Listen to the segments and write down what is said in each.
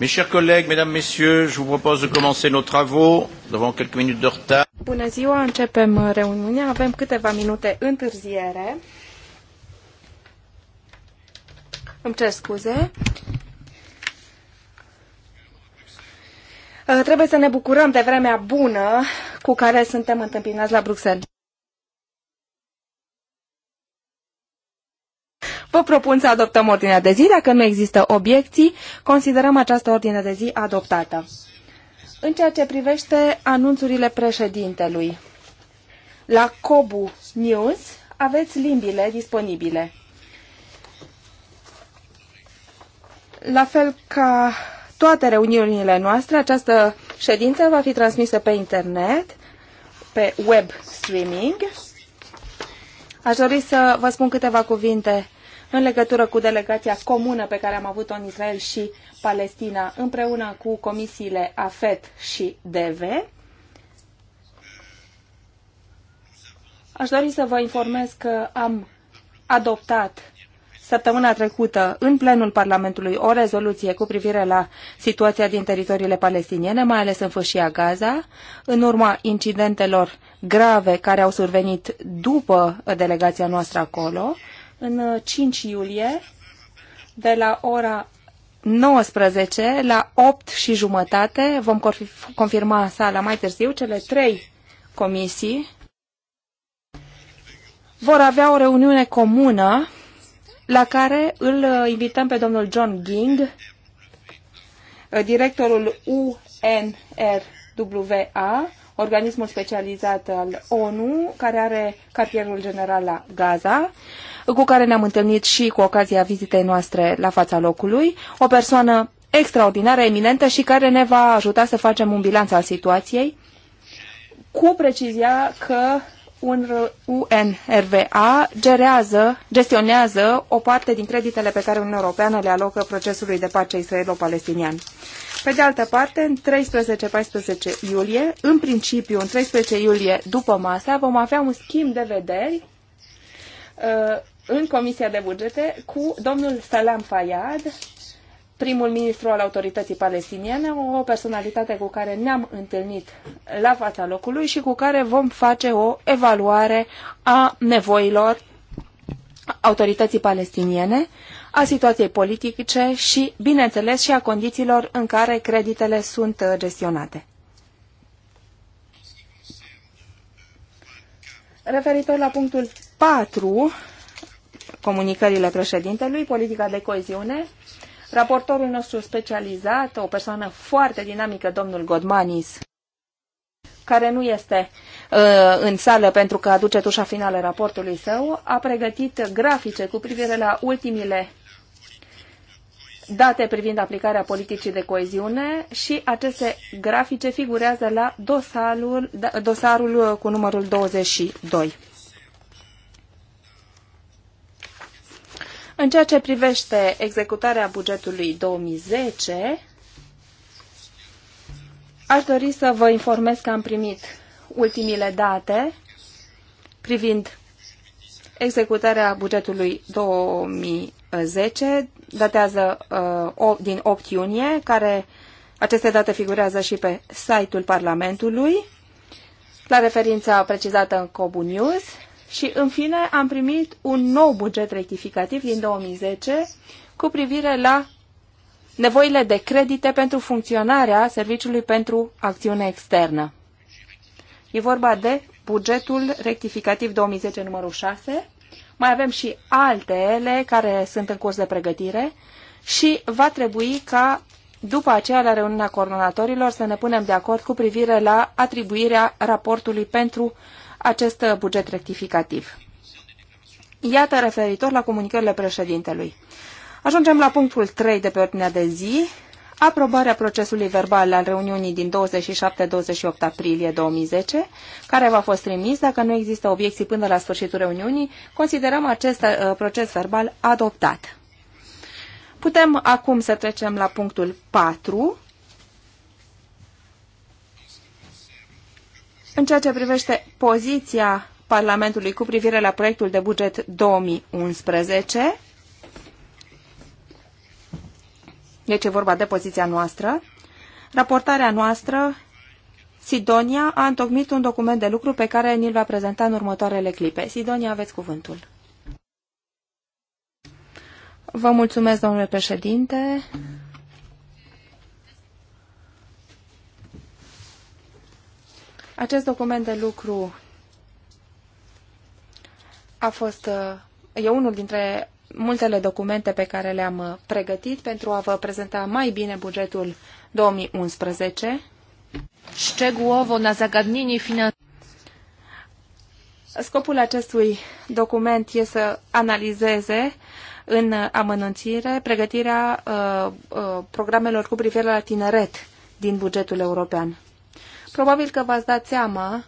Mes chers collègues, mesdames, messieurs, je vous propose de commencer nos travaux. Nous avons quelques minutes de retard. Bună ziua, începem uh, reuniunea. Avem câteva minute întârziere. Îmi cer scuze. Uh, trebuie să ne bucurăm de vremea bună cu care suntem întâmpinați la Bruxelles. Vă propun să adoptăm ordinea de zi. Dacă nu există obiecții, considerăm această ordine de zi adoptată. În ceea ce privește anunțurile președintelui, la Cobu News aveți limbile disponibile. La fel ca toate reuniunile noastre, această ședință va fi transmisă pe internet, pe web streaming. Aș dori să vă spun câteva cuvinte în legătură cu delegația comună pe care am avut-o în Israel și Palestina, împreună cu comisiile AFET și DV. Aș dori să vă informez că am adoptat săptămâna trecută în plenul Parlamentului o rezoluție cu privire la situația din teritoriile palestiniene, mai ales în fâșia Gaza, în urma incidentelor grave care au survenit după delegația noastră acolo în 5 uh, iulie de la ora 19 la 8 și jumătate. Vom confirma sala mai târziu. Cele trei comisii vor avea o reuniune comună la care îl uh, invităm pe domnul John Ging, uh, directorul UNRWA, organismul specializat al ONU, care are cartierul general la Gaza, cu care ne-am întâlnit și cu ocazia vizitei noastre la fața locului, o persoană extraordinară, eminentă și care ne va ajuta să facem un bilanț al situației, cu precizia că UNRWA gerează, gestionează o parte din creditele pe care Uniunea Europeană le alocă procesului de pace israelo-palestinian. Pe de altă parte, în 13-14 iulie, în principiu, în 13 iulie după masa, vom avea un schimb de vederi uh, în Comisia de Bugete cu domnul Salam Fayad, primul ministru al autorității palestiniene, o personalitate cu care ne-am întâlnit la fața locului și cu care vom face o evaluare a nevoilor autorității palestiniene, a situației politice și, bineînțeles, și a condițiilor în care creditele sunt uh, gestionate. Referitor la punctul 4, comunicările președintelui, politica de coeziune, raportorul nostru specializat, o persoană foarte dinamică, domnul Godmanis, care nu este uh, în sală pentru că aduce tușa finală raportului său, a pregătit grafice cu privire la ultimile date privind aplicarea politicii de coeziune și aceste grafice figurează la dosarul, da, dosarul cu numărul 22. În ceea ce privește executarea bugetului 2010, aș dori să vă informez că am primit ultimile date privind executarea bugetului 2010, datează uh, din 8 iunie, care aceste date figurează și pe site-ul Parlamentului, la referința precizată în Cobu News. Și, în fine, am primit un nou buget rectificativ din 2010 cu privire la nevoile de credite pentru funcționarea Serviciului pentru Acțiune Externă. E vorba de bugetul rectificativ 2010 numărul 6. Mai avem și altele care sunt în curs de pregătire și va trebui ca după aceea, la reuniunea coordonatorilor, să ne punem de acord cu privire la atribuirea raportului pentru acest uh, buget rectificativ. Iată referitor la comunicările președintelui. Ajungem la punctul 3 de pe ordinea de zi, aprobarea procesului verbal al reuniunii din 27-28 aprilie 2010, care va fost trimis. Dacă nu există obiecții până la sfârșitul reuniunii, considerăm acest uh, proces verbal adoptat. Putem acum să trecem la punctul 4, În ceea ce privește poziția Parlamentului cu privire la proiectul de buget 2011, deci e vorba de poziția noastră, raportarea noastră, Sidonia a întocmit un document de lucru pe care ni-l va prezenta în următoarele clipe. Sidonia, aveți cuvântul. Vă mulțumesc, domnule președinte. Acest document de lucru a fost, uh, e unul dintre multele documente pe care le-am uh, pregătit pentru a vă prezenta mai bine bugetul 2011. Szczegółowo na zagadnienie finanțe. Scopul acestui document este să analizeze în amănunțire pregătirea uh, uh, programelor cu privire la tineret din bugetul european. Probabil că v-ați dat seama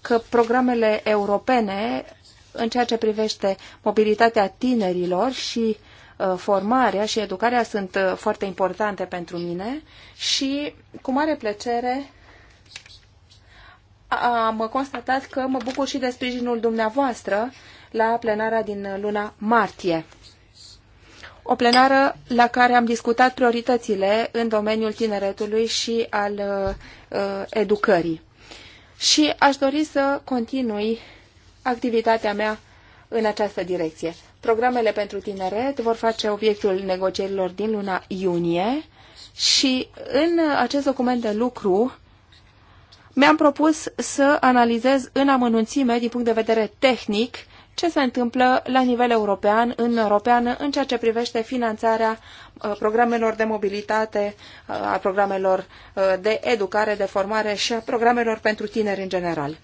că programele europene în ceea ce privește mobilitatea tinerilor și uh, formarea și educarea sunt uh, foarte importante pentru mine și cu mare plăcere am constatat că mă bucur și de sprijinul dumneavoastră la plenara din luna martie o plenară la care am discutat prioritățile în domeniul tineretului și al uh, uh, educării. Și aș dori să continui activitatea mea în această direcție. Programele pentru tineret vor face obiectul negocierilor din luna iunie și în acest document de lucru mi-am propus să analizez în amănunțime, din punct de vedere tehnic, ce se întâmplă la nivel european, în europeană, în ceea ce privește finanțarea programelor de mobilitate, a programelor de educare, de formare și a programelor pentru tineri în general.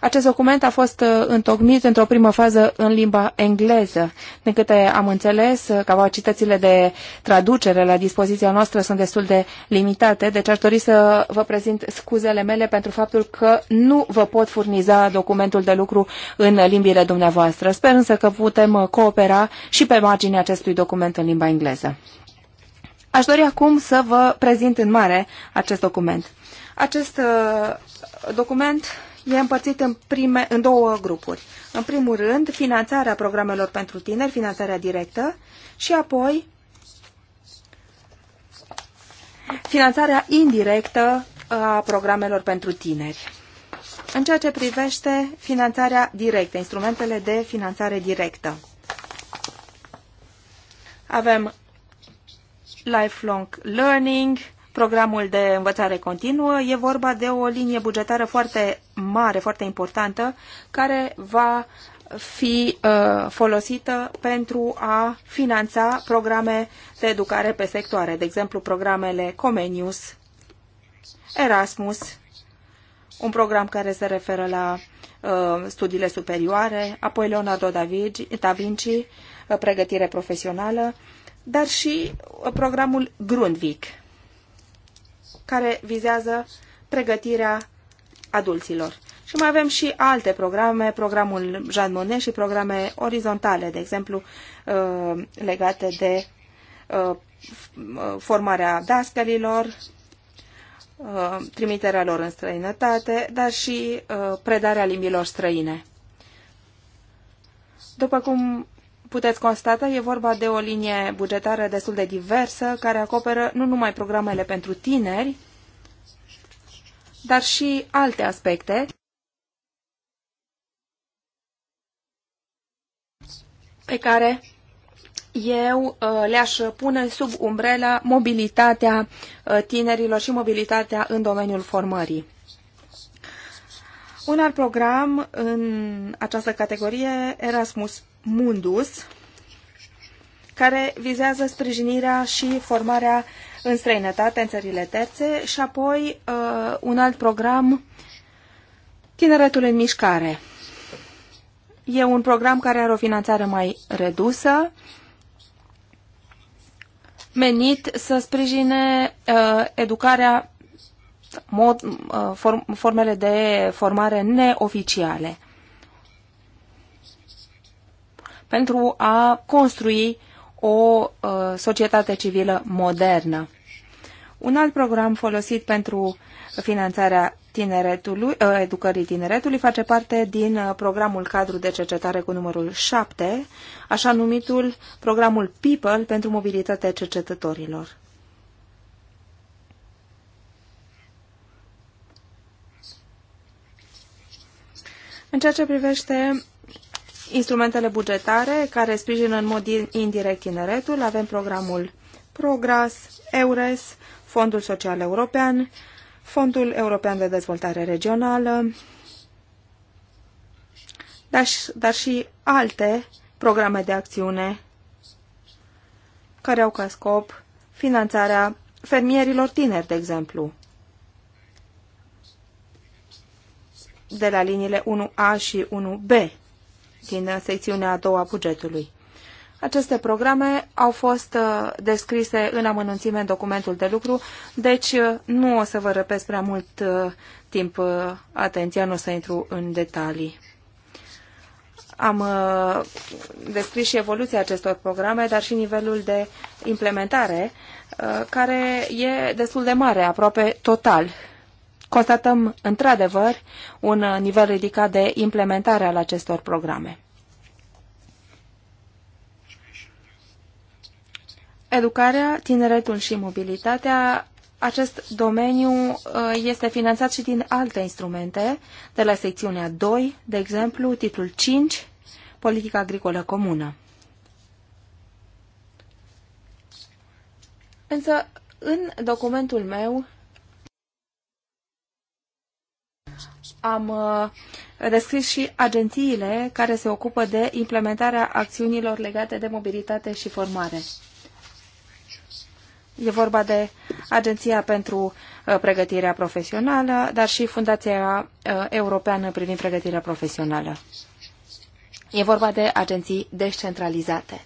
Acest document a fost întocmit într-o primă fază în limba engleză. Din câte am înțeles, capacitățile de traducere la dispoziția noastră sunt destul de limitate, deci aș dori să vă prezint scuzele mele pentru faptul că nu vă pot furniza documentul de lucru în limbile dumneavoastră. Sper însă că putem coopera și pe marginea acestui document în limba engleză. Aș dori acum să vă prezint în mare acest document. Acest uh, document e împărțit în, prime, în două grupuri. În primul rând, finanțarea programelor pentru tineri, finanțarea directă și apoi finanțarea indirectă a programelor pentru tineri. În ceea ce privește finanțarea directă, instrumentele de finanțare directă. Avem lifelong learning, programul de învățare continuă. E vorba de o linie bugetară foarte mare, foarte importantă, care va fi uh, folosită pentru a finanța programe de educare pe sectoare, de exemplu programele Comenius, Erasmus, un program care se referă la uh, studiile superioare, apoi Leonardo da Vinci, da Vinci uh, pregătire profesională, uh, dar și uh, programul Grundvik, care vizează pregătirea adulților. Și mai avem și alte programe, programul Jean Monnet și programe orizontale, de exemplu, uh, legate de uh, formarea dascărilor, trimiterea lor în străinătate, dar și predarea limbilor străine. După cum puteți constata, e vorba de o linie bugetară destul de diversă, care acoperă nu numai programele pentru tineri, dar și alte aspecte. pe care eu uh, le-aș pune sub umbrela mobilitatea uh, tinerilor și mobilitatea în domeniul formării. Un alt program în această categorie, Erasmus Mundus, care vizează sprijinirea și formarea în străinătate, în țările terțe, și apoi uh, un alt program, Tineretul în Mișcare. E un program care are o finanțare mai redusă, menit să sprijine uh, educarea mod, uh, form, formele de formare neoficiale pentru a construi o uh, societate civilă modernă. Un alt program folosit pentru finanțarea tineretului, uh, educării tineretului face parte din uh, programul cadru de cercetare cu numărul 7, așa numitul programul People pentru mobilitatea cercetătorilor. În ceea ce privește instrumentele bugetare care sprijină în mod indirect tineretul. Avem programul PROGRAS, EURES, Fondul Social European, Fondul European de Dezvoltare Regională, dar și, dar și alte programe de acțiune care au ca scop finanțarea fermierilor tineri, de exemplu, de la liniile 1A și 1B din secțiunea a doua a bugetului. Aceste programe au fost uh, descrise în amănunțime în documentul de lucru, deci uh, nu o să vă răpesc prea mult uh, timp atenția, nu o să intru în detalii. Am descris și evoluția acestor programe, dar și nivelul de implementare, care e destul de mare, aproape total constatăm într-adevăr un uh, nivel ridicat de implementare al acestor programe. Educarea, tineretul și mobilitatea, acest domeniu uh, este finanțat și din alte instrumente, de la secțiunea 2, de exemplu, titlul 5, Politica Agricolă Comună. Însă, în documentul meu am uh, descris și agențiile care se ocupă de implementarea acțiunilor legate de mobilitate și formare. E vorba de Agenția pentru uh, Pregătirea Profesională, dar și Fundația uh, Europeană privind pregătirea profesională. E vorba de agenții descentralizate.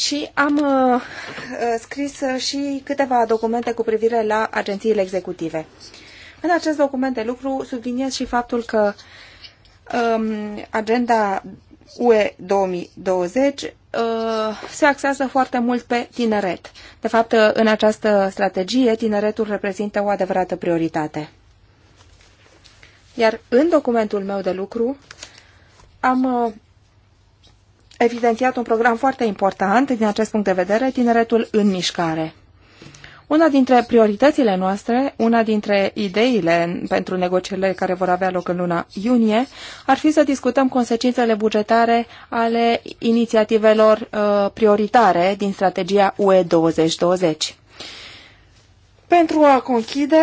și am uh, uh scris uh, și câteva documente cu privire la agențiile executive. În acest document de lucru subliniez și faptul că um, agenda UE 2020 uh, se axează foarte mult pe tineret. De fapt, uh, în această strategie, tineretul reprezintă o adevărată prioritate. Iar în documentul meu de lucru am uh, evidențiat un program foarte important din acest punct de vedere, Tineretul în Mișcare. Una dintre prioritățile noastre, una dintre ideile pentru negocierile care vor avea loc în luna iunie, ar fi să discutăm consecințele bugetare ale inițiativelor uh, prioritare din strategia UE 2020. Pentru a conchide,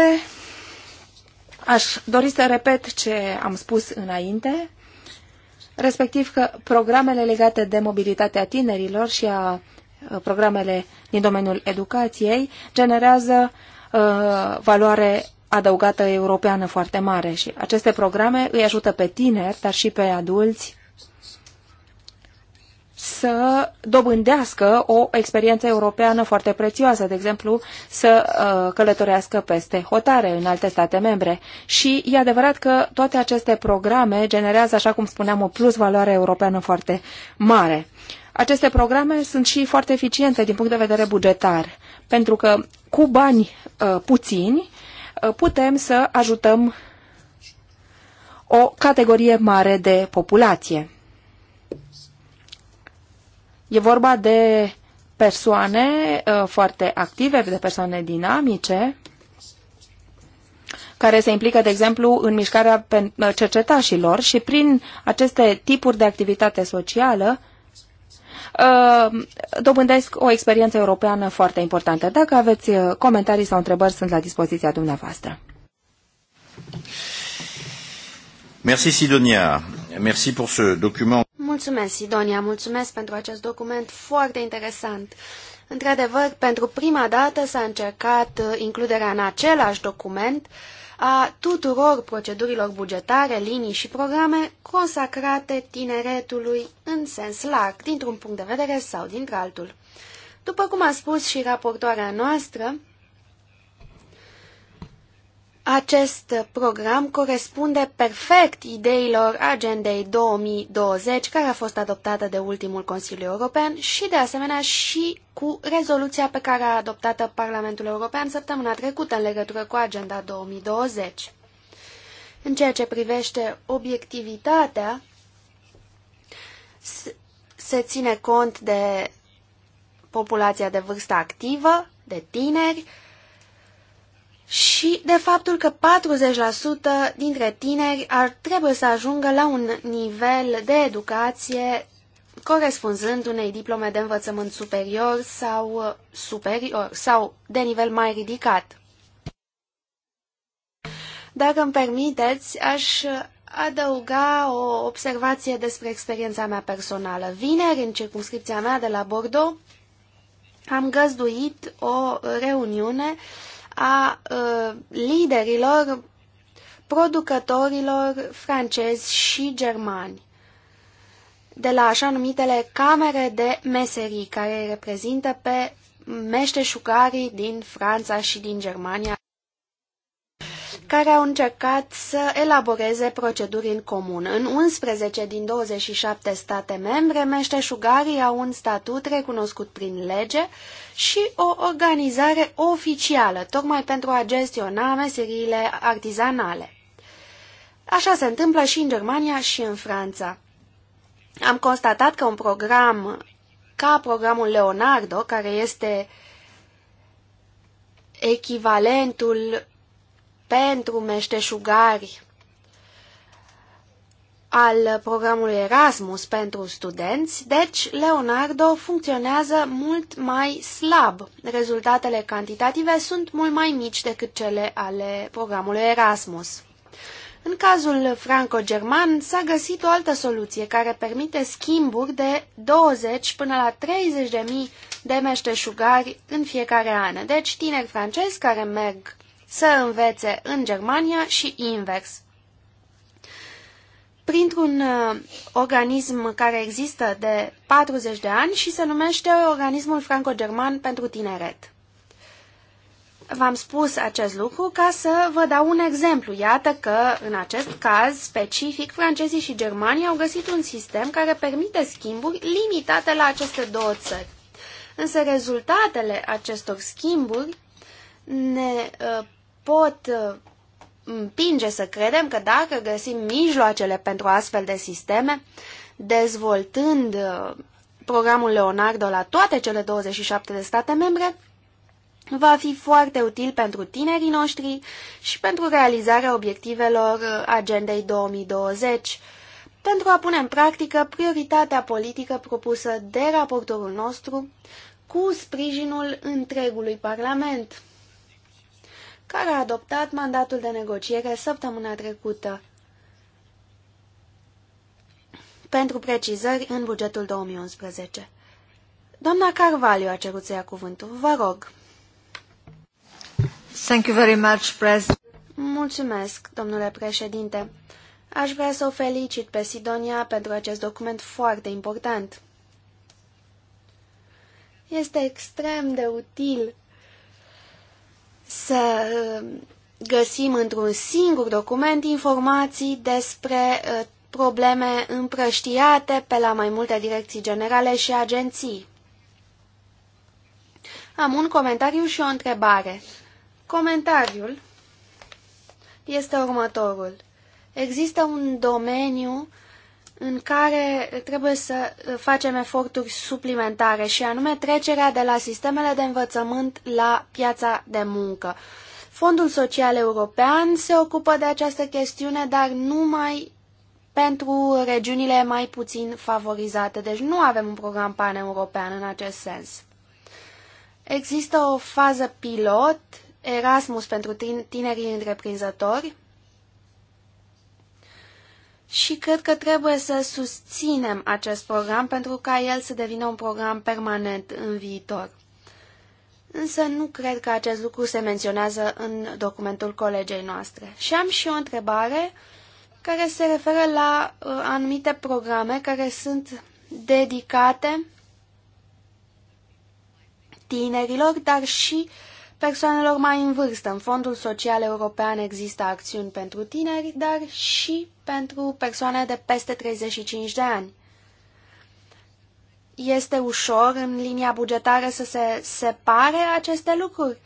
aș dori să repet ce am spus înainte, respectiv că programele legate de mobilitatea tinerilor și a programele din domeniul educației generează uh, valoare adăugată europeană foarte mare și aceste programe îi ajută pe tineri, dar și pe adulți să dobândească o experiență europeană foarte prețioasă, de exemplu, să uh, călătorească peste hotare în alte state membre. Și e adevărat că toate aceste programe generează, așa cum spuneam, o plus valoare europeană foarte mare. Aceste programe sunt și foarte eficiente din punct de vedere bugetar, pentru că cu bani uh, puțini uh, putem să ajutăm o categorie mare de populație. E vorba de persoane uh, foarte active, de persoane dinamice, care se implică, de exemplu, în mișcarea uh, cercetașilor și prin aceste tipuri de activitate socială uh, dobândesc o experiență europeană foarte importantă. Dacă aveți comentarii sau întrebări, sunt la dispoziția dumneavoastră. Mersi, Sidonia. Merci pour ce document. Mulțumesc, Sidonia, mulțumesc pentru acest document foarte interesant. Într-adevăr, pentru prima dată s-a încercat uh, includerea în același document a tuturor procedurilor bugetare, linii și programe consacrate tineretului în sens larg, dintr-un punct de vedere sau dintr-altul. După cum a spus și raportoarea noastră, acest program corespunde perfect ideilor Agendei 2020, care a fost adoptată de ultimul Consiliu European și, de asemenea, și cu rezoluția pe care a adoptată Parlamentul European săptămâna trecută în legătură cu Agenda 2020. În ceea ce privește obiectivitatea, se ține cont de populația de vârstă activă, de tineri, și de faptul că 40% dintre tineri ar trebui să ajungă la un nivel de educație corespunzând unei diplome de învățământ superior sau uh, superior sau de nivel mai ridicat. Dacă îmi permiteți, aș adăuga o observație despre experiența mea personală. Vineri, în circunscripția mea de la Bordeaux, am găzduit o reuniune uh, a uh, liderilor, producătorilor francezi și germani de la așa numitele camere de meserii, care reprezintă pe meșteșugarii din Franța și din Germania care au încercat să elaboreze proceduri în comun. În 11 din 27 state membre, meșteșugarii au un statut recunoscut prin lege și o organizare oficială, tocmai pentru a gestiona meseriile artizanale. Așa se întâmplă și în Germania și în Franța. Am constatat că un program ca programul Leonardo, care este echivalentul pentru meșteșugari al programului Erasmus pentru studenți, deci Leonardo funcționează mult mai slab. Rezultatele cantitative sunt mult mai mici decât cele ale programului Erasmus. În cazul franco-german s-a găsit o altă soluție care permite schimburi de 20 până la 30 de mii de meșteșugari în fiecare an. Deci tineri francezi care merg să învețe în Germania și invers. Printr-un uh, organism care există de 40 de ani și se numește Organismul Franco-German pentru Tineret. V-am spus acest lucru ca să vă dau un exemplu. Iată că, în acest caz specific, francezii și germanii au găsit un sistem care permite schimburi limitate la aceste două țări. Însă rezultatele acestor schimburi ne uh, pot uh, împinge să credem că dacă găsim mijloacele pentru astfel de sisteme, dezvoltând uh, programul Leonardo la toate cele 27 de state membre, va fi foarte util pentru tinerii noștri și pentru realizarea obiectivelor uh, Agendei 2020, pentru a pune în practică prioritatea politică propusă de raportorul nostru cu sprijinul întregului Parlament care a adoptat mandatul de negociere săptămâna trecută pentru precizări în bugetul 2011. Doamna Carvalho a cerut să ia cuvântul. Vă rog. Thank you very much, President. Mulțumesc, domnule președinte. Aș vrea să o felicit pe Sidonia pentru acest document foarte important. Este extrem de util să uh, găsim într-un singur document informații despre uh, probleme împrăștiate pe la mai multe direcții generale și agenții. Am un comentariu și o întrebare. Comentariul este următorul. Există un domeniu în care trebuie să facem eforturi suplimentare și anume trecerea de la sistemele de învățământ la piața de muncă. Fondul Social European se ocupă de această chestiune, dar numai pentru regiunile mai puțin favorizate. Deci nu avem un program european în acest sens. Există o fază pilot, Erasmus pentru tinerii întreprinzători, și cred că trebuie să susținem acest program pentru ca el să devină un program permanent în viitor. Însă nu cred că acest lucru se menționează în documentul colegei noastre. Și am și o întrebare care se referă la uh, anumite programe care sunt dedicate tinerilor, dar și persoanelor mai în vârstă. În Fondul Social European există acțiuni pentru tineri, dar și pentru persoane de peste 35 de ani. Este ușor în linia bugetară să se separe aceste lucruri?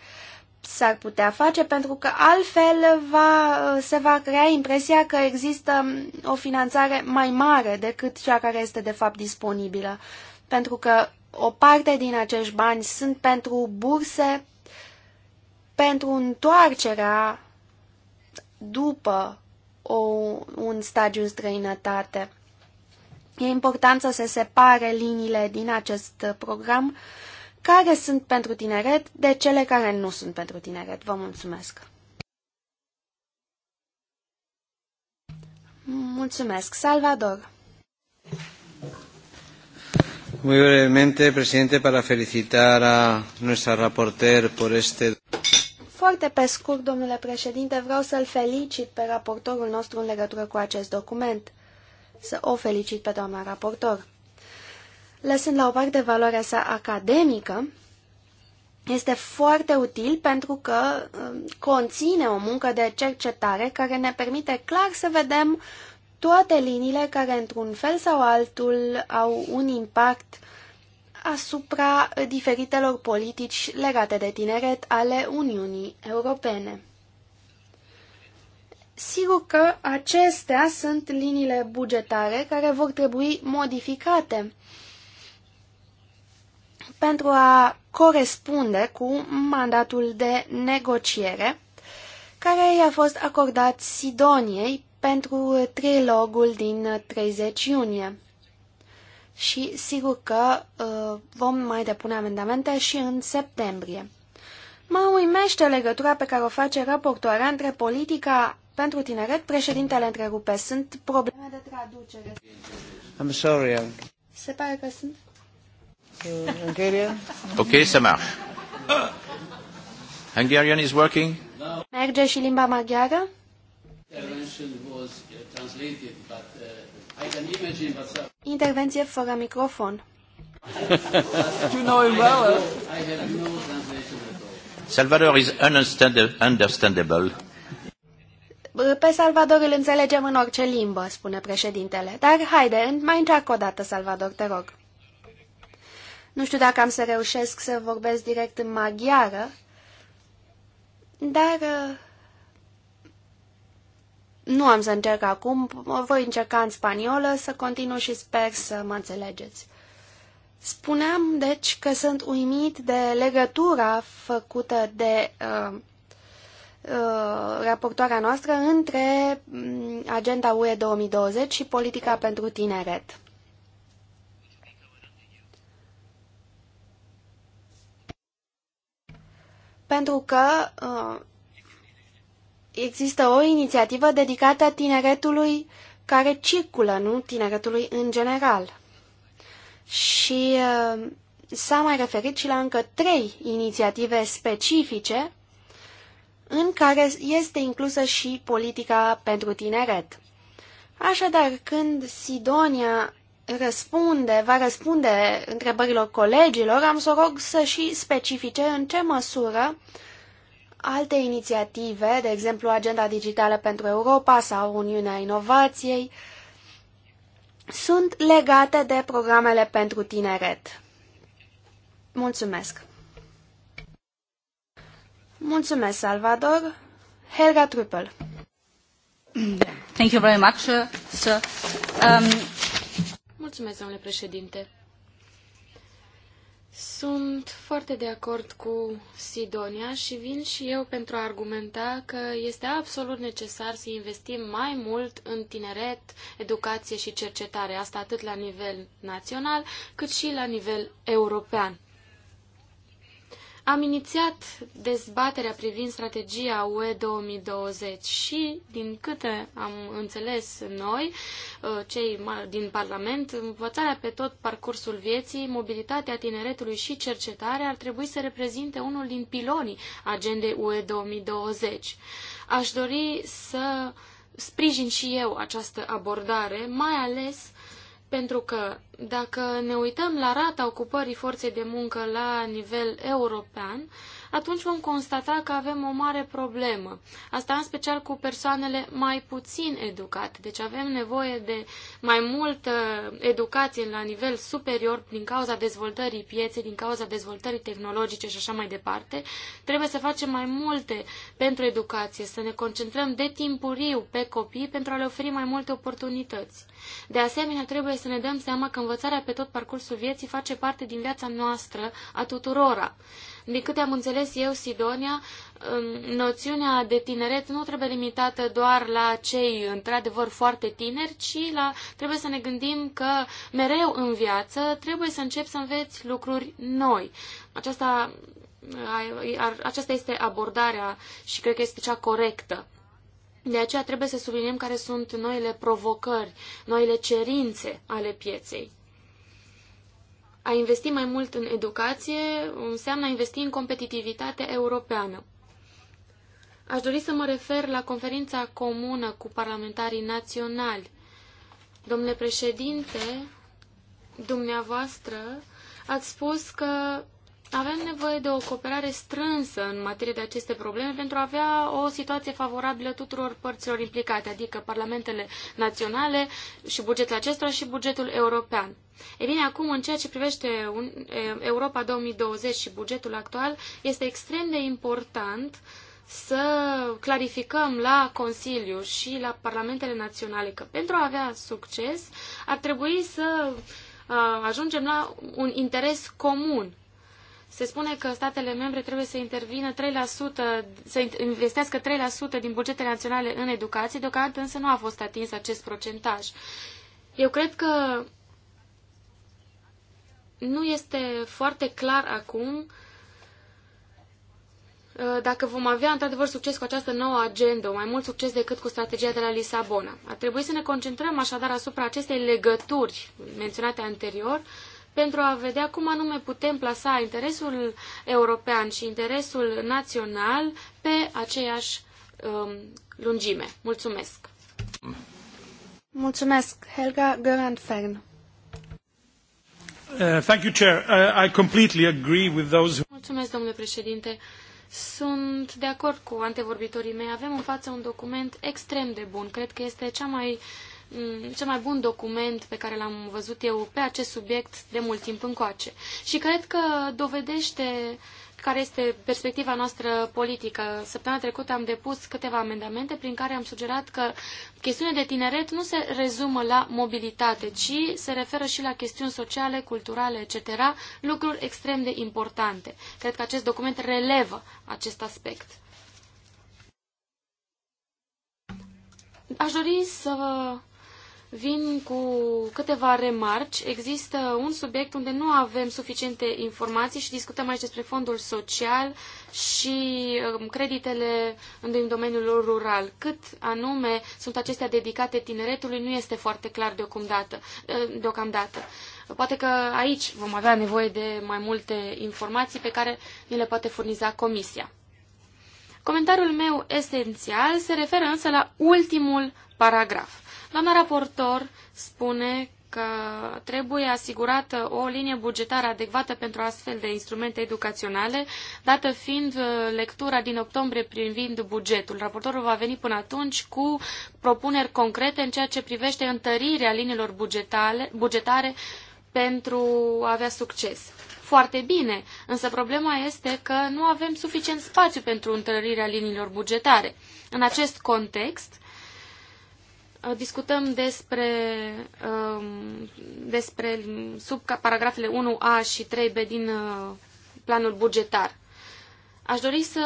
S-ar putea face pentru că altfel va, se va crea impresia că există o finanțare mai mare decât cea care este de fapt disponibilă. Pentru că o parte din acești bani sunt pentru burse pentru întoarcerea după o, un stadiu în străinătate. E important să se separe liniile din acest program care sunt pentru tineret de cele care nu sunt pentru tineret. Vă mulțumesc! Mulțumesc, Salvador! Muy brevemente, presidente, para felicitar a nuestra reporter por este. Foarte pe scurt, domnule președinte, vreau să-l felicit pe raportorul nostru în legătură cu acest document. Să o felicit pe doamna raportor. Lăsând la o parte valoarea sa academică, este foarte util pentru că um, conține o muncă de cercetare care ne permite clar să vedem toate liniile care, într-un fel sau altul, au un impact asupra diferitelor politici legate de tineret ale Uniunii Europene. Sigur că acestea sunt liniile bugetare care vor trebui modificate pentru a corespunde cu mandatul de negociere care i-a fost acordat Sidoniei pentru trilogul din 30 iunie și sigur că uh, vom mai depune amendamente și în septembrie. Mă uimește legătura pe care o face raportoarea între politica pentru tineret, președintele întrerupe. Sunt probleme de traducere. I'm sorry. I'm... Se pare că sunt. Uh, Hungarian? ok, să marche. Hungarian is working? Merge și limba maghiară? Intervenție fără microfon. Salvador is understandable. Pe Salvador îl înțelegem în orice limbă, spune președintele. Dar haide, mai încearcă o dată, Salvador, te rog. Nu știu dacă am să reușesc să vorbesc direct în maghiară, dar uh, nu am să încerc acum, voi încerca în spaniolă să continu și sper să mă înțelegeți. Spuneam, deci, că sunt uimit de legătura făcută de uh, uh, raportoarea noastră între mm, Agenda UE 2020 și politica pentru tineret. Pentru că uh, există o inițiativă dedicată tineretului care circulă, nu tineretului în general. Și uh, s-a mai referit și la încă trei inițiative specifice în care este inclusă și politica pentru tineret. Așadar, când Sidonia răspunde, va răspunde întrebărilor colegilor, am să rog să și specifice în ce măsură uh, alte inițiative, de exemplu Agenda Digitală pentru Europa sau Uniunea Inovației, sunt legate de programele pentru tineret. Mulțumesc! Mulțumesc, Salvador! Helga Trüppel. Thank you very much, uh, sir. Um... Mulțumesc, domnule președinte. Sunt foarte de acord cu Sidonia și vin și eu pentru a argumenta că este absolut necesar să investim mai mult în tineret, educație și cercetare, asta atât la nivel național cât și la nivel european. Am inițiat dezbaterea privind strategia UE 2020 și, din câte am înțeles noi, uh, cei din Parlament, învățarea pe tot parcursul vieții, mobilitatea tineretului și cercetarea ar trebui să reprezinte unul din pilonii agendei UE 2020. Aș dori să sprijin și eu această abordare, mai ales pentru că dacă ne uităm la rata ocupării forței de muncă la nivel european, atunci vom constata că avem o mare problemă. Asta în special cu persoanele mai puțin educate. Deci avem nevoie de mai multă educație la nivel superior din cauza dezvoltării pieței, din cauza dezvoltării tehnologice și așa mai departe. Trebuie să facem mai multe pentru educație, să ne concentrăm de timpuriu pe copii pentru a le oferi mai multe oportunități. De asemenea, trebuie să ne dăm seama că învățarea pe tot parcursul vieții face parte din viața noastră a tuturora. Din câte am înțeles eu, Sidonia, um, noțiunea de tineret nu trebuie limitată doar la cei într-adevăr foarte tineri, ci la, trebuie să ne gândim că mereu în viață trebuie să începi să înveți lucruri noi. Aceasta, aceasta este abordarea și cred că este cea corectă. De aceea trebuie să subliniem care sunt noile provocări, noile cerințe ale pieței. A investi mai mult în educație înseamnă a investi în competitivitate europeană. Aș dori să mă refer la conferința comună cu parlamentarii naționali. Domnule președinte, dumneavoastră ați spus că avem nevoie de o cooperare strânsă în materie de aceste probleme pentru a avea o situație favorabilă tuturor părților implicate, adică parlamentele naționale și bugetul acestora și bugetul european. E bine, acum, în ceea ce privește Europa 2020 și bugetul actual, este extrem de important să clarificăm la Consiliu și la Parlamentele Naționale că pentru a avea succes ar trebui să ajungem la un interes comun se spune că statele membre trebuie să intervină 3%, să investească 3% din bugetele naționale în educație, deocamdată însă nu a fost atins acest procentaj. Eu cred că nu este foarte clar acum uh, dacă vom avea într-adevăr succes cu această nouă agendă, mai mult succes decât cu strategia de la Lisabona. Ar trebui să ne concentrăm așadar asupra acestei legături menționate anterior, pentru a vedea cum anume putem plasa interesul european și interesul național pe aceeași um, lungime. Mulțumesc! Mulțumesc, Helga Gerand-Fern. Uh, thank you, Chair. Uh, I completely agree with those who... Mulțumesc, domnule președinte. Sunt de acord cu antevorbitorii mei. Avem în față un document extrem de bun. Cred că este cea mai uh, Mm, cel mai bun document pe care l-am văzut eu pe acest subiect de mult timp încoace. Și cred că dovedește care este perspectiva noastră politică. Săptămâna trecută am depus câteva amendamente prin care am sugerat că chestiunea de tineret nu se rezumă la mobilitate, ci se referă și la chestiuni sociale, culturale, etc., lucruri extrem de importante. Cred că acest document relevă acest aspect. Aș dori să vin cu câteva remarci. Există un subiect unde nu avem suficiente informații și discutăm aici despre fondul social și um, creditele în domeniul rural. Cât anume sunt acestea dedicate tineretului nu este foarte clar deocamdată. Uh, deocamdată. Poate că aici vom avea nevoie de mai multe informații pe care ni le poate furniza Comisia. Comentariul meu esențial se referă însă la ultimul paragraf. Doamna raportor spune că trebuie asigurată o linie bugetară adecvată pentru astfel de instrumente educaționale, dată fiind uh, lectura din octombrie privind bugetul. Raportorul va veni până atunci cu propuneri concrete în ceea ce privește întărirea liniilor bugetale, bugetare pentru a avea succes. Foarte bine, însă problema este că nu avem suficient spațiu pentru întărirea liniilor bugetare. În acest context, Uh, discutăm despre, um, despre sub paragrafele 1A și 3B din uh, planul bugetar. Aș dori să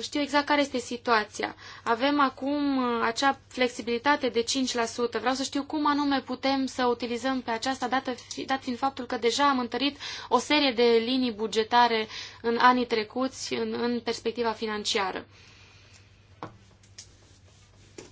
știu exact care este situația. Avem acum uh, acea flexibilitate de 5%. Vreau să știu cum anume putem să utilizăm pe aceasta, dată, dat fiind faptul că deja am întărit o serie de linii bugetare în anii trecuți, în, în perspectiva financiară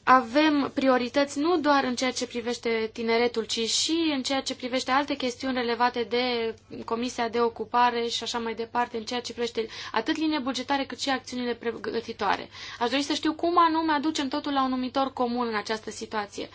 avem priorități nu doar în ceea ce privește tineretul, ci și în ceea ce privește alte chestiuni relevate de Comisia de Ocupare și așa mai departe, în ceea ce privește atât linie bugetare cât și acțiunile pregătitoare. Aș dori să știu cum anume aducem totul la un numitor comun în această situație.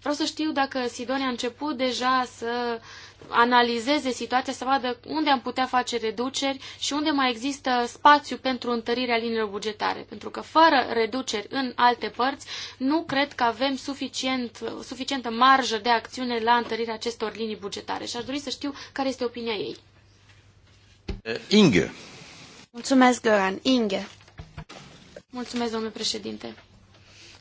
Vreau să știu dacă Sidonia a început deja să analizeze situația, să vadă unde am putea face reduceri și unde mai există spațiu pentru întărirea liniilor bugetare. Pentru că fără reduceri în alte părți, nu cred că avem suficient, suficientă marjă de acțiune la întărirea acestor linii bugetare. Și aș dori să știu care este opinia ei. Eh, Inge. Mulțumesc, Goran. Inge. Mulțumesc, domnule președinte.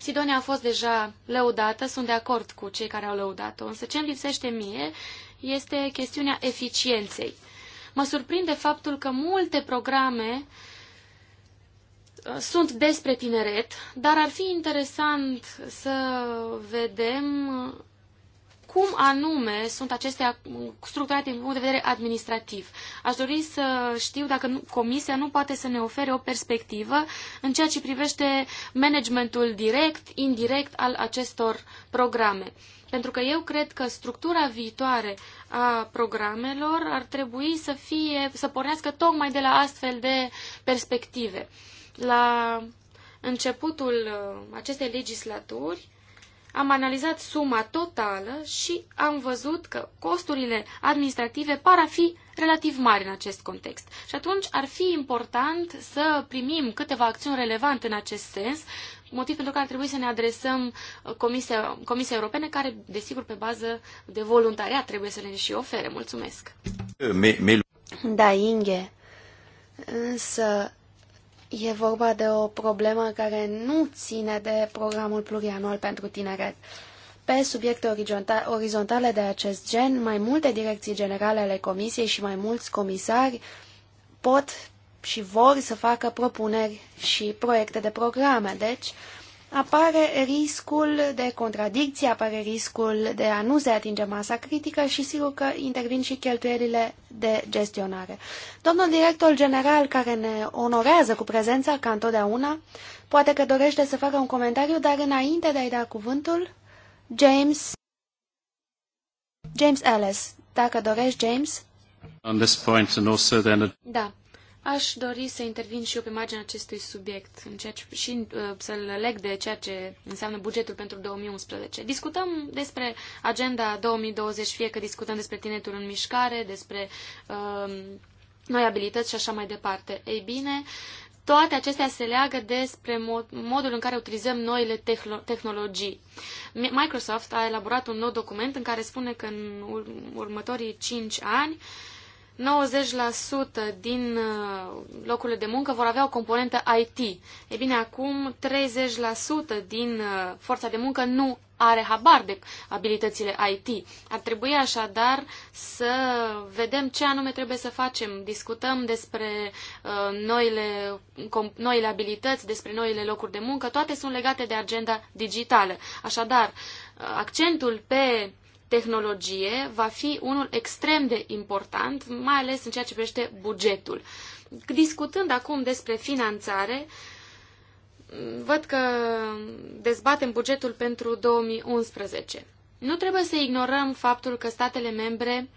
Sidonia a fost deja lăudată, sunt de acord cu cei care au lăudat-o, însă ce îmi lipsește mie este chestiunea eficienței. Mă surprinde faptul că multe programe uh, sunt despre tineret, dar ar fi interesant să vedem uh, cum anume sunt acestea structurate din punct de vedere administrativ. Aș dori să știu dacă nu, Comisia nu poate să ne ofere o perspectivă în ceea ce privește managementul direct, indirect al acestor programe. Pentru că eu cred că structura viitoare a programelor ar trebui să, fie, să pornească tocmai de la astfel de perspective. La începutul uh, acestei legislaturi, am analizat suma totală și am văzut că costurile administrative par a fi relativ mari în acest context. Și atunci ar fi important să primim câteva acțiuni relevante în acest sens, motiv pentru care ar trebui să ne adresăm uh, Comisia, Comisia Europene, care, desigur, pe bază de voluntariat trebuie să ne și ofere. Mulțumesc! Da, Inge, însă E vorba de o problemă care nu ține de programul plurianual pentru tineret. Pe subiecte orizontale de acest gen, mai multe direcții generale ale Comisiei și mai mulți comisari pot și vor să facă propuneri și proiecte de programe. Deci, apare riscul de contradicție, apare riscul de a nu se atinge masa critică și sigur că intervin și cheltuielile de gestionare. Domnul director general care ne onorează cu prezența ca întotdeauna, poate că dorește să facă un comentariu, dar înainte de a-i da cuvântul, James, James Ellis, dacă dorești, James. On this point and also then... Da. Aș dori să intervin și eu pe marginea acestui subiect în ceea ce, și uh, să-l leg de ceea ce înseamnă bugetul pentru 2011. Discutăm despre agenda 2020, fie că discutăm despre tinetul în mișcare, despre uh, noi abilități și așa mai departe. Ei bine, toate acestea se leagă despre modul în care utilizăm noile tehnologii. Microsoft a elaborat un nou document în care spune că în următorii 5 ani uh, 90% din uh, locurile de muncă vor avea o componentă IT. E bine, acum 30% din uh, forța de muncă nu are habar de abilitățile IT. Ar trebui așadar să vedem ce anume trebuie să facem. Discutăm despre uh, noile, noile abilități, despre noile locuri de muncă. Toate sunt legate de agenda digitală. Așadar, accentul pe tehnologie va fi unul extrem de important, mai ales în ceea ce privește bugetul. Discutând acum despre finanțare, văd că dezbatem bugetul pentru 2011. Nu trebuie să ignorăm faptul că statele membre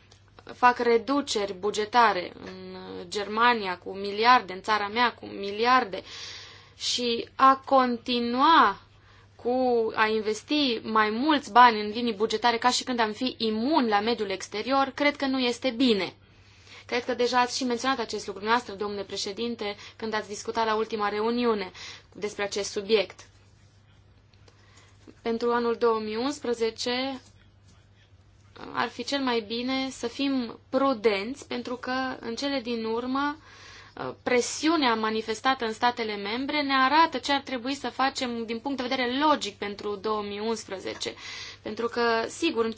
fac reduceri bugetare în Germania cu miliarde, în țara mea cu miliarde și a continua cu a investi mai mulți bani în linii bugetare ca și când am fi imun la mediul exterior, cred că nu este bine. Cred că deja ați și menționat acest lucru noastră, domnule președinte, când ați discutat la ultima reuniune despre acest subiect. Pentru anul 2011 ar fi cel mai bine să fim prudenți, pentru că în cele din urmă Uh, presiunea manifestată în statele membre ne arată ce ar trebui să facem din punct de vedere logic pentru 2011. Pentru că, sigur, în 5-10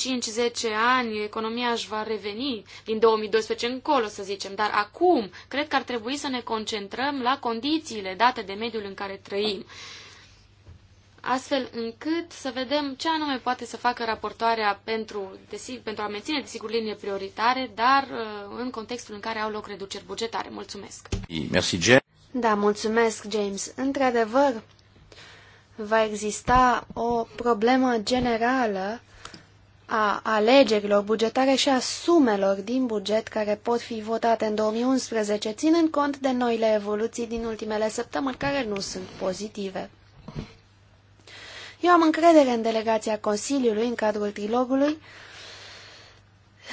ani economia își va reveni din 2012 încolo, să zicem, dar acum cred că ar trebui să ne concentrăm la condițiile date de mediul în care trăim. Uh, astfel încât să vedem ce anume poate să facă raportoarea pentru, desig, pentru a menține, desigur, linie prioritare, dar uh, în contextul în care au loc reduceri bugetare. Mulțumesc! Merci, James. Da, mulțumesc, James. Într-adevăr, va exista o problemă generală a alegerilor bugetare și a sumelor din buget care pot fi votate în 2011, ținând cont de noile evoluții din ultimele săptămâni care nu sunt pozitive. Eu am încredere în delegația Consiliului în cadrul trilogului,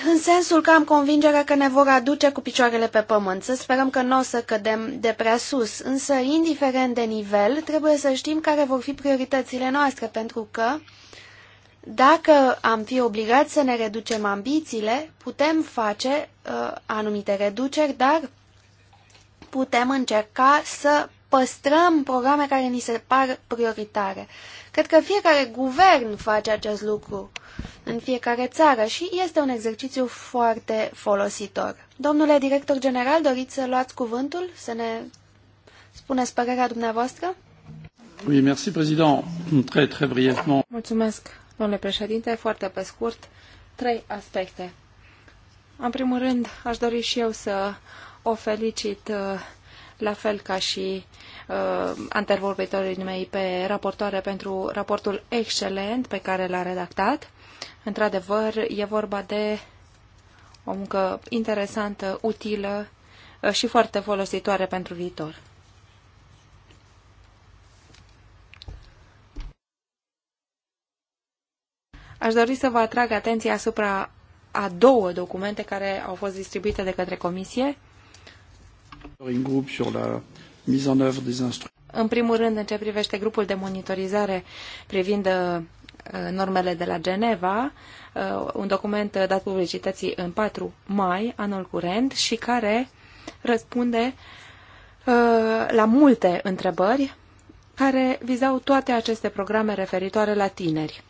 în sensul că am convingerea că ne vor aduce cu picioarele pe pământ. Să sperăm că nu o să cădem de prea sus, însă, indiferent de nivel, trebuie să știm care vor fi prioritățile noastre, pentru că, dacă am fi obligați să ne reducem ambițiile, putem face uh, anumite reduceri, dar putem încerca să păstrăm programe care ni se par prioritare. Cred că fiecare guvern face acest lucru în fiecare țară și este un exercițiu foarte folositor. Domnule director general, doriți să luați cuvântul, să ne spuneți părerea dumneavoastră? Oui, merci, président. Très, très brièvement. Mulțumesc, domnule președinte. Foarte pe scurt, trei aspecte. În primul rând, aș dori și eu să o felicit uh, la fel ca și uh, antervorbitorii mei pe raportoare pentru raportul excelent pe care l-a redactat. Într-adevăr, e vorba de o muncă interesantă, utilă uh, și foarte folositoare pentru viitor. Aș dori să vă atrag atenția asupra a două documente care au fost distribuite de către Comisie. grup sur la mise en œuvre des instruments. În primul rând, în ce privește grupul de monitorizare privind uh, normele de la Geneva, uh, un document dat publicității în 4 mai, anul curent, și care răspunde uh, la multe întrebări care vizau toate aceste programe referitoare la tineri.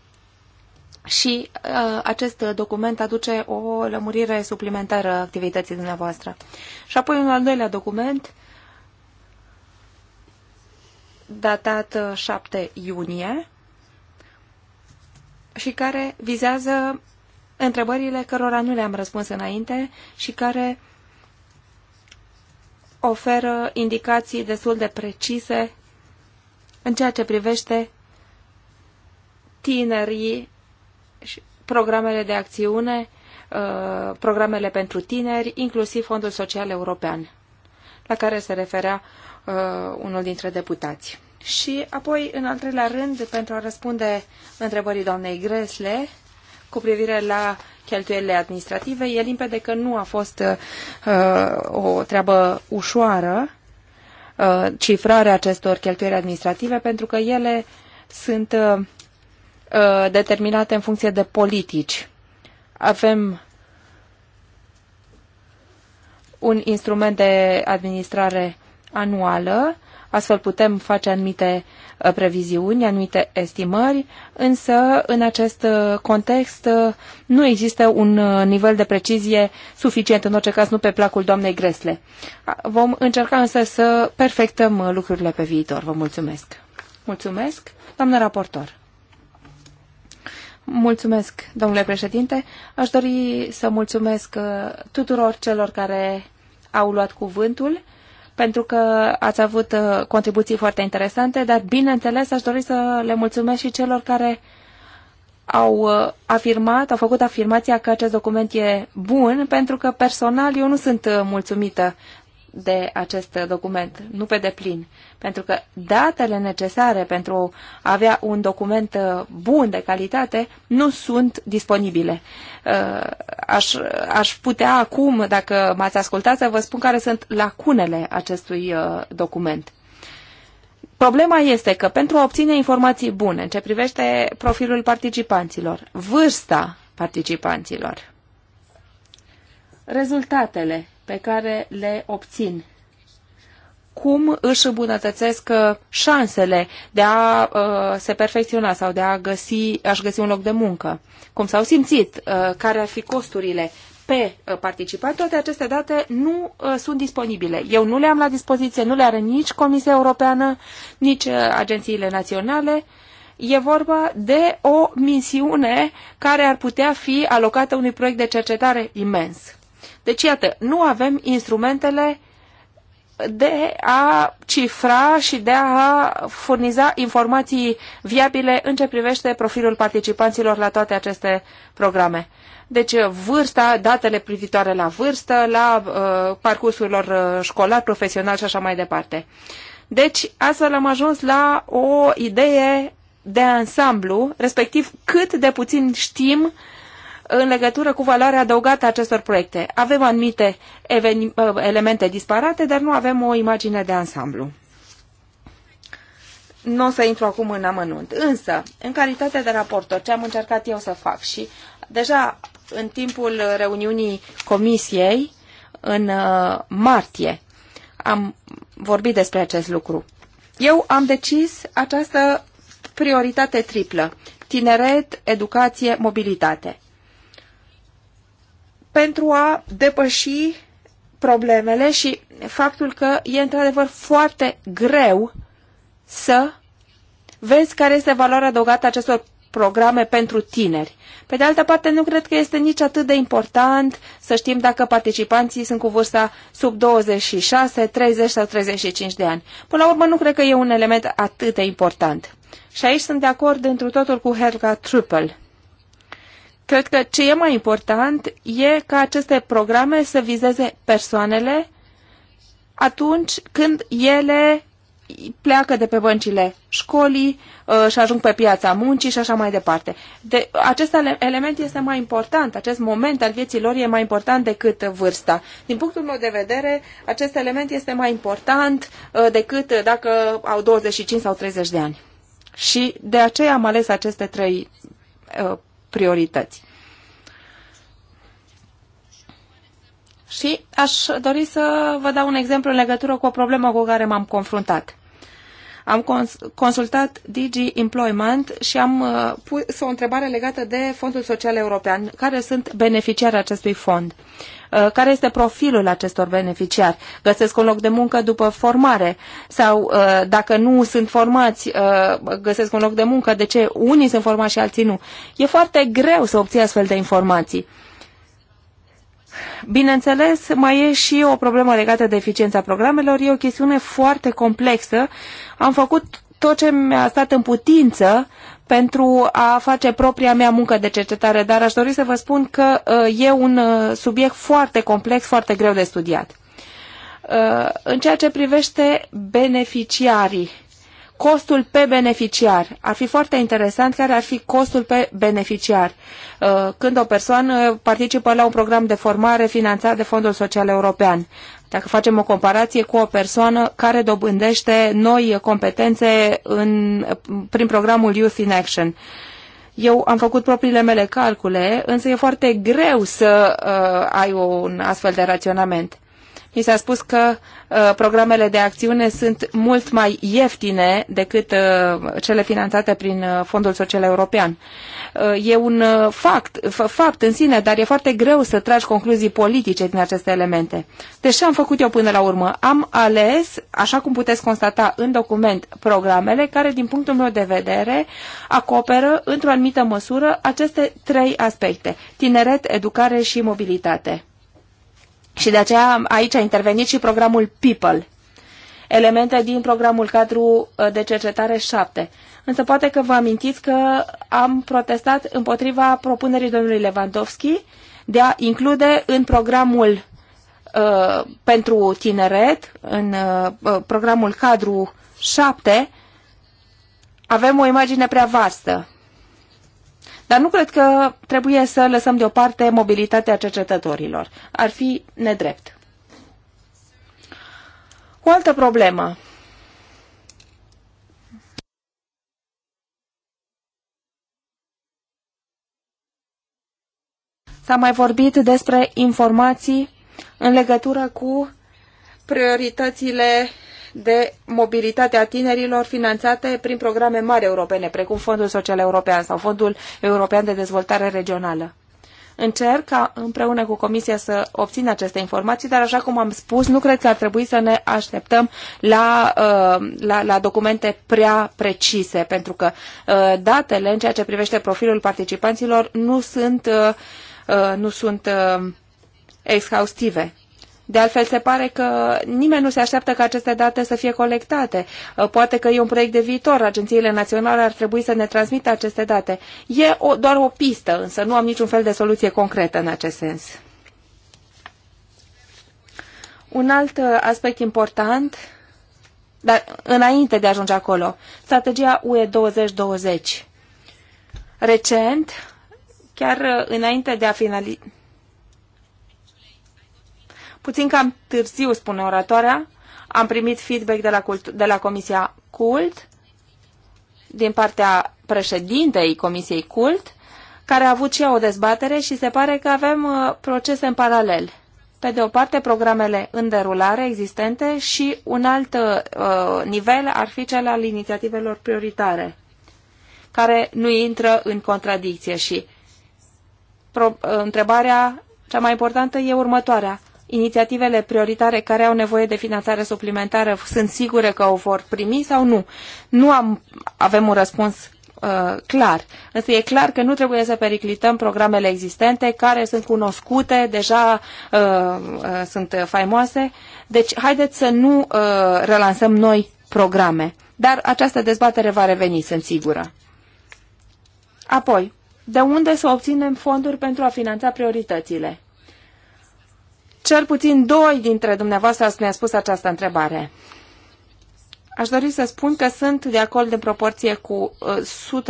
Și uh, acest document aduce o lămurire suplimentară activității dumneavoastră. Și apoi un al doilea document uh, datat 7 uh, iunie și care vizează întrebările cărora nu le-am răspuns înainte și care oferă indicații destul de precise în ceea ce privește tinerii și programele de acțiune, uh, programele pentru tineri, inclusiv Fondul Social European, la care se referea Uh, unul dintre deputați. Și apoi, în al treilea rând, pentru a răspunde întrebării doamnei Gresle cu privire la cheltuielile administrative, e limpede că nu a fost uh, uh o treabă ușoară uh, cifrarea acestor cheltuieli administrative, pentru că ele sunt uh, uh determinate în funcție de politici. Avem un instrument de administrare anuală, astfel putem face anumite uh, previziuni, anumite estimări, însă în acest uh, context uh, nu există un nivel de precizie suficient, în orice caz nu pe placul doamnei Gresle. Vom încerca însă să perfectăm lucrurile pe viitor. Vă mulțumesc! Mulțumesc, doamnă raportor! Mulțumesc, domnule președinte. Aș dori să mulțumesc tuturor celor care au luat cuvântul pentru că ați avut uh, contribuții foarte interesante, dar bineînțeles aș dori să le mulțumesc și celor care au uh, afirmat, au făcut afirmația că acest document e bun, pentru că personal eu nu sunt uh, mulțumită de acest document, nu pe deplin, pentru că datele necesare pentru a avea un document uh, bun de calitate nu sunt disponibile. Uh, aș, aș putea acum, dacă m-ați ascultat, să vă spun care sunt lacunele acestui uh, document. Problema este că pentru a obține informații bune în ce privește profilul participanților, vârsta participanților, rezultatele pe care le obțin cum își îmbunătățesc uh, șansele de a uh, se perfecționa sau de a găsi, a găsi un loc de muncă, cum s-au simțit, uh, care ar fi costurile pe uh, participat, toate aceste date nu uh, sunt disponibile. Eu nu le am la dispoziție, nu le are nici Comisia Europeană, nici uh, agențiile naționale. E vorba de o misiune care ar putea fi alocată unui proiect de cercetare imens. Deci, iată, nu avem instrumentele de a cifra și de a furniza informații viabile în ce privește profilul participanților la toate aceste programe. Deci vârsta, datele privitoare la vârstă, la uh, parcursul lor uh, școlar, profesional și așa mai departe. Deci astfel am ajuns la o idee de ansamblu, respectiv cât de puțin știm uh, în legătură cu valoarea adăugată a acestor proiecte. Avem anumite uh, elemente disparate, dar nu avem o imagine de ansamblu. Nu o să intru acum în amănunt. Însă, în calitate de raportor, ce am încercat eu să fac și deja în timpul reuniunii comisiei, în uh, martie, am vorbit despre acest lucru. Eu am decis această prioritate triplă. Tineret, educație, mobilitate pentru a depăși problemele și faptul că e într-adevăr foarte greu să vezi care este valoarea adăugată acestor programe pentru tineri. Pe de altă parte, nu cred că este nici atât de important să știm dacă participanții sunt cu vârsta sub 26, 30 sau 35 de ani. Până la urmă, nu cred că e un element atât de important. Și aici sunt de acord întru totul cu Helga Truppel. Cred că ce e mai important e ca aceste programe să vizeze persoanele atunci când ele pleacă de pe băncile școlii ă, și ajung pe piața muncii și așa mai departe. De, acest element este mai important, acest moment al vieții lor e mai important decât vârsta. Din punctul meu de vedere, acest element este mai important ă, decât dacă au 25 sau 30 de ani. Și de aceea am ales aceste trei ă, priorități. Și aș dori să vă dau un exemplu în legătură cu o problemă cu care m-am confruntat. Am cons consultat DG Employment și am uh, pus o întrebare legată de Fondul Social European. Care sunt beneficiarii acestui fond? Uh, care este profilul acestor beneficiari? Găsesc un loc de muncă după formare sau uh, dacă nu sunt formați, uh, găsesc un loc de muncă, de ce unii sunt formați și alții nu? E foarte greu să obții astfel de informații. Bineînțeles, mai e și o problemă legată de eficiența programelor. E o chestiune foarte complexă. Am făcut tot ce mi-a stat în putință pentru a face propria mea muncă de cercetare, dar aș dori să vă spun că uh, e un uh, subiect foarte complex, foarte greu de studiat. Uh, în ceea ce privește beneficiarii costul pe beneficiar. Ar fi foarte interesant care ar fi costul pe beneficiar. Uh, când o persoană participă la un program de formare finanțat de Fondul Social European, dacă facem o comparație cu o persoană care dobândește noi competențe în, prin programul Youth in Action. Eu am făcut propriile mele calcule, însă e foarte greu să uh, ai un astfel de raționament. Mi s-a spus că uh, programele de acțiune sunt mult mai ieftine decât uh, cele finanțate prin uh, Fondul Social European. Uh, e un uh, fapt, fapt în sine, dar e foarte greu să tragi concluzii politice din aceste elemente. Deci ce am făcut eu până la urmă? Am ales, așa cum puteți constata în document, programele care, din punctul meu de vedere, acoperă într-o anumită măsură aceste trei aspecte. Tineret, educare și mobilitate. Și de aceea aici a intervenit și programul People, elemente din programul cadru uh, de cercetare 7. Însă poate că vă amintiți că am protestat împotriva propunerii domnului Lewandowski de a include în programul uh, pentru tineret, în uh, programul cadru 7, avem o imagine prea vastă dar nu cred că trebuie să lăsăm deoparte mobilitatea cercetătorilor. Ar fi nedrept. O altă problemă. S-a mai vorbit despre informații în legătură cu prioritățile de mobilitate a tinerilor finanțate prin programe mari europene, precum Fondul Social European sau Fondul European de Dezvoltare Regională. Încerc ca împreună cu Comisia să obțin aceste informații, dar așa cum am spus, nu cred că ar trebui să ne așteptăm la, uh, la, la documente prea precise, pentru că uh, datele în ceea ce privește profilul participanților nu sunt, uh, nu sunt exhaustive. De altfel, se pare că nimeni nu se așteaptă ca aceste date să fie colectate. Uh, poate că e un proiect de viitor. Agențiile naționale ar trebui să ne transmită aceste date. E o, doar o pistă, însă nu am niciun fel de soluție concretă în acest sens. Un alt uh, aspect important, dar înainte de a ajunge acolo, strategia UE 2020. Recent, chiar uh, înainte de a finaliza Puțin cam târziu, spune oratoarea, am primit feedback de la, cult, de la Comisia CULT, din partea președintei Comisiei CULT, care a avut și ea o dezbatere și se pare că avem uh, procese în paralel. Pe de o parte, programele în derulare existente și un alt uh, nivel ar fi cel al inițiativelor prioritare, care nu intră în contradicție și pro, uh, întrebarea cea mai importantă e următoarea inițiativele prioritare care au nevoie de finanțare suplimentară sunt sigure că o vor primi sau nu? Nu am, avem un răspuns uh, clar. Însă e clar că nu trebuie să periclităm programele existente care sunt cunoscute, deja uh, uh, sunt faimoase. Deci haideți să nu uh, relansăm noi programe. Dar această dezbatere va reveni, sunt sigură. Apoi, de unde să obținem fonduri pentru a finanța prioritățile? Cel puțin doi dintre dumneavoastră ați ne-a spus această întrebare. Aș dori să spun că sunt de acord în proporție cu 100%,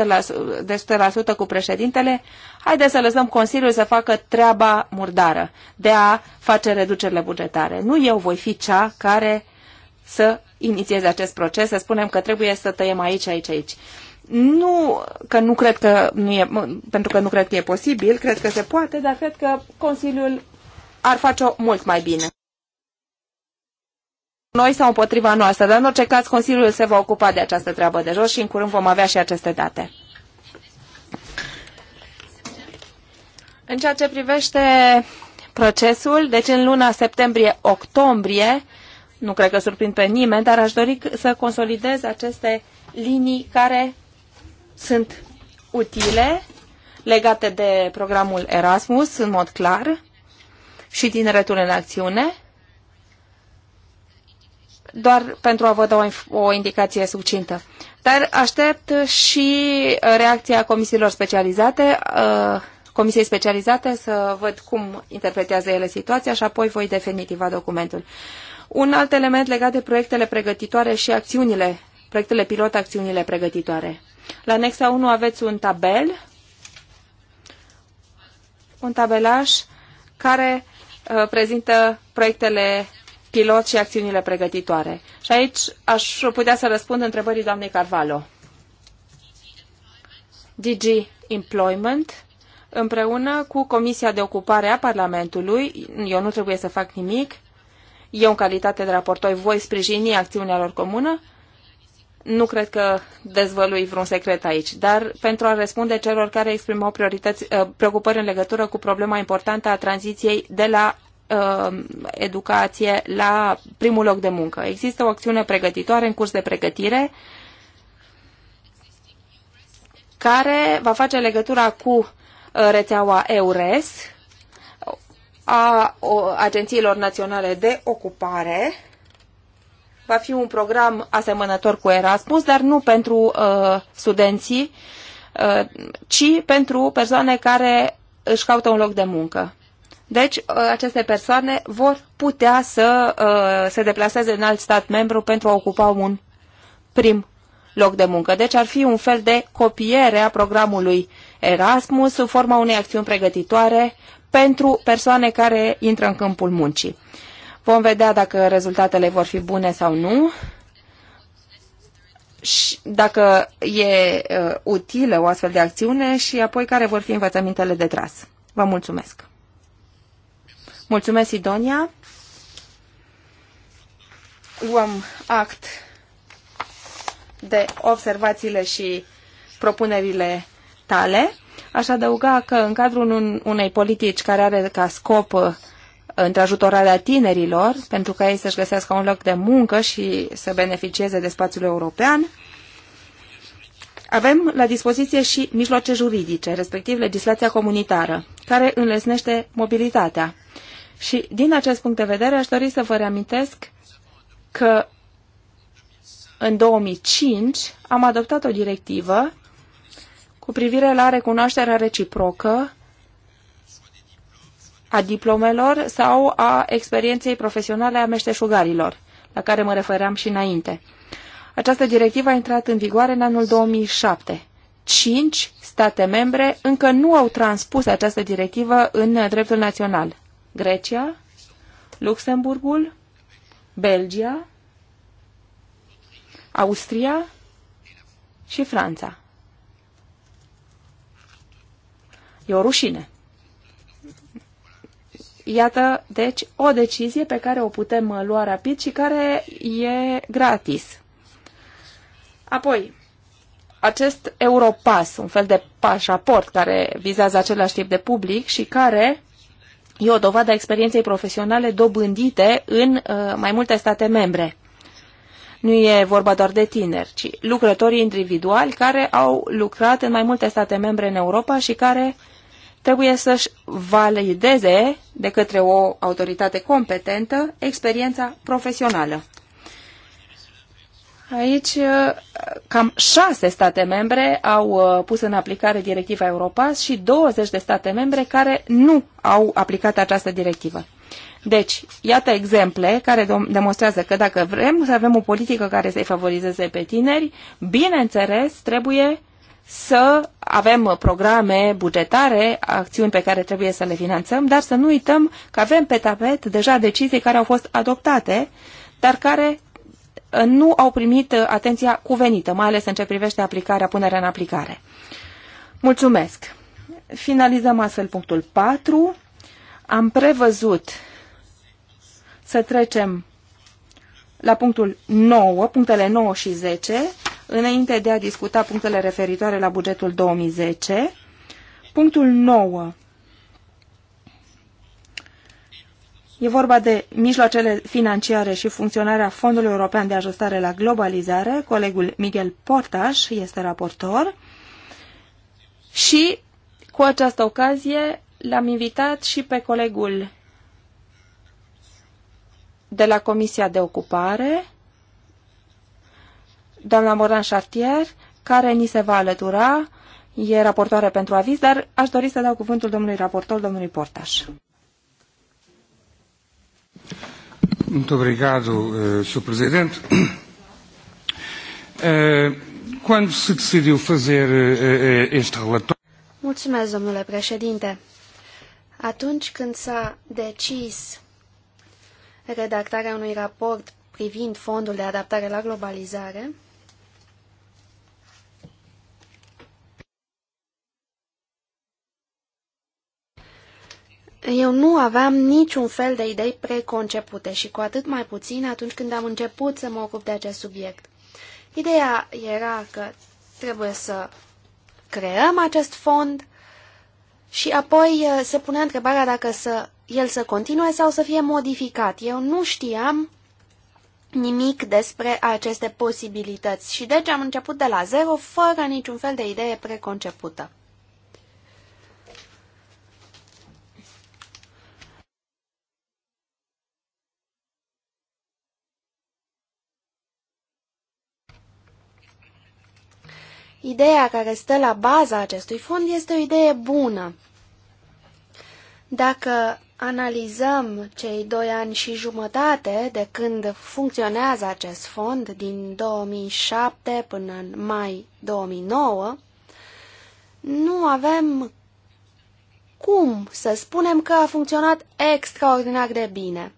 uh, de 100% cu președintele. Haideți să lăsăm Consiliul să facă treaba murdară de a face reducerile bugetare. Nu eu voi fi cea care să inițieze acest proces, să spunem că trebuie să tăiem aici, aici, aici. Nu că nu cred că nu e, pentru că nu cred că e posibil, cred că se poate, dar cred că Consiliul ar face-o mult mai bine. Noi sau împotriva noastră, dar în orice caz Consiliul se va ocupa de această treabă de jos și în curând vom avea și aceste date. În ceea ce privește procesul, deci în luna septembrie-octombrie, nu cred că surprind pe nimeni, dar aș dori să consolidez aceste linii care sunt utile legate de programul Erasmus, în mod clar și tineretul în acțiune. Doar pentru a vă da o, indicație succintă. Dar aștept și reacția comisiilor specializate, uh, comisiei specializate să văd cum interpretează ele situația și apoi voi definitiva documentul. Un alt element legat de proiectele pregătitoare și acțiunile, proiectele pilot, acțiunile pregătitoare. La anexa 1 aveți un tabel, un tabelaj care Uh, prezintă proiectele pilot și acțiunile pregătitoare. Și aici aș putea să răspund întrebării doamnei Carvalho. DG Employment împreună cu Comisia de Ocupare a Parlamentului, eu nu trebuie să fac nimic, eu în calitate de raportor voi sprijini acțiunea lor comună, nu cred că dezvălui vreun secret aici, dar pentru a răspunde celor care exprimau priorități, uh, preocupări în legătură cu problema importantă a tranziției de la uh, educație la primul loc de muncă. Există o acțiune pregătitoare în curs de pregătire care va face legătura cu uh, rețeaua EURES a agențiilor naționale de ocupare va fi un program asemănător cu Erasmus, dar nu pentru uh, studenții, uh, ci pentru persoane care își caută un loc de muncă. Deci, uh, aceste persoane vor putea să uh, se deplaseze în alt stat membru pentru a ocupa un prim loc de muncă. Deci ar fi un fel de copiere a programului Erasmus în forma unei acțiuni pregătitoare pentru persoane care intră în câmpul muncii. Vom vedea dacă rezultatele vor fi bune sau nu și dacă e uh, utilă o astfel de acțiune și apoi care vor fi învățămintele de tras. Vă mulțumesc! Mulțumesc, Idonia! Luăm act de observațiile și propunerile tale. Aș adăuga că în cadrul unei politici care are ca scop uh, între ajutorarea tinerilor, pentru ca ei să-și găsească un loc de muncă și să beneficieze de spațiul european. Avem la dispoziție și mijloace juridice, respectiv legislația comunitară, care înlesnește mobilitatea. Și din acest punct de vedere aș dori să vă reamintesc că în 2005 am adoptat o directivă cu privire la recunoașterea reciprocă a diplomelor sau a experienței profesionale a meșteșugarilor, la care mă refeream și înainte. Această directivă a intrat în vigoare în anul 2007. Cinci state membre încă nu au transpus această directivă în dreptul național. Grecia, Luxemburgul, Belgia, Austria și Franța. E o rușine. Iată, deci, o decizie pe care o putem uh, lua rapid și care e gratis. Apoi, acest Europass, un fel de pașaport care vizează același tip de public și care e o dovadă a experienței profesionale dobândite în uh, mai multe state membre. Nu e vorba doar de tineri, ci lucrătorii individuali care au lucrat în mai multe state membre în Europa și care uh, trebuie să-și valideze de către o autoritate competentă experiența profesională. Aici uh, cam șase state membre au uh, pus în aplicare directiva Europas și 20 de state membre care nu au aplicat această directivă. Deci, iată exemple care demonstrează că dacă vrem să avem o politică care să-i favorizeze pe tineri, bineînțeles, trebuie să avem programe bugetare, acțiuni pe care trebuie să le finanțăm, dar să nu uităm că avem pe tapet deja decizii care au fost adoptate, dar care uh, nu au primit uh, atenția cuvenită, mai ales în ce privește aplicarea, punerea în aplicare. Mulțumesc! Finalizăm astfel punctul 4. Am prevăzut să trecem la punctul 9, punctele 9 și 10, înainte de a discuta punctele referitoare la bugetul 2010. Punctul 9. E vorba de mijloacele financiare și funcționarea Fondului European de Ajustare la Globalizare. Colegul Miguel Portaș este raportor. Și cu această ocazie l-am invitat și pe colegul de la Comisia de Ocupare, Doamna Moran Chartier, care ni se va alătura, e raportoare pentru aviz, dar aș dori să dau cuvântul domnului raportor, domnului Portaș. Muito obrigado, uh, Sr. Presidente. Uh, quando se decidiu fazer uh, este relatório? Mulțumesc, domnule președinte. Atunci când s-a decis redactarea unui raport privind fondul de adaptare la globalizare, eu nu aveam niciun fel de idei preconcepute și cu atât mai puțin atunci când am început să mă ocup de acest subiect. Ideea era că trebuie să creăm acest fond și apoi eh, se punea întrebarea dacă să, el să continue sau să fie modificat. Eu nu știam nimic despre aceste posibilități și deci am început de la zero fără niciun fel de idee preconcepută. Ideea care stă la baza acestui fond este o idee bună. Dacă analizăm cei doi ani și jumătate de când funcționează acest fond, din 2007 până în mai 2009, nu avem cum să spunem că a funcționat extraordinar de bine.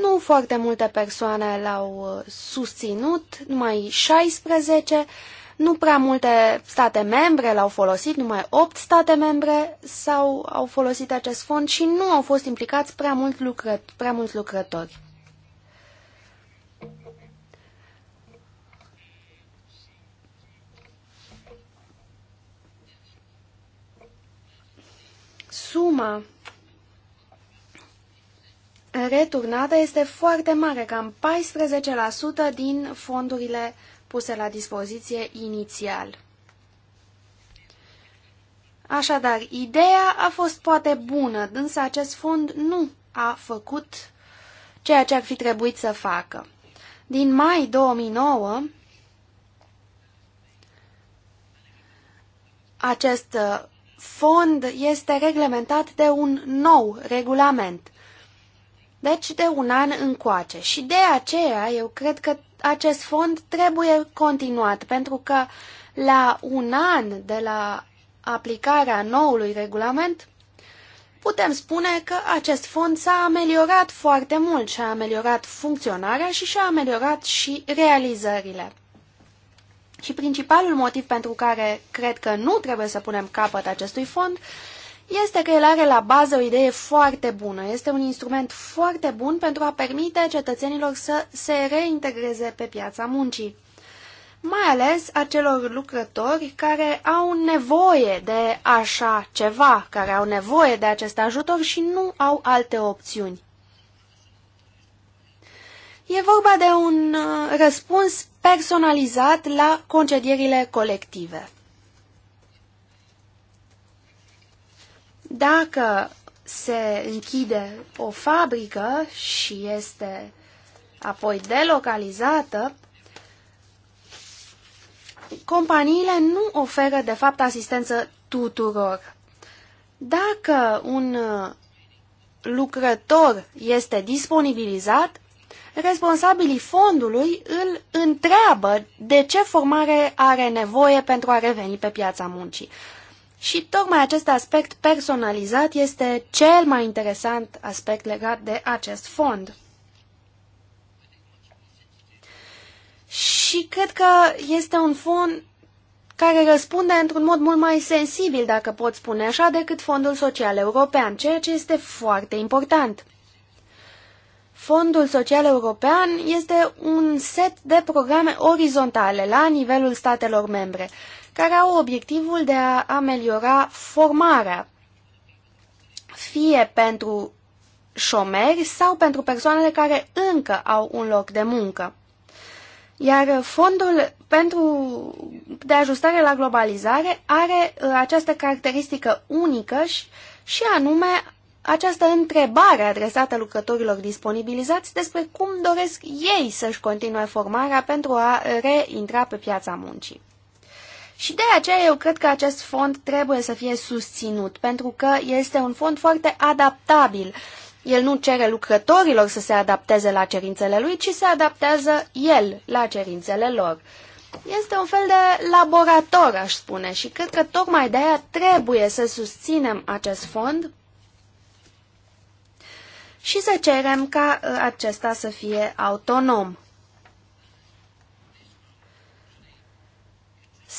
Nu foarte multe persoane l-au uh, susținut, numai 16, nu prea multe state membre l-au folosit, numai 8 state membre sau au folosit acest fond și nu au fost implicați prea, mult lucră, prea mulți lucrători. Suma returnată este foarte mare, cam 14% din fondurile uh, puse la dispoziție inițial. Așadar, ideea a fost poate bună, însă acest fond nu a făcut ceea ce ar fi trebuit să facă. Din mai 2009, acest uh, fond este reglementat de un nou regulament. Deci de un an încoace. Și de aceea eu cred că acest fond trebuie continuat, pentru că la un an de la aplicarea noului regulament, putem spune că acest fond s-a ameliorat foarte mult și a ameliorat funcționarea și și-a ameliorat și realizările. Și principalul motiv pentru care cred că nu trebuie să punem capăt acestui fond este că el are la bază o idee foarte bună. Este un instrument foarte bun pentru a permite cetățenilor să se reintegreze pe piața muncii. Mai ales acelor lucrători care au nevoie de așa ceva, care au nevoie de acest ajutor și nu au alte opțiuni. E vorba de un uh, răspuns personalizat la concedierile colective. Dacă se închide o fabrică și este apoi delocalizată, companiile nu oferă, de fapt, asistență tuturor. Dacă un uh, lucrător este disponibilizat, responsabilii fondului îl întreabă de ce formare are nevoie pentru a reveni pe piața muncii. Și tocmai acest aspect personalizat este cel mai interesant aspect legat de acest fond. Și cred că este un fond care răspunde într-un mod mult mai sensibil, dacă pot spune așa, decât Fondul Social European, ceea ce este foarte important. Fondul Social European este un set de programe orizontale la nivelul statelor membre care au obiectivul de a ameliora formarea, fie pentru șomeri sau pentru persoanele care încă au un loc de muncă. Iar fondul pentru de ajustare la globalizare are uh, această caracteristică unică și, și anume această întrebare adresată lucrătorilor disponibilizați despre cum doresc ei să-și continue formarea pentru a reintra pe piața muncii. Și de aceea eu cred că acest fond trebuie să fie susținut, pentru că este un fond foarte adaptabil. El nu cere lucrătorilor să se adapteze la cerințele lui, ci se adaptează el la cerințele lor. Este un fel de laborator, aș spune, și cred că tocmai de aia trebuie să susținem acest fond și să cerem ca uh, acesta să fie autonom.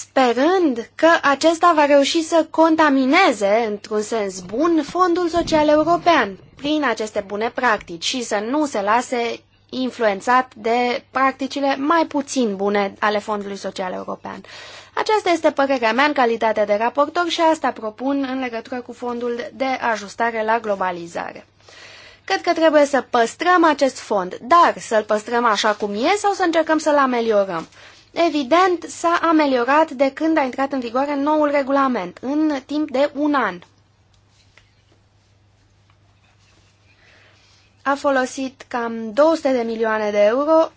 sperând că acesta va reuși să contamineze, într-un sens bun, Fondul Social European prin aceste bune practici și să nu se lase influențat de practicile mai puțin bune ale Fondului Social European. Aceasta este părerea mea în calitate de raportor și asta propun în legătură cu Fondul de Ajustare la Globalizare. Cred că trebuie să păstrăm acest fond, dar să-l păstrăm așa cum e sau să încercăm să-l ameliorăm. Evident, s-a ameliorat de când a intrat în vigoare noul regulament, în timp de un an. A folosit cam 200 de milioane de euro,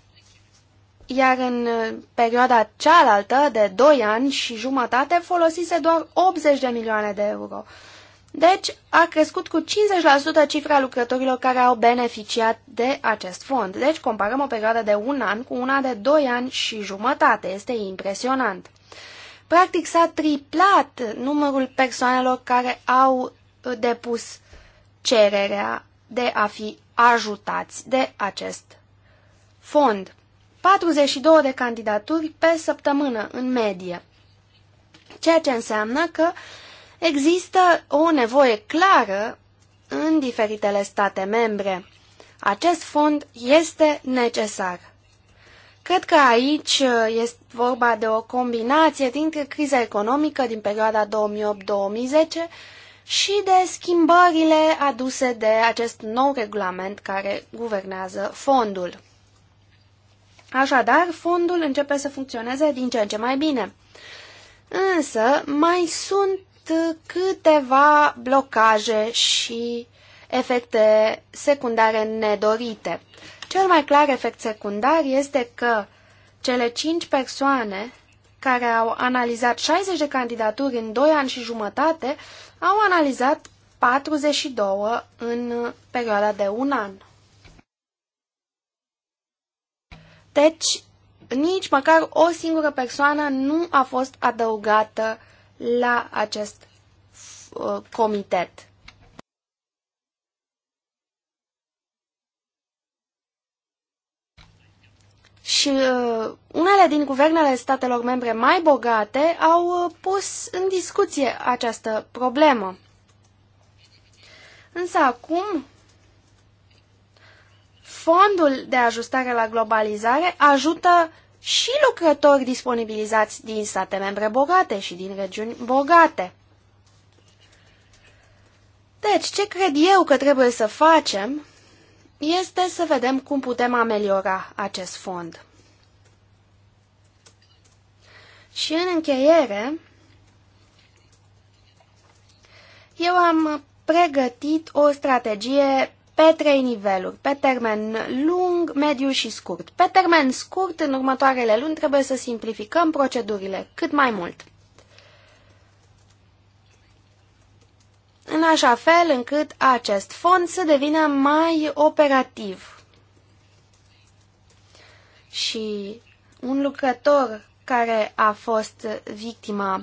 iar în uh, perioada cealaltă de 2 ani și jumătate folosise doar 80 de milioane de euro. Deci, a crescut cu 50% cifra lucrătorilor care au beneficiat de acest fond. Deci, comparăm o perioadă de un an cu una de doi ani și jumătate. Este impresionant. Practic, s-a triplat numărul persoanelor care au depus cererea de a fi ajutați de acest fond. 42 de candidaturi pe săptămână, în medie. Ceea ce înseamnă că uh, Există o nevoie clară în diferitele state membre. Acest fond este necesar. Cred că aici uh, este vorba de o combinație dintre criza economică din perioada 2008-2010 și de schimbările aduse de acest nou regulament care guvernează fondul. Așadar, fondul începe să funcționeze din ce în ce mai bine. Însă, mai sunt câteva blocaje și efecte secundare nedorite. Cel mai clar efect secundar este că cele cinci persoane care au analizat 60 de candidaturi în 2 ani și jumătate au analizat 42 în perioada de un an. Deci, nici măcar o singură persoană nu a fost adăugată la acest uh, comitet. Și uh, unele din guvernele statelor membre mai bogate au uh, pus în discuție această problemă. Însă acum, fondul de ajustare la globalizare ajută și lucrători disponibilizați din state membre bogate și din regiuni bogate. Deci, ce cred eu că trebuie să facem este să vedem cum putem ameliora acest fond. Și în încheiere, eu am pregătit o strategie pe trei niveluri, pe termen lung, mediu și scurt. Pe termen scurt, în următoarele luni, trebuie să simplificăm procedurile cât mai mult. În așa fel încât acest fond să devină mai operativ. Și un lucrător care a fost victima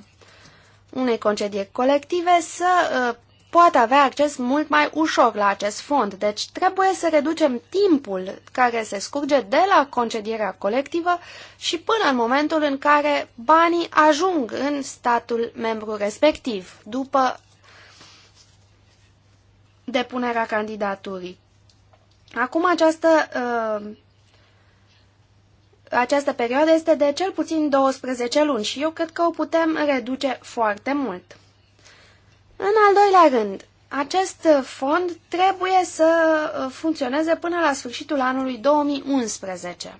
unei concedieri colective să uh, poate avea acces mult mai ușor la acest fond. Deci trebuie să reducem timpul care se scurge de la concedierea colectivă și până în momentul în care banii ajung în statul membru respectiv, după depunerea candidaturii. Acum această, uh, această perioadă este de cel puțin 12 luni și eu cred că o putem reduce foarte mult. În al doilea rând, acest fond trebuie să uh, funcționeze până la sfârșitul anului 2011.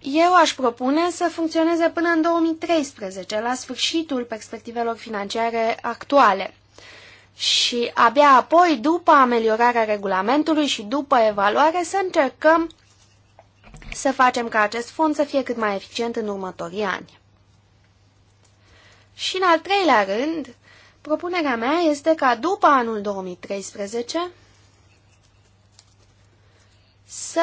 Eu aș propune să funcționeze până în 2013, la sfârșitul perspectivelor financiare actuale. Și abia apoi, după ameliorarea regulamentului și după evaluare, să încercăm să facem ca acest fond să fie cât mai eficient în următorii ani. Și în al treilea rând, propunerea mea este ca după anul 2013 să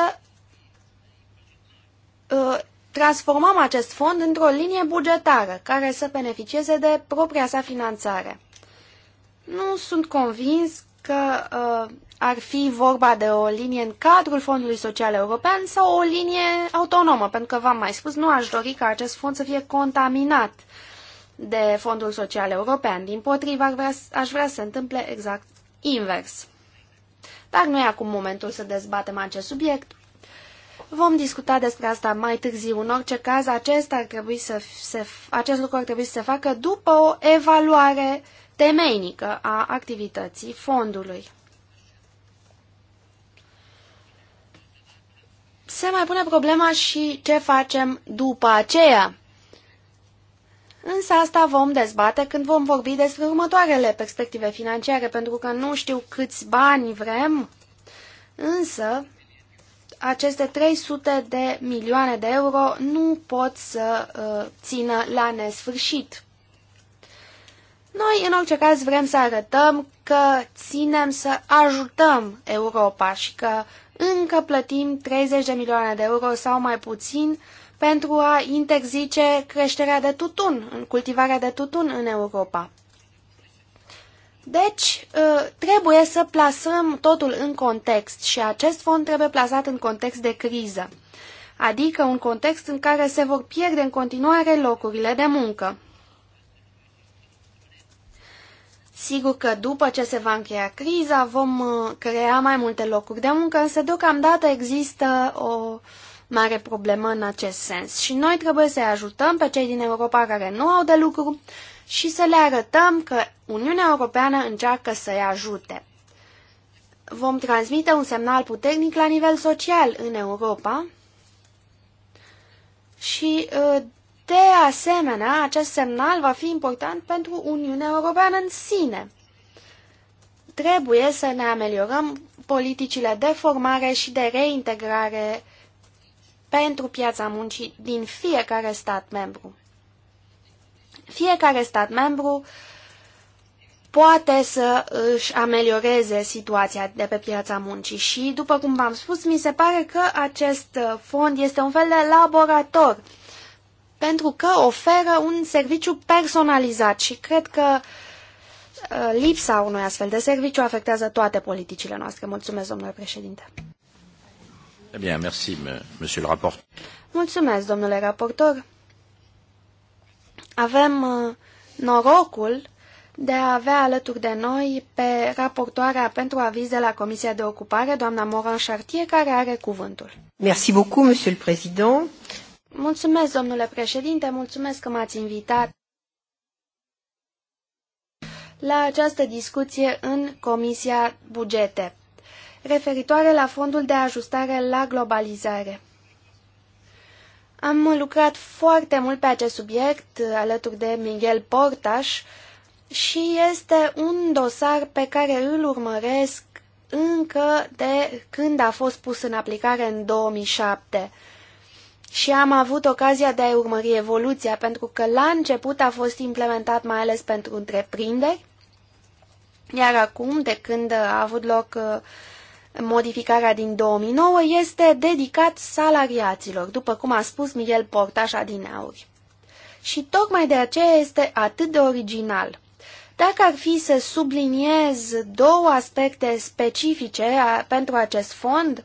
uh, transformăm acest fond într-o linie bugetară care să beneficieze de propria sa finanțare. Nu sunt convins că uh, ar fi vorba de o linie în cadrul Fondului Social European sau o linie autonomă, pentru că v-am mai spus, nu aș dori ca acest fond să fie contaminat uh, de Fondul Social European. Din potrivă, aș vrea, aș vrea să se întâmple exact invers. Dar nu e acum momentul să dezbatem acest subiect. Vom discuta despre asta mai târziu. În orice caz, acest, ar trebui să se, acest lucru ar trebui să se facă după o evaluare temeinică a activității fondului. Se mai pune problema și ce facem după aceea. Însă asta vom dezbate când vom vorbi despre următoarele perspective financiare, pentru că nu știu câți bani vrem, însă aceste 300 de milioane de euro nu pot să uh, țină la nesfârșit. Noi, în orice caz, vrem să arătăm că ținem să ajutăm Europa și că încă plătim 30 de milioane de euro sau mai puțin uh, pentru a interzice creșterea de tutun, cultivarea de tutun în Europa. Deci, uh, trebuie să plasăm totul în context și acest fond trebuie plasat în context de criză, adică un context în care se vor pierde în continuare locurile de muncă. Sigur că după ce se va încheia criza vom uh, crea mai multe locuri de muncă, însă deocamdată există o mare problemă în acest sens. Și noi trebuie să ajutăm pe cei din Europa care nu au de lucru și să le arătăm că Uniunea Europeană încearcă să-i ajute. Vom transmite un semnal puternic la nivel social în Europa și, ă, de asemenea, acest semnal va fi important pentru Uniunea Europeană în sine. Trebuie să ne ameliorăm politicile de formare și de reintegrare pentru piața muncii din fiecare stat membru. Fiecare stat membru poate să își amelioreze situația de pe piața muncii și, după cum v-am spus, mi se pare că acest fond este un fel de laborator pentru că oferă un serviciu personalizat și cred că uh, lipsa unui astfel de serviciu afectează toate politicile noastre. Mulțumesc, domnule președinte. Eh bien, merci, monsieur le rapporteur. Mulțumesc, domnule raportor. Avem uh, norocul de a avea alături de noi pe raportoarea pentru aviz de la Comisia de Ocupare, doamna Moran Chartier, care are cuvântul. Merci beaucoup, monsieur le président. Mulțumesc, domnule președinte, mulțumesc că m-ați invitat la această discuție în Comisia Bugete referitoare la fondul de ajustare la globalizare. Am lucrat foarte mult pe acest subiect alături de Miguel Portaș și este un dosar pe care îl urmăresc încă de când a fost pus în aplicare în 2007. Și am avut ocazia de a urmări evoluția, pentru că la început a fost implementat mai ales pentru întreprinderi, iar acum, de când a avut loc uh, Modificarea din 2009 este dedicat salariaților, după cum a spus Miguel Portaș Adineauri. Și tocmai de aceea este atât de original. Dacă ar fi să subliniez două aspecte specifice a, pentru acest fond,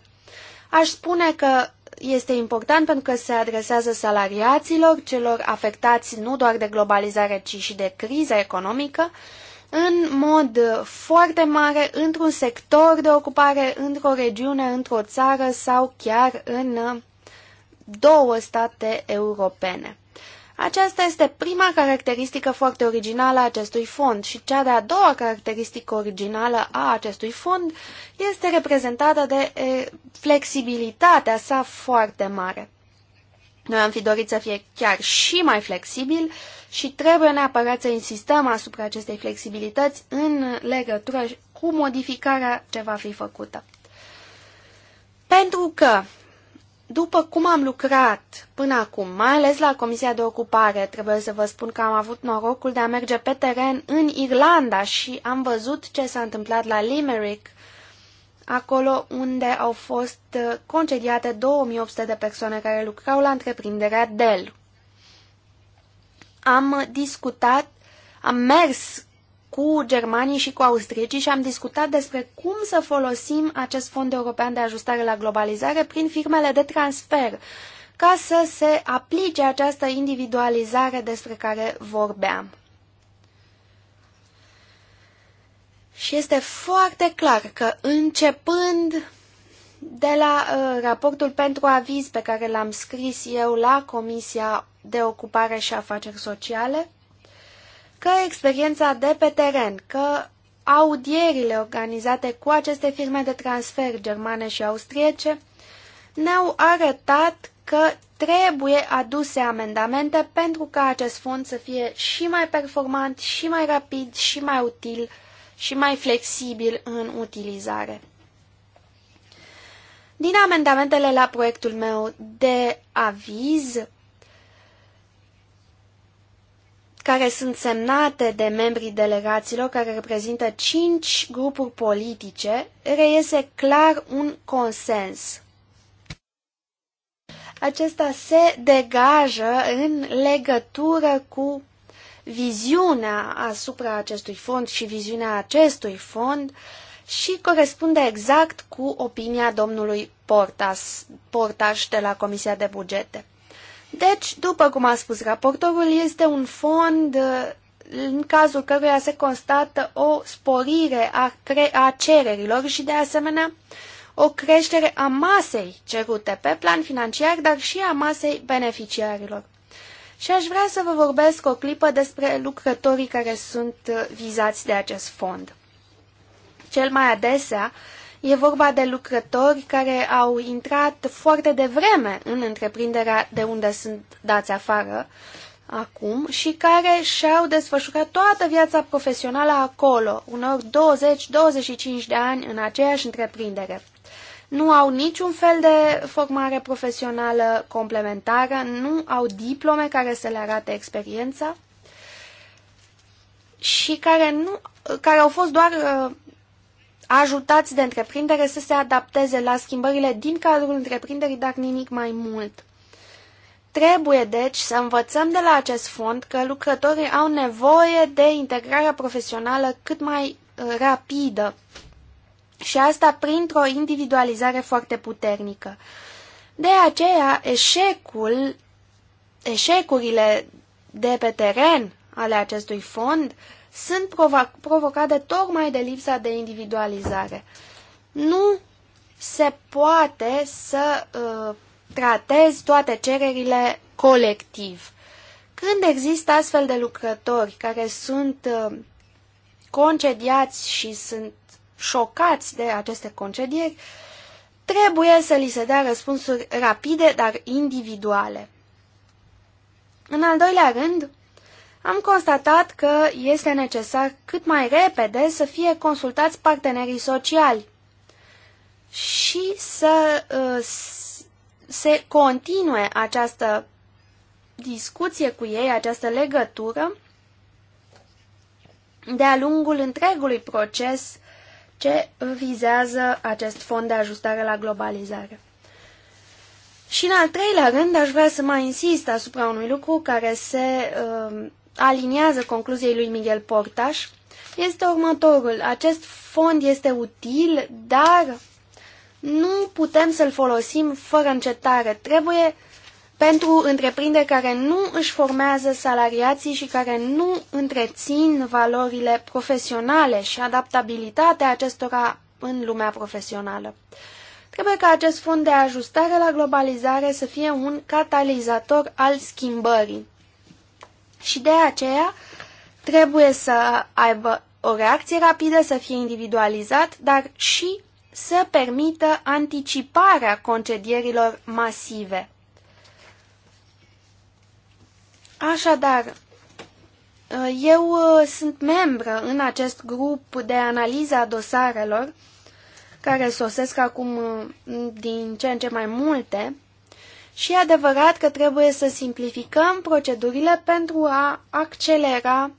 aș spune că este important pentru că se adresează salariaților, celor afectați nu doar de globalizare, ci și de criza economică, în mod foarte mare într-un sector de ocupare, într-o regiune, într-o țară sau chiar în două state europene. Aceasta este prima caracteristică foarte originală a acestui fond și cea de-a doua caracteristică originală a acestui fond este reprezentată de flexibilitatea sa foarte mare. Noi am fi dorit să fie chiar și mai flexibil, și trebuie neapărat să insistăm asupra acestei flexibilități în legătură cu modificarea ce va fi făcută. Pentru că, după cum am lucrat până acum, mai ales la Comisia de Ocupare, trebuie să vă spun că am avut norocul de a merge pe teren în Irlanda și am văzut ce s-a întâmplat la Limerick, acolo unde au fost concediate 2800 de persoane care lucrau la întreprinderea Dell am discutat, am mers cu germanii și cu austriecii și am discutat despre cum să folosim acest fond european de ajustare la globalizare prin firmele de transfer, ca să se aplice această individualizare despre care vorbeam. Și este foarte clar că începând de la uh, raportul pentru aviz pe care l-am scris eu la Comisia de ocupare și afaceri sociale, că experiența de pe teren, că audierile organizate cu aceste firme de transfer germane și austriece ne-au arătat că trebuie aduse amendamente pentru ca acest fond să fie și mai performant, și mai rapid, și mai util și mai flexibil în utilizare. Din amendamentele la proiectul meu de aviz, care sunt semnate de membrii delegaților care reprezintă cinci grupuri politice, reiese clar un consens. Acesta se degajă în legătură cu viziunea asupra acestui fond și viziunea acestui fond și corespunde exact cu opinia domnului Portas, Portaș de la Comisia de Bugete. Deci, după cum a spus raportorul, este un fond uh, în cazul căruia se constată o sporire a, a cererilor și, de asemenea, o creștere a masei cerute pe plan financiar, dar și a masei beneficiarilor. Și aș vrea să vă vorbesc o clipă despre lucrătorii care sunt uh, vizați de acest fond. Cel mai adesea, E vorba de lucrători care au intrat foarte devreme în întreprinderea de unde sunt dați afară acum și care și-au desfășurat toată viața profesională acolo, unor 20-25 de ani în aceeași întreprindere. Nu au niciun fel de formare profesională complementară, nu au diplome care să le arate experiența și care, nu, care au fost doar uh, ajutați de întreprindere să se adapteze la schimbările din cadrul întreprinderii, dar nimic mai mult. Trebuie, deci, să învățăm de la acest fond că lucrătorii au nevoie de integrarea profesională cât mai uh, rapidă și asta printr-o individualizare foarte puternică. De aceea, eșecul, eșecurile de pe teren ale acestui fond uh, sunt provo provocate tocmai de lipsa de individualizare. Nu se poate să uh, tratezi toate cererile colectiv. Când există astfel de lucrători care sunt uh, concediați și sunt șocați de aceste concedieri, trebuie să li se dea răspunsuri rapide, dar individuale. În al doilea rând, am constatat că este necesar cât mai repede să fie consultați partenerii sociali și să uh, se continue această discuție cu ei, această legătură de-a lungul întregului proces ce vizează acest fond de ajustare la globalizare. Și în al treilea rând aș vrea să mai insist asupra unui lucru care se uh, aliniază concluziei lui Miguel Portaș este următorul. Acest fond este util, dar nu putem să-l folosim fără încetare. Trebuie pentru întreprinderi care nu își formează salariații și care nu întrețin valorile profesionale și adaptabilitatea acestora în lumea profesională. Trebuie ca acest fond de ajustare la globalizare să fie un catalizator al schimbării. Și de aceea trebuie să aibă o reacție rapidă, să fie individualizat, dar și să permită anticiparea concedierilor masive. Așadar, eu uh, sunt membră în acest grup de analiză a dosarelor, care sosesc acum uh, din ce în ce mai multe, și e adevărat că trebuie să simplificăm procedurile pentru a accelera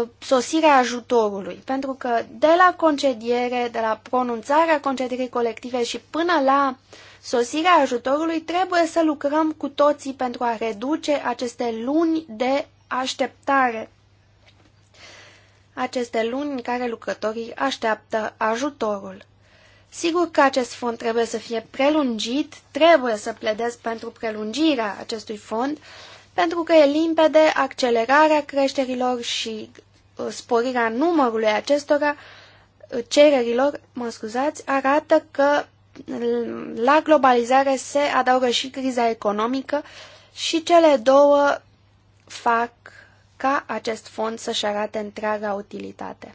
uh, sosirea ajutorului, pentru că de la concediere, de la pronunțarea concedierii colective și până la sosirea ajutorului trebuie să lucrăm cu toții pentru a reduce aceste luni de așteptare aceste luni în care lucrătorii așteaptă ajutorul. Sigur că acest fond trebuie să fie prelungit, trebuie să pledez pentru prelungirea acestui fond, pentru că e limpede accelerarea creșterilor și uh, sporirea numărului acestora, uh, cererilor, mă scuzați, arată că uh, la globalizare se adaugă și criza economică și cele două fac ca acest fond să-și arate întreaga utilitate.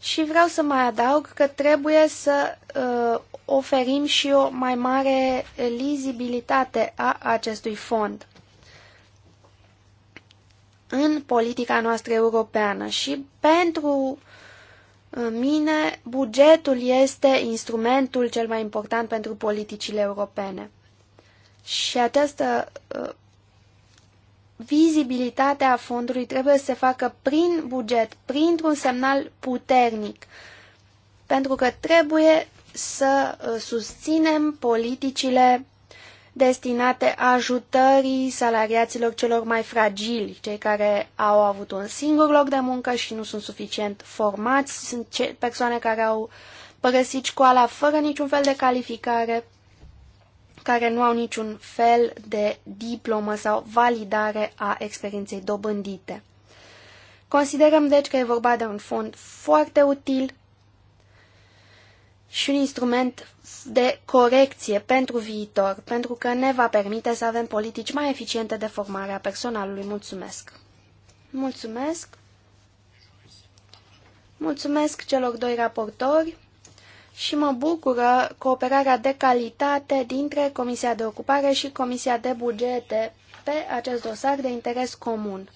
Și vreau să mai adaug că trebuie să uh, oferim și o mai mare lizibilitate a acestui fond în politica noastră europeană și pentru uh, mine bugetul este instrumentul cel mai important pentru politicile europene. Și această uh, vizibilitatea fondului trebuie să se facă prin buget, printr-un semnal puternic, pentru că trebuie să uh, susținem politicile destinate ajutării salariaților celor mai fragili, cei care au avut un singur loc de muncă și nu sunt suficient formați, sunt persoane care au părăsit școala fără niciun fel de calificare care nu au niciun fel de diplomă sau validare a experienței dobândite. Considerăm deci că e vorba de un fond foarte util și un instrument de corecție pentru viitor, pentru că ne va permite să avem politici mai eficiente de formare a personalului. Mulțumesc! Mulțumesc! Mulțumesc celor doi raportori! și mă bucură cooperarea de calitate dintre Comisia de Ocupare și Comisia de Bugete pe acest dosar de interes comun.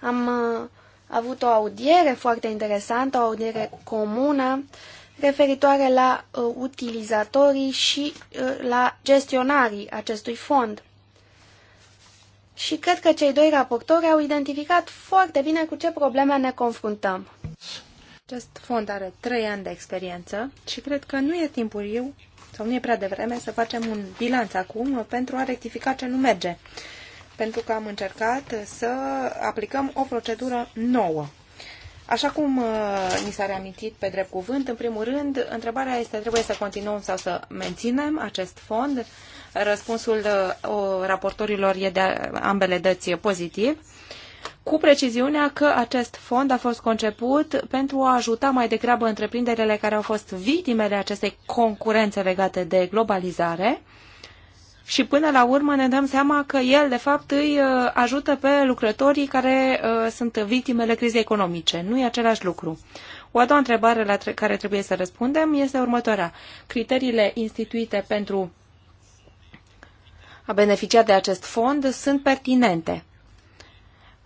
Am uh, avut o audiere foarte interesantă, o audiere comună referitoare la uh, utilizatorii și uh, la gestionarii acestui fond. Și cred că cei doi raportori au identificat foarte bine cu ce probleme ne confruntăm. Acest fond are trei ani de experiență și cred că nu e timpul eu sau nu e prea devreme să facem un bilanț acum pentru a rectifica ce nu merge. Pentru că am încercat să aplicăm o procedură nouă. Așa cum uh, ni s-a reamintit pe drept cuvânt, în primul rând, întrebarea este trebuie să continuăm sau să menținem acest fond. Răspunsul uh, raportorilor e de ambele dăți pozitiv cu preciziunea că acest fond a fost conceput pentru a ajuta mai degrabă întreprinderile care au fost victimele acestei concurențe legate de globalizare și până la urmă ne dăm seama că el, de fapt, îi uh, ajută pe lucrătorii care uh, sunt victimele crizei economice. Nu e același lucru. O a doua întrebare la care trebuie să răspundem este următoarea. Criteriile instituite pentru a beneficia de acest fond sunt pertinente.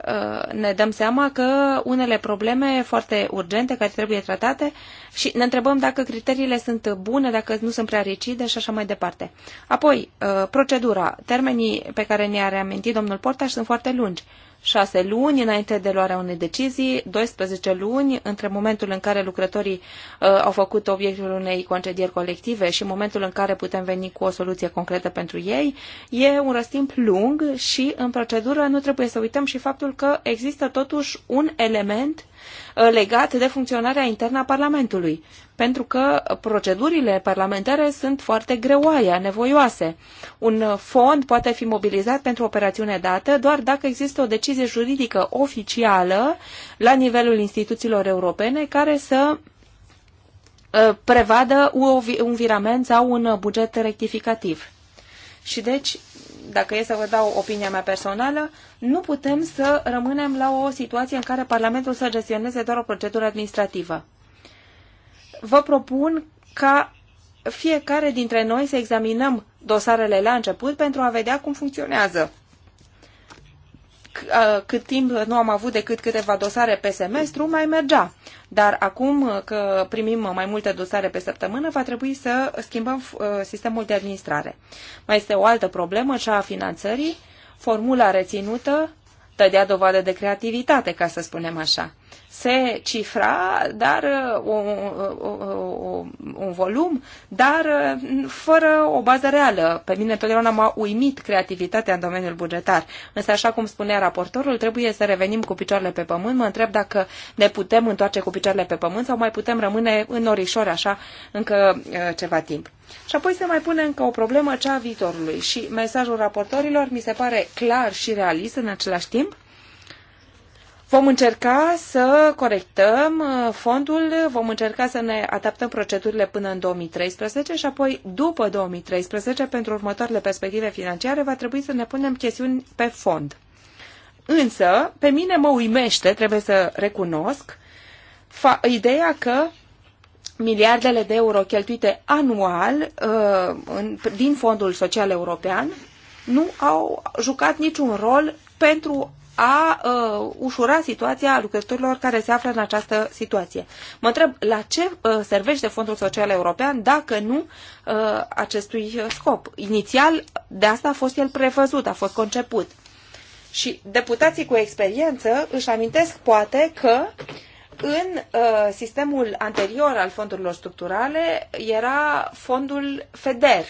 Uh, ne dăm seama că unele probleme foarte urgente care trebuie tratate și ne întrebăm dacă criteriile sunt bune, dacă nu sunt prea ricide și așa mai departe. Apoi, uh, procedura. Termenii pe care ne-a reamintit domnul Portaș sunt foarte lungi. 6 luni înainte de luarea unei decizii, 12 luni între momentul în care lucrătorii uh, au făcut obiectul unei concedieri colective și momentul în care putem veni cu o soluție concretă pentru ei. E un răstimp lung și în procedură nu trebuie să uităm și faptul că există totuși un element Uh, legat de funcționarea internă a Parlamentului, pentru că procedurile parlamentare sunt foarte greoaie, nevoioase. Un fond poate fi mobilizat pentru operațiune dată doar dacă există o decizie juridică oficială la nivelul instituțiilor europene care să uh, prevadă un virament sau un buget rectificativ. Și deci dacă e să vă dau opinia mea personală, nu putem să rămânem la o situație în care Parlamentul să gestioneze doar o procedură administrativă. Vă propun ca fiecare dintre noi să examinăm dosarele la început pentru a vedea cum funcționează cât timp nu am avut decât câteva dosare pe semestru, mai mergea. Dar acum că primim mai multe dosare pe săptămână, va trebui să schimbăm sistemul de administrare. Mai este o altă problemă, cea a finanțării. Formula reținută tădea dovadă de creativitate, ca să spunem așa se cifra, dar uh, un, uh, uh, un, un volum, dar fără o bază reală. Pe mine totdeauna m-a uimit creativitatea în domeniul bugetar. Însă, așa cum spunea raportorul, trebuie să revenim cu picioarele pe pământ. Mă întreb dacă ne putem întoarce cu picioarele pe pământ sau mai putem rămâne în orișor așa încă ceva timp. Și apoi se mai pune încă o problemă, cea a viitorului. Și mesajul raportorilor mi se pare clar și realist în același timp Vom încerca să corectăm uh, fondul, vom încerca să ne adaptăm procedurile până în 2013 și apoi, după 2013, pentru următoarele perspective financiare, va trebui să ne punem chestiuni pe fond. Însă, pe mine mă uimește, trebuie să recunosc, ideea că miliardele de euro cheltuite anual uh, în, din Fondul Social European nu au jucat niciun rol pentru a uh, ușura situația lucrătorilor care se află în această situație. Mă întreb la ce uh, servește Fondul Social European dacă nu uh, acestui scop. Inițial, de asta a fost el prevăzut, a fost conceput. Și deputații cu experiență își amintesc poate că în uh, sistemul anterior al fondurilor structurale era fondul FEDER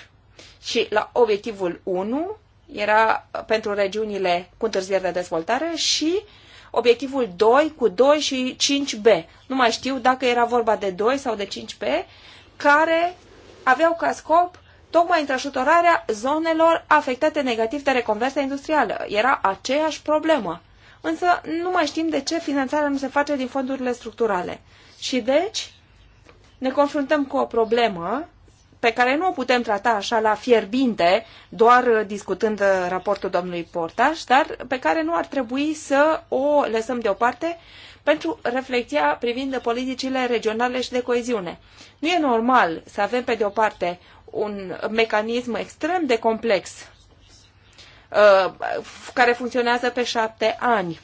și la obiectivul 1 era pentru regiunile cu întârziere de dezvoltare și obiectivul 2 cu 2 și 5B. Nu mai știu dacă era vorba de 2 sau de 5B, care aveau ca scop tocmai întrajutorarea zonelor afectate negativ de reconversia industrială. Era aceeași problemă. Însă nu mai știm de ce finanțarea nu se face din fondurile structurale. Și deci ne confruntăm cu o problemă pe care nu o putem trata așa la fierbinte, doar uh, discutând uh, raportul domnului Portaș, dar pe care nu ar trebui să o lăsăm deoparte pentru reflecția privind politicile regionale și de coeziune. Nu e normal să avem pe de o parte un mecanism extrem de complex uh, care funcționează pe șapte ani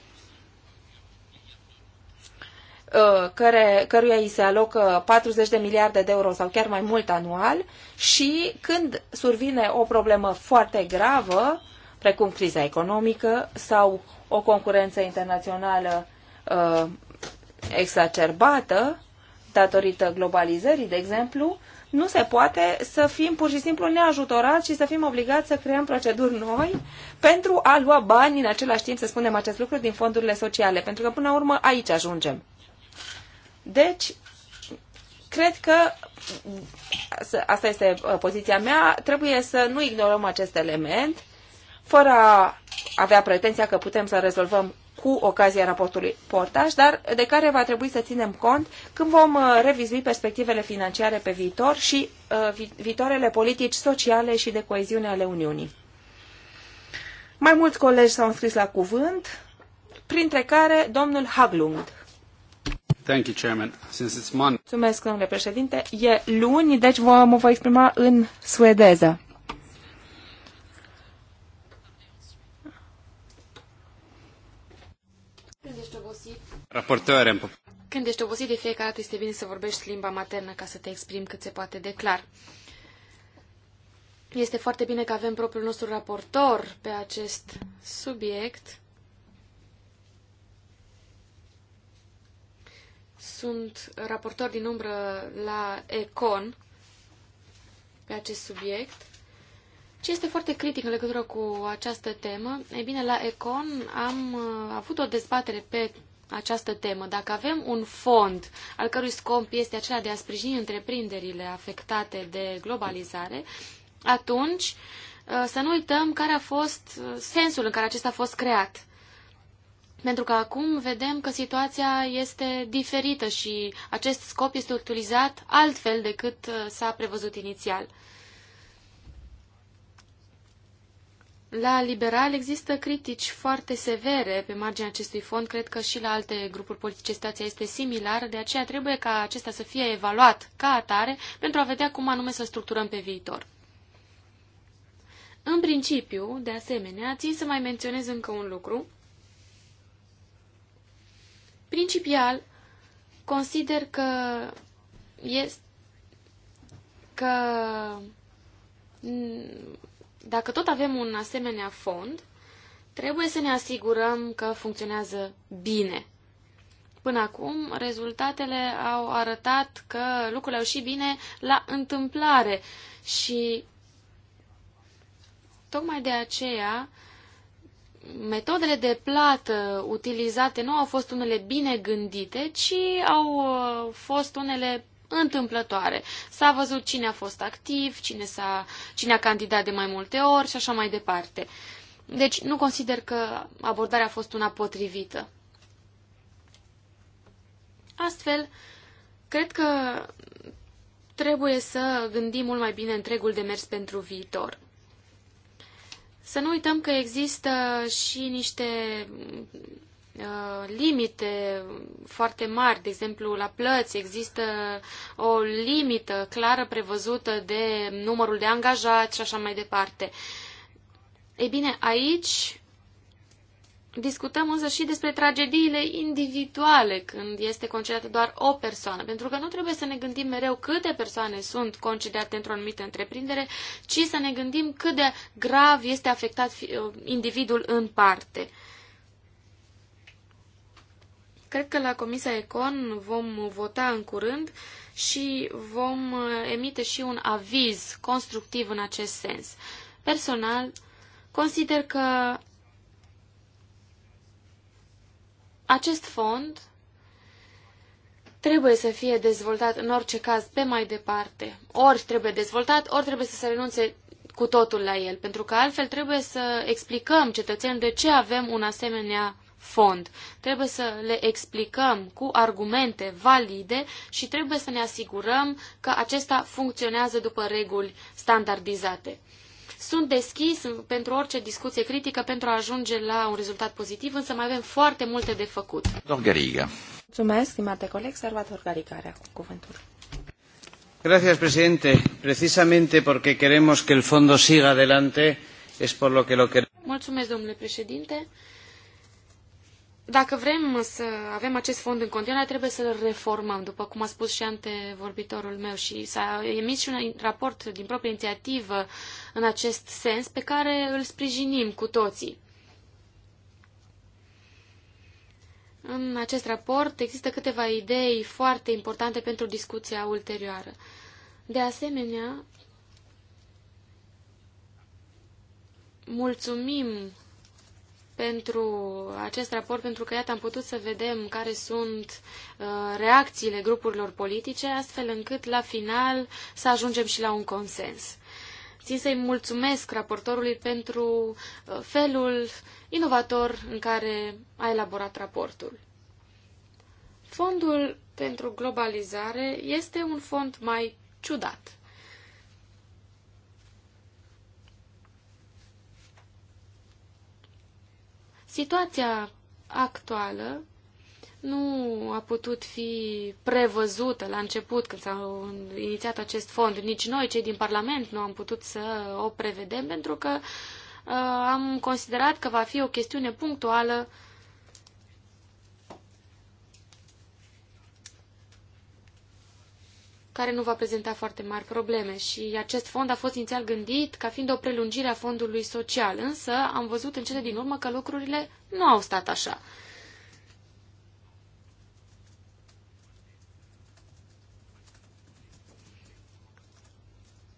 Uh, care, căruia îi se alocă 40 de miliarde de euro sau chiar mai mult anual și când survine o problemă foarte gravă, precum criza economică sau o concurență internațională uh, exacerbată, datorită globalizării, de exemplu, nu se poate să fim pur și simplu neajutorați și să fim obligați să creăm proceduri noi pentru a lua bani în același timp, să spunem acest lucru, din fondurile sociale. Pentru că, până la urmă, aici ajungem. Deci, cred că, asta este uh, poziția mea, trebuie să nu ignorăm acest element, fără a avea pretenția că putem să rezolvăm cu ocazia raportului portaj, dar de care va trebui să ținem cont când vom uh, revizui perspectivele financiare pe viitor și uh, viitoarele politici sociale și de coeziune ale Uniunii. Mai mulți colegi s-au înscris la cuvânt, printre care domnul Haglund. Thank you, Chairman. Since it's Mulțumesc, domnule președinte. E luni, deci vă, mă voi exprima în suedeză. Când ești obosit? Când ești obosit de fiecare dată este bine să vorbești limba maternă ca să te exprimi cât se poate de clar. Este foarte bine că avem propriul nostru raportor pe acest subiect Sunt raportor din umbră la Econ pe acest subiect. Ce este foarte critic în legătură cu această temă? E bine, la Econ am uh, avut o dezbatere pe această temă. Dacă avem un fond al cărui scop este acela de a sprijini întreprinderile afectate de globalizare, atunci uh, să nu uităm care a fost uh, sensul în care acesta a fost creat. Pentru că acum vedem că situația este diferită și acest scop este utilizat altfel decât uh, s-a prevăzut inițial. La liberal există critici foarte severe pe marginea acestui fond, cred că și la alte grupuri politice situația este similară, de aceea trebuie ca acesta să fie evaluat ca atare pentru a vedea cum anume să structurăm pe viitor. În principiu, de asemenea, țin să mai menționez încă un lucru, Principial, consider că este că dacă tot avem un asemenea fond, trebuie să ne asigurăm că funcționează bine. Până acum, rezultatele au arătat că lucrurile au și bine la întâmplare și tocmai de aceea metodele de plată utilizate nu au fost unele bine gândite, ci au uh, fost unele întâmplătoare. S-a văzut cine a fost activ, cine, s-a, cine a candidat de mai multe ori și așa mai departe. Deci nu consider că abordarea a fost una potrivită. Astfel, cred că trebuie să gândim mult mai bine întregul demers pentru viitor. Să nu uităm că există și niște uh, limite foarte mari, de exemplu la plăți există o limită clară prevăzută de numărul de angajați și așa mai departe. Ei bine, aici discutăm însă și despre tragediile individuale când este concediată doar o persoană, pentru că nu trebuie să ne gândim mereu câte persoane sunt concediate într-o anumită întreprindere, ci să ne gândim cât de grav este afectat uh, individul în parte. Cred că la Comisia Econ vom vota în curând și vom uh, emite și un aviz constructiv în acest sens. Personal, consider că Acest fond trebuie să fie dezvoltat în orice caz pe mai departe. Ori trebuie dezvoltat, ori trebuie să se renunțe cu totul la el, pentru că altfel trebuie să explicăm cetățenilor de ce avem un asemenea fond. Trebuie să le explicăm cu argumente valide și trebuie să ne asigurăm că acesta funcționează după reguli standardizate. Sunt deschis pentru orice discuție critică pentru a ajunge la un rezultat pozitiv, însă mai avem foarte multe de făcut. Dorgariga. Mulțumesc, stimate coleg, Salvator Gariga are acum cuvântul. Gracias, presidente. Precisamente porque queremos que el fondo siga adelante, es por lo que lo queremos. Mulțumesc, domnule președinte. Dacă vrem să avem acest fond în continuare, trebuie să-l reformăm, după cum a spus și antevorbitorul meu și s-a emis și un raport din proprie inițiativă în acest sens, pe care îl sprijinim cu toții. În acest raport există câteva idei foarte importante pentru discuția ulterioară. De asemenea, mulțumim pentru acest raport, pentru că, iată, am putut să vedem care sunt uh, reacțiile grupurilor politice, astfel încât, la final, să ajungem și la un consens. Țin să-i mulțumesc raportorului pentru uh, felul inovator în care a elaborat raportul. Fondul pentru globalizare este un fond mai ciudat. Situația actuală nu a putut fi prevăzută la început când s-a inițiat acest fond. Nici noi, cei din Parlament, nu am putut să o prevedem pentru că uh, am considerat că va fi o chestiune punctuală care nu va prezenta foarte mari probleme și acest fond a fost inițial gândit ca fiind o prelungire a fondului social, însă am văzut în cele din urmă că lucrurile nu au stat așa.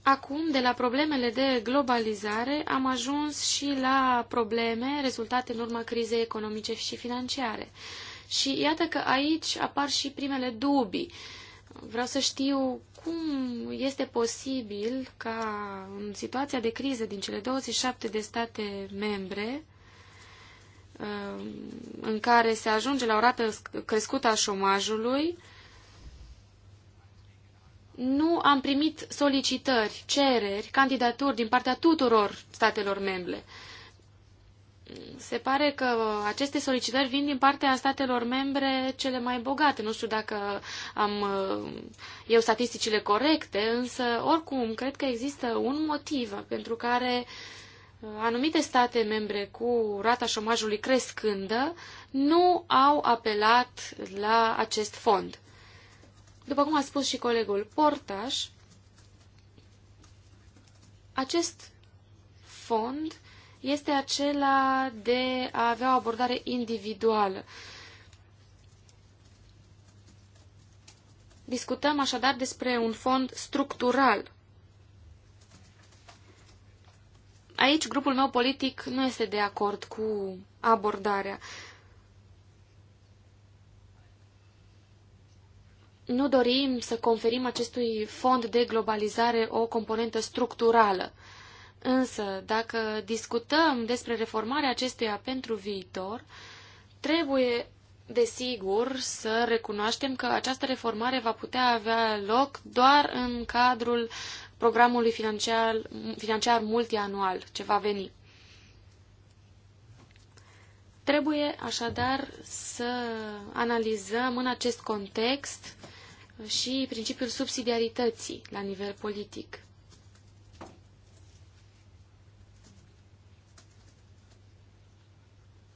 Acum, de la problemele de globalizare, am ajuns și la probleme rezultate în urma crizei economice și financiare. Și iată că aici apar și primele dubii. Uh, Vreau să știu cum este posibil ca în situația de criză din cele 27 de state membre, um, în care se ajunge la o rată crescută a șomajului, nu am primit solicitări, cereri, candidaturi din partea tuturor statelor membre se pare că aceste solicitări vin din partea statelor membre cele mai bogate. Nu știu dacă am uh, eu statisticile corecte, însă oricum cred că există un motiv pentru care uh, anumite state membre cu rata șomajului crescândă nu au apelat la acest fond. După cum a spus și colegul Portaș, acest fond este acela de a avea o abordare individuală. Discutăm așadar despre un fond structural. Aici grupul meu politic nu este de acord cu abordarea. Nu dorim să conferim acestui fond de globalizare o componentă structurală. Însă, dacă discutăm despre reformarea acestuia pentru viitor, trebuie, desigur, să recunoaștem că această reformare va putea avea loc doar în cadrul programului financiar, financiar multianual ce va veni. Trebuie așadar să analizăm în acest context și principiul subsidiarității la nivel politic.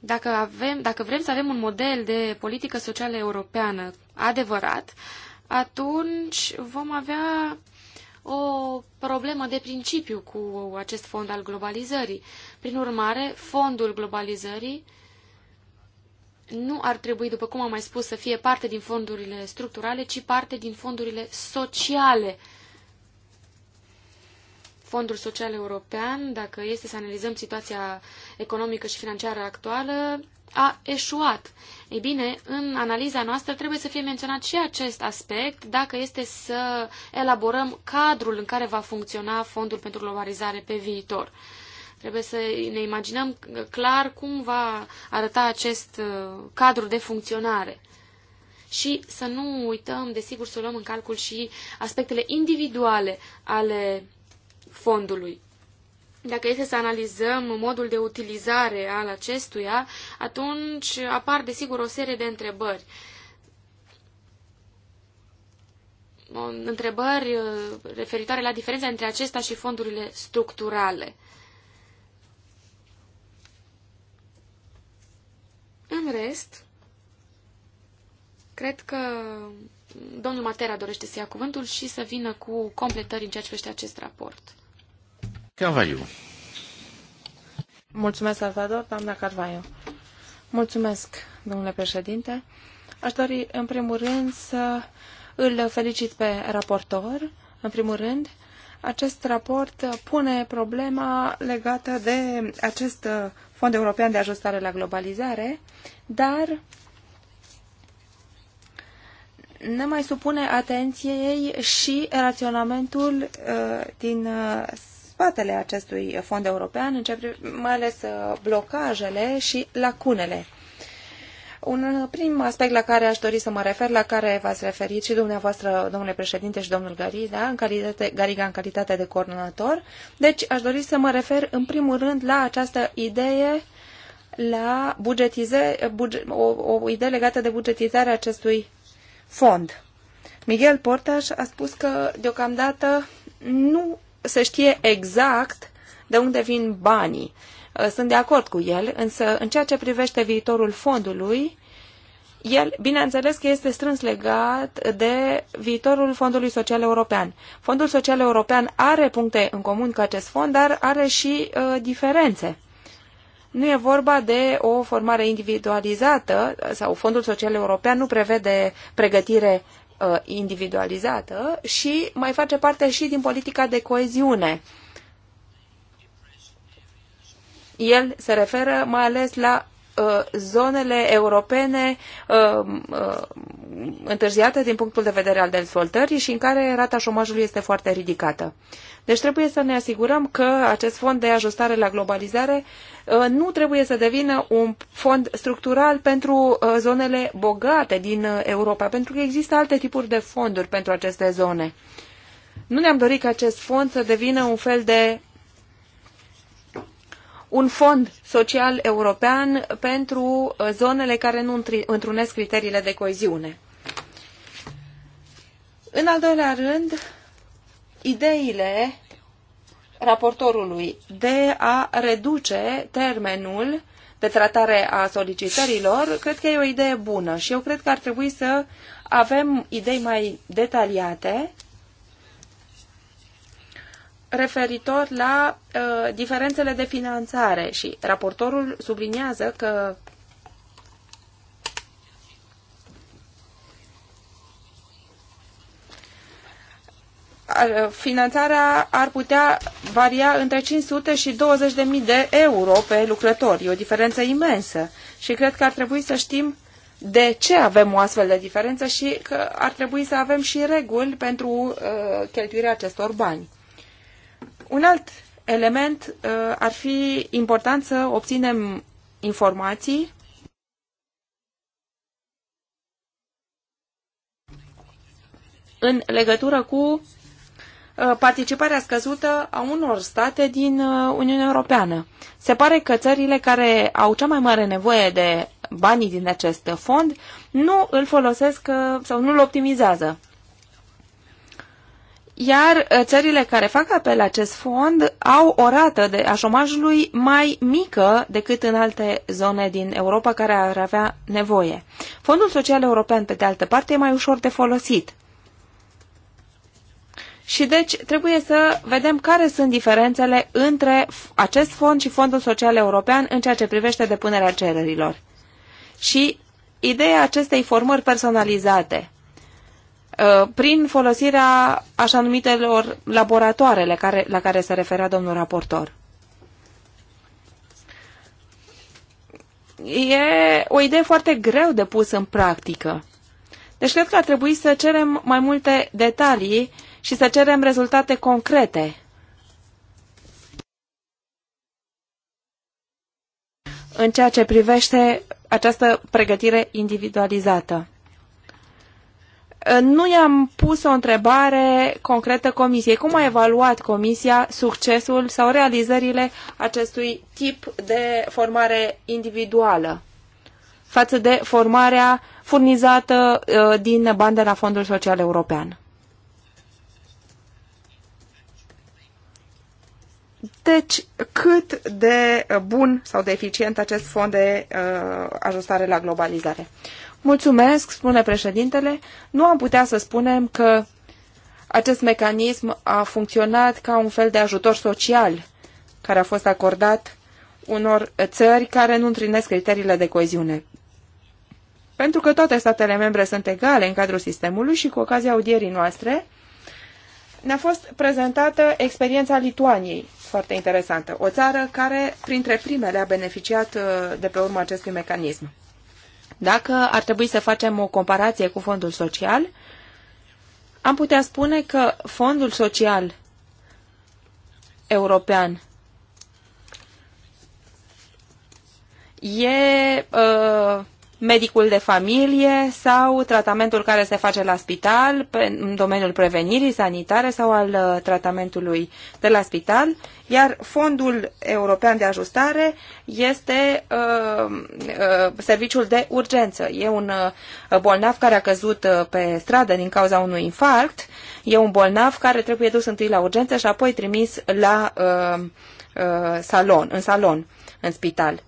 Dacă, avem, dacă vrem să avem un model de politică socială europeană adevărat, atunci vom avea o problemă de principiu cu acest fond al globalizării. Prin urmare, fondul globalizării nu ar trebui, după cum am mai spus, să fie parte din fondurile structurale, ci parte din fondurile sociale Fondul Social European, dacă este să analizăm situația economică și financiară actuală, a eșuat. Ei bine, în analiza noastră trebuie să fie menționat și acest aspect dacă este să elaborăm cadrul în care va funcționa Fondul pentru Globalizare pe viitor. Trebuie să ne imaginăm clar cum va arăta acest uh, cadru de funcționare. Și să nu uităm, desigur, să luăm în calcul și aspectele individuale ale fondului. Dacă este să analizăm modul de utilizare al acestuia, atunci apar desigur o serie de întrebări. Întrebări uh, referitoare la diferența între acesta și fondurile structurale. În rest, cred că domnul Matera dorește să ia cuvântul și să vină cu completări în ceea ce acest raport. Carvaiu. Mulțumesc, Salvador, doamna Carvaiu. Mulțumesc, domnule președinte. Aș dori, în primul rând, să îl felicit pe raportor. În primul rând, acest raport pune problema legată de acest Fond European de Ajustare la Globalizare, dar ne mai supune atenției și raționamentul uh, din uh, spatele acestui fond european, în ce, mai ales uh, blocajele și lacunele. Un uh, prim aspect la care aș dori să mă refer, la care v-ați referit și dumneavoastră, domnule președinte și domnul Garida, în calitate, Gariga în calitate de coordonator. Deci aș dori să mă refer în primul rând la această idee la bugetize, buge, o, o idee legată de bugetizarea acestui fond. Miguel Portaș a spus că deocamdată nu să știe exact de unde vin banii. Uh, sunt de acord cu el, însă în ceea ce privește viitorul fondului, el, bineînțeles că este strâns legat de viitorul Fondului Social European. Fondul Social European are puncte în comun cu acest fond, dar are și uh, diferențe. Nu e vorba de o formare individualizată uh, sau Fondul Social European nu prevede pregătire Uh, individualizată și mai face parte și din politica de coeziune. El se referă mai ales la Uh, zonele europene uh, uh, întârziate din punctul de vedere al dezvoltării și în care rata șomajului este foarte ridicată. Deci trebuie să ne asigurăm că acest fond de ajustare la globalizare nu trebuie să devină un fond structural pentru zonele bogate din Europa, pentru că există alte tipuri de fonduri pentru aceste zone. Nu ne-am dorit ca acest fond să devină un fel de un fond social european pentru uh, zonele care nu întrunesc criteriile de coeziune. În al doilea rând, ideile raportorului de a reduce termenul de tratare a solicitărilor, cred că e o idee bună și eu cred că ar trebui să avem idei mai detaliate referitor la uh, diferențele de finanțare și raportorul subliniază că uh, finanțarea ar putea varia între 500 și 20.000 de euro pe lucrător. E o diferență imensă și cred că ar trebui să știm de ce avem o astfel de diferență și că ar trebui să avem și reguli pentru uh, cheltuirea acestor bani. Un alt element uh, ar fi important să obținem informații în legătură cu uh, participarea scăzută a unor state din uh, Uniunea Europeană. Se pare că țările care au cea mai mare nevoie de banii din acest fond nu îl folosesc sau nu îl optimizează iar uh, țările care fac apel la acest fond au o rată de a șomajului mai mică decât în alte zone din Europa care ar avea nevoie. Fondul Social European, pe de altă parte, e mai ușor de folosit. Și deci trebuie să vedem care sunt diferențele între acest fond și Fondul Social European în ceea ce privește depunerea cererilor. Și ideea acestei formări personalizate – Uh, prin folosirea așa numitelor laboratoarele care, la care se referea domnul raportor. E o idee foarte greu de pus în practică. Deci cred că ar trebui să cerem mai multe detalii și să cerem rezultate concrete. în ceea ce privește această pregătire individualizată. Nu i-am pus o întrebare concretă comisiei. Cum a evaluat comisia succesul sau realizările acestui tip de formare individuală față de formarea furnizată uh, din bani de la Fondul Social European? Deci, cât de bun sau de eficient acest fond de uh, ajustare la globalizare? Mulțumesc, spune președintele. Nu am putea să spunem că acest mecanism a funcționat ca un fel de ajutor social care a fost acordat unor țări care nu întrinesc criteriile de coeziune. Pentru că toate statele membre sunt egale în cadrul sistemului și cu ocazia audierii noastre, ne-a fost prezentată experiența Lituaniei, foarte interesantă, o țară care printre primele a beneficiat uh, de pe urma acestui mecanism. Dacă ar trebui să facem o comparație cu fondul social, am putea spune că fondul social european e uh, medicul de familie sau tratamentul care se face la spital în domeniul prevenirii sanitare sau al uh, tratamentului de la spital, iar Fondul European de Ajustare este uh, uh, serviciul de urgență. E un uh, bolnav care a căzut uh, pe stradă din cauza unui infarct, e un bolnav care trebuie dus întâi la urgență și apoi trimis la uh, uh, salon, în salon, în spital.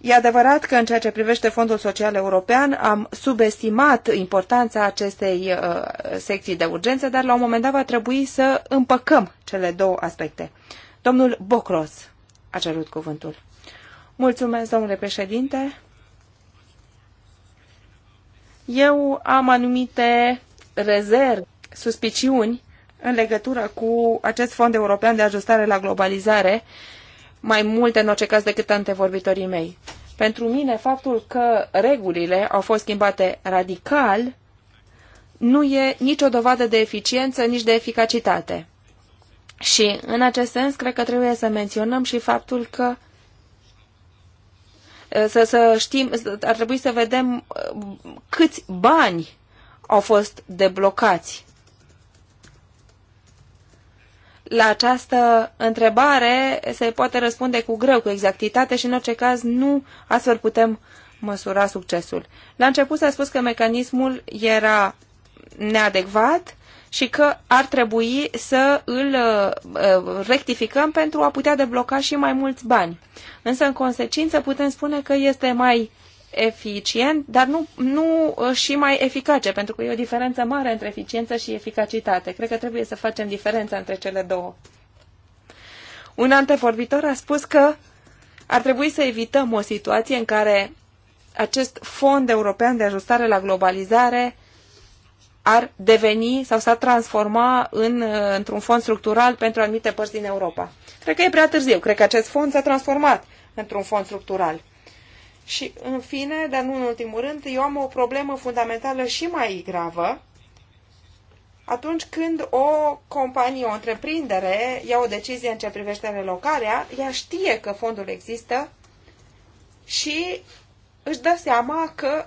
E adevărat că în ceea ce privește Fondul Social European am subestimat importanța acestei uh, secții de urgență, dar la un moment dat va trebui să împăcăm cele două aspecte. Domnul Bocros a cerut cuvântul. Mulțumesc, domnule președinte. Eu am anumite rezerve, suspiciuni în legătură cu acest Fond European de Ajustare la Globalizare uh, mai multe în orice caz decât antevorbitorii mei. Pentru mine, faptul că regulile au fost schimbate radical nu e nicio dovadă de eficiență, nici de eficacitate. Și, în acest sens, cred că trebuie să menționăm și faptul că să, să știm, ar trebui să vedem câți bani au fost deblocați la această întrebare se poate răspunde cu greu, cu exactitate și în orice caz nu astfel putem măsura succesul. La început s-a spus că mecanismul era neadecvat și că ar trebui să îl uh, uh, rectificăm pentru a putea debloca și mai mulți bani. Însă, în consecință, putem spune că este mai eficient, dar nu, nu uh, și mai eficace, pentru că e o diferență mare între eficiență și eficacitate. Cred că trebuie să facem diferența între cele două. Un antevorbitor a spus că ar trebui să evităm o situație în care acest fond european de ajustare la globalizare ar deveni sau s-ar transforma în, uh, într-un fond structural pentru anumite părți din Europa. Cred că e prea târziu. Cred că acest fond s-a transformat într-un fond structural. Și, în fine, dar nu în ultimul rând, eu am o problemă fundamentală și mai gravă. Atunci când o companie, o întreprindere ia o decizie în ce privește relocarea, ea știe că fondul există și își dă seama că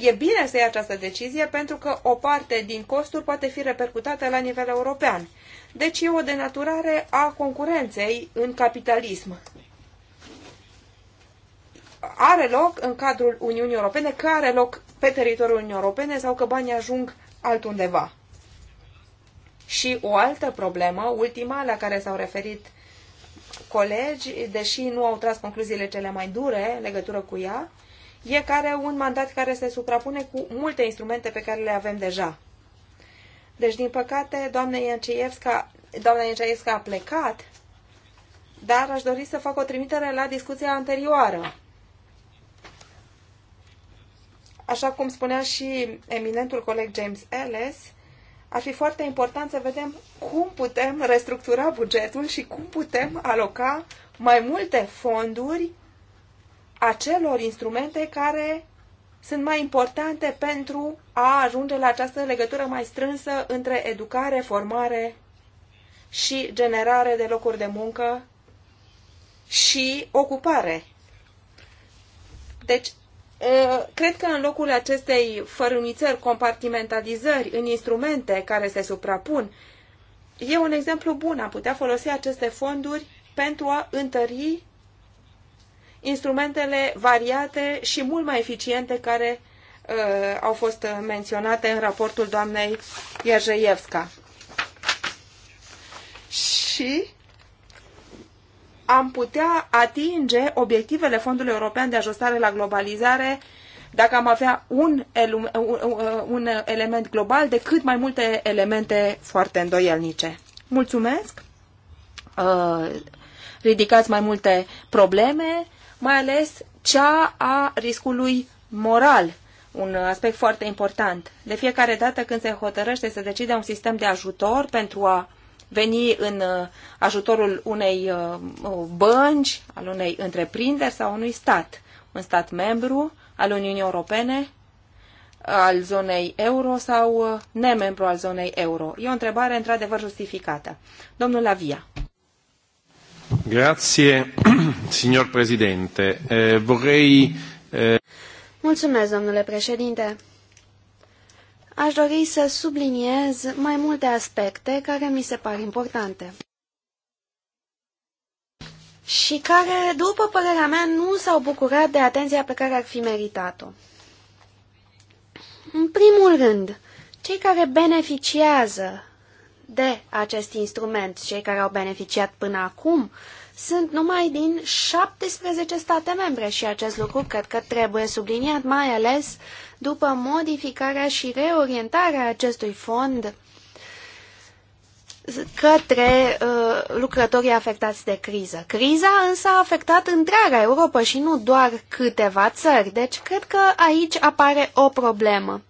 e bine să ia această decizie pentru că o parte din costuri poate fi repercutată la nivel european. Deci e o denaturare a concurenței în capitalism are loc în cadrul Uniunii Europene, că are loc pe teritoriul Uniunii Europene sau că banii ajung altundeva. Și o altă problemă, ultima la care s-au referit colegi, deși nu au tras concluziile cele mai dure în legătură cu ea, e care un mandat care se suprapune cu multe instrumente pe care le avem deja. Deci, din păcate, doamna Iancievska, doamna Iancievska a plecat, dar aș dori să fac o trimitere la discuția anterioară. Așa cum spunea și eminentul coleg James Ellis, ar fi foarte important să vedem cum putem restructura bugetul și cum putem aloca mai multe fonduri acelor instrumente care sunt mai importante pentru a ajunge la această legătură mai strânsă între educare, formare și generare de locuri de muncă și ocupare. Deci Uh, cred că în locul acestei fărâmițări, compartimentalizări în instrumente care se suprapun, e un exemplu bun. Am putea folosi aceste fonduri pentru a întări instrumentele variate și mult mai eficiente care uh, au fost menționate în raportul doamnei Ierjeievska. Și am putea atinge obiectivele Fondului European de Ajustare la Globalizare dacă am avea un, un element global de cât mai multe elemente foarte îndoielnice. Mulțumesc! Uh, ridicați mai multe probleme, mai ales cea a riscului moral, un aspect foarte important. De fiecare dată când se hotărăște să decide un sistem de ajutor pentru a veni în uh, ajutorul unei uh, bănci, al unei întreprinderi sau unui stat, un stat membru al Uniunii Europene, al zonei euro sau uh, nemembru al zonei euro. E o întrebare într-adevăr justificată. Domnul Lavia. Grazie, signor Presidente. Eh, vorrei... Eh... Mulțumesc, domnule președinte aș dori să subliniez mai multe aspecte care mi se par importante și care, după părerea mea, nu s-au bucurat de atenția pe care ar fi meritat-o. În primul rând, cei care beneficiază de acest instrument, cei care au beneficiat până acum, sunt numai din 17 state membre și acest lucru cred că trebuie subliniat mai ales după modificarea și reorientarea acestui fond către uh, lucrătorii afectați de criză. Criza însă a afectat întreaga Europa și nu doar câteva țări, deci cred că aici apare o problemă.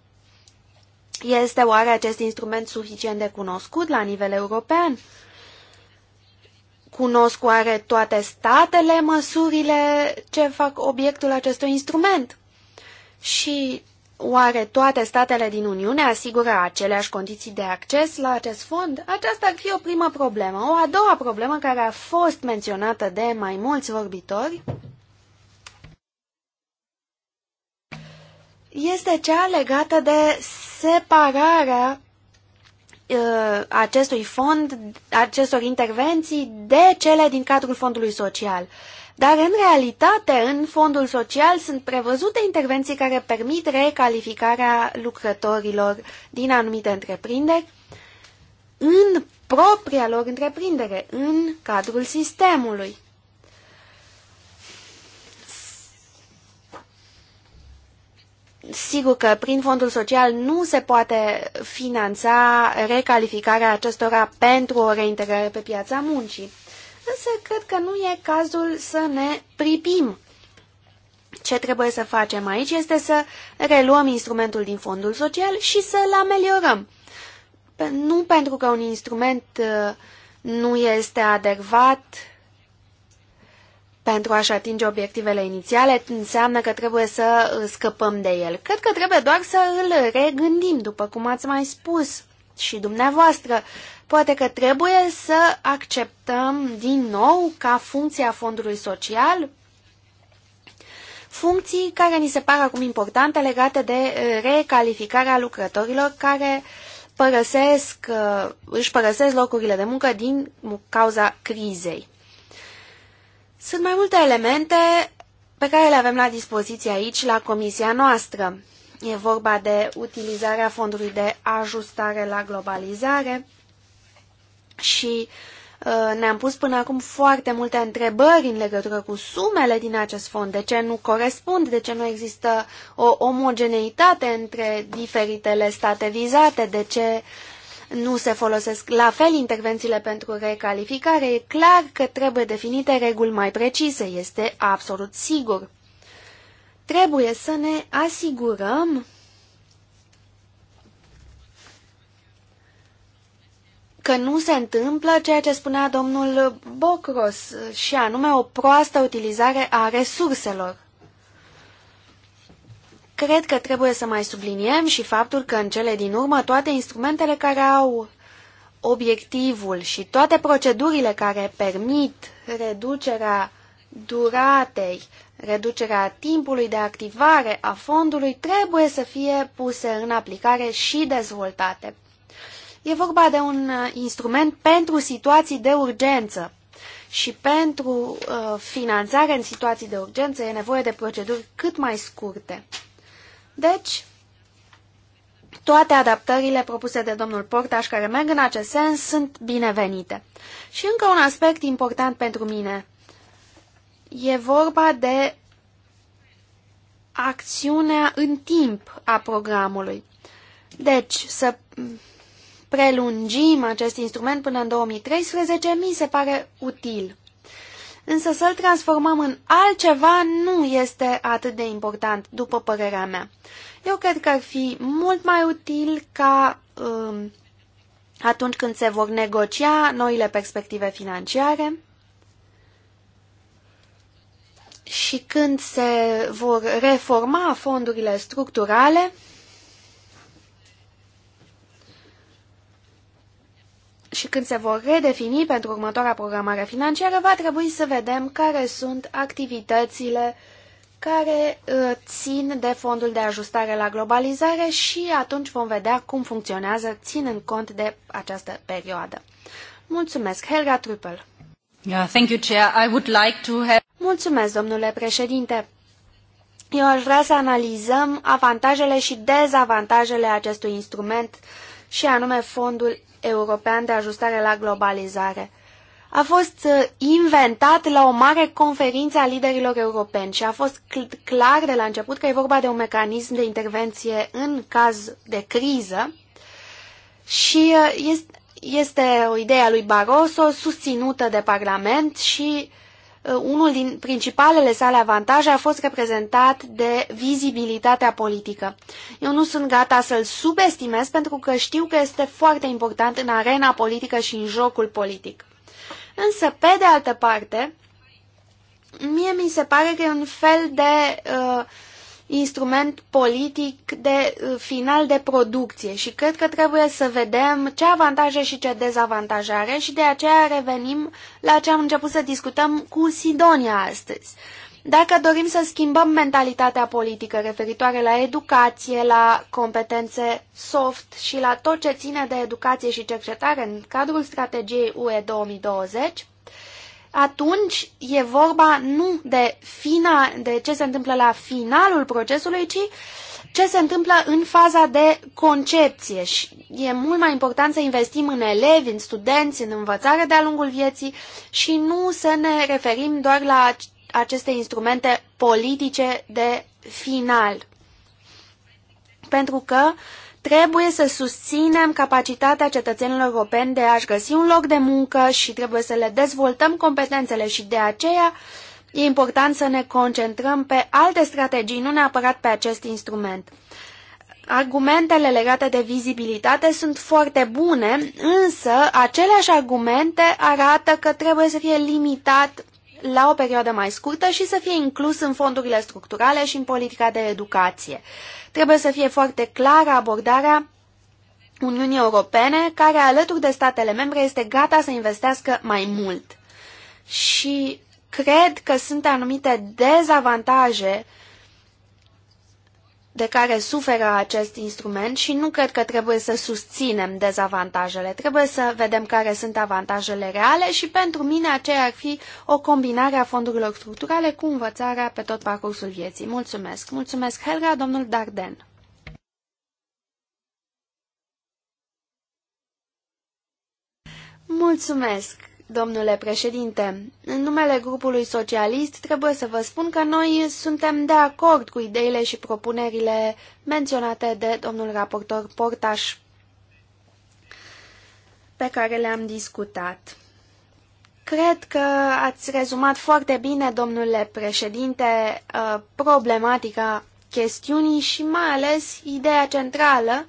Este oare acest instrument suficient de cunoscut la nivel european? Cunosc oare toate statele măsurile ce fac obiectul acestui instrument? Și Oare toate statele din Uniune asigură aceleași condiții de acces la acest fond? Aceasta ar fi o primă problemă. O a doua problemă care a fost menționată de mai mulți vorbitori este cea legată de separarea uh, acestui fond, acestor intervenții de cele din cadrul fondului social. Dar, în realitate, în fondul social sunt prevăzute intervenții care permit recalificarea lucrătorilor din anumite întreprinderi în propria lor întreprindere, în cadrul sistemului. Sigur că prin fondul social nu se poate finanța recalificarea acestora pentru o reintegrare pe piața muncii însă cred că nu e cazul să ne pripim. Ce trebuie să facem aici este să reluăm instrumentul din fondul social și să-l ameliorăm. Nu pentru că un instrument uh, nu este adecvat pentru a-și atinge obiectivele inițiale, înseamnă că trebuie să uh, scăpăm de el. Cred că trebuie doar să îl regândim, după cum ați mai spus și dumneavoastră, Poate că trebuie să acceptăm din nou ca funcția fondului social funcții care ni se par acum importante legate de eh, recalificarea lucrătorilor care părăsesc, eh, își părăsesc locurile de muncă din cauza crizei. Sunt mai multe elemente pe care le avem la dispoziție aici, la comisia noastră. E vorba de utilizarea fondului de ajustare la globalizare, și uh, ne-am pus până acum foarte multe întrebări în legătură cu sumele din acest fond, de ce nu corespund, de ce nu există o omogeneitate între diferitele state vizate, de ce nu se folosesc la fel intervențiile pentru recalificare. E clar că trebuie definite reguli mai precise, este absolut sigur. Trebuie să ne asigurăm că nu se întâmplă ceea ce spunea domnul Bocros, și anume o proastă utilizare a resurselor. Cred că trebuie să mai subliniem și faptul că în cele din urmă toate instrumentele care au obiectivul și toate procedurile care permit reducerea duratei, reducerea timpului de activare a fondului trebuie să fie puse în aplicare și dezvoltate. E vorba de un uh, instrument pentru situații de urgență și pentru uh, finanțare în situații de urgență e nevoie de proceduri cât mai scurte. Deci, toate adaptările propuse de domnul Portaș care merg în acest sens sunt binevenite. Și încă un aspect important pentru mine. E vorba de acțiunea în timp a programului. Deci, să prelungim acest instrument până în 2013 mi se pare util. Însă să-l transformăm în altceva nu este atât de important, după părerea mea. Eu cred că ar fi mult mai util ca um, atunci când se vor negocia noile perspective financiare și când se vor reforma fondurile structurale, și când se vor redefini pentru următoarea programare financiară, va trebui să vedem care sunt activitățile care uh, țin de fondul de ajustare la globalizare și atunci vom vedea cum funcționează ținând cont de această perioadă. Mulțumesc, Helga Trupel. Yeah, thank you, Chair. I would like to have... Mulțumesc, domnule președinte. Eu aș vrea să analizăm avantajele și dezavantajele acestui instrument și anume fondul European de Ajustare la Globalizare. A fost uh, inventat la o mare conferință a liderilor europeni și a fost clar de la început că e vorba de un mecanism de intervenție în caz de criză și uh, este o idee a lui Barroso susținută de Parlament și uh, Uh, unul din principalele sale avantaje a fost reprezentat de vizibilitatea politică. Eu nu sunt gata să-l subestimez pentru că știu că este foarte important în arena politică și în jocul politic. Însă, pe de altă parte, mie mi se pare că e un fel de uh, instrument politic de uh, final de producție și cred că trebuie să vedem ce avantaje și ce dezavantaje are și de aceea revenim la ce am început să discutăm cu Sidonia astăzi. Dacă dorim să schimbăm mentalitatea politică referitoare la educație, la competențe soft și la tot ce ține de educație și cercetare în cadrul strategiei UE 2020, atunci e vorba nu de, fina, de ce se întâmplă la finalul procesului, ci ce se întâmplă în faza de concepție și e mult mai important să investim în elevi, în studenți, în învățare de-a lungul vieții și nu să ne referim doar la aceste instrumente politice de final. Pentru că Trebuie să susținem capacitatea cetățenilor europeni de a-și găsi un loc de muncă și trebuie să le dezvoltăm competențele și de aceea e important să ne concentrăm pe alte strategii, nu neapărat pe acest instrument. Argumentele legate de vizibilitate sunt foarte bune, însă aceleași argumente arată că trebuie să fie limitat la o perioadă mai scurtă și să fie inclus în fondurile structurale și în politica de educație. Trebuie să fie foarte clară abordarea Uniunii Europene, care alături de statele membre este gata să investească mai mult. Și cred că sunt anumite dezavantaje de care suferă acest instrument și nu cred că trebuie să susținem dezavantajele. Trebuie să vedem care sunt avantajele reale și pentru mine aceea ar fi o combinare a fondurilor structurale cu învățarea pe tot parcursul vieții. Mulțumesc! Mulțumesc, Helga, domnul Darden! Mulțumesc! Domnule președinte, în numele grupului socialist trebuie să vă spun că noi suntem de acord cu ideile și propunerile menționate de domnul raportor Portaș pe care le-am discutat. Cred că ați rezumat foarte bine, domnule președinte, uh, problematica chestiunii și mai ales ideea centrală,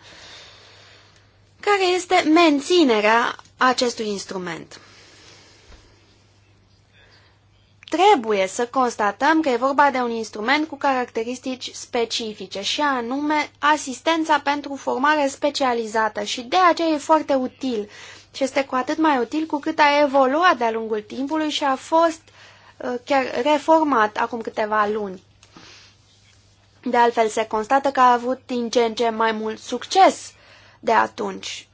care este menținerea acestui instrument trebuie să constatăm că e vorba de un instrument cu caracteristici specifice și anume asistența pentru formare specializată și de aceea e foarte util și este cu atât mai util cu cât a evoluat de-a lungul timpului și a fost uh, chiar reformat acum câteva luni. De altfel, se constată că a avut din ce în ce mai mult succes de atunci.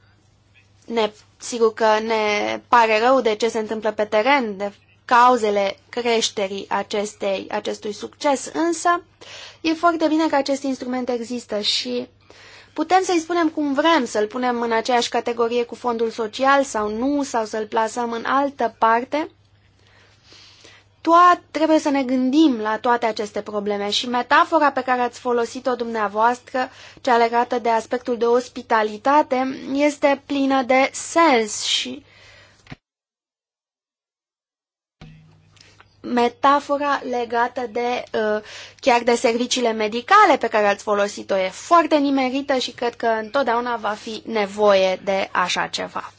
Ne, sigur că ne pare rău de ce se întâmplă pe teren, de cauzele creșterii acestei, acestui succes, însă e foarte bine că acest instrument există și putem să-i spunem cum vrem, să-l punem în aceeași categorie cu fondul social sau nu, sau să-l plasăm în altă parte. Toat, trebuie să ne gândim la toate aceste probleme și metafora pe care ați folosit-o dumneavoastră, cea legată de aspectul de ospitalitate, este plină de sens și metafora legată de uh, chiar de serviciile medicale pe care ați folosit-o e foarte nimerită și cred că întotdeauna va fi nevoie de așa ceva.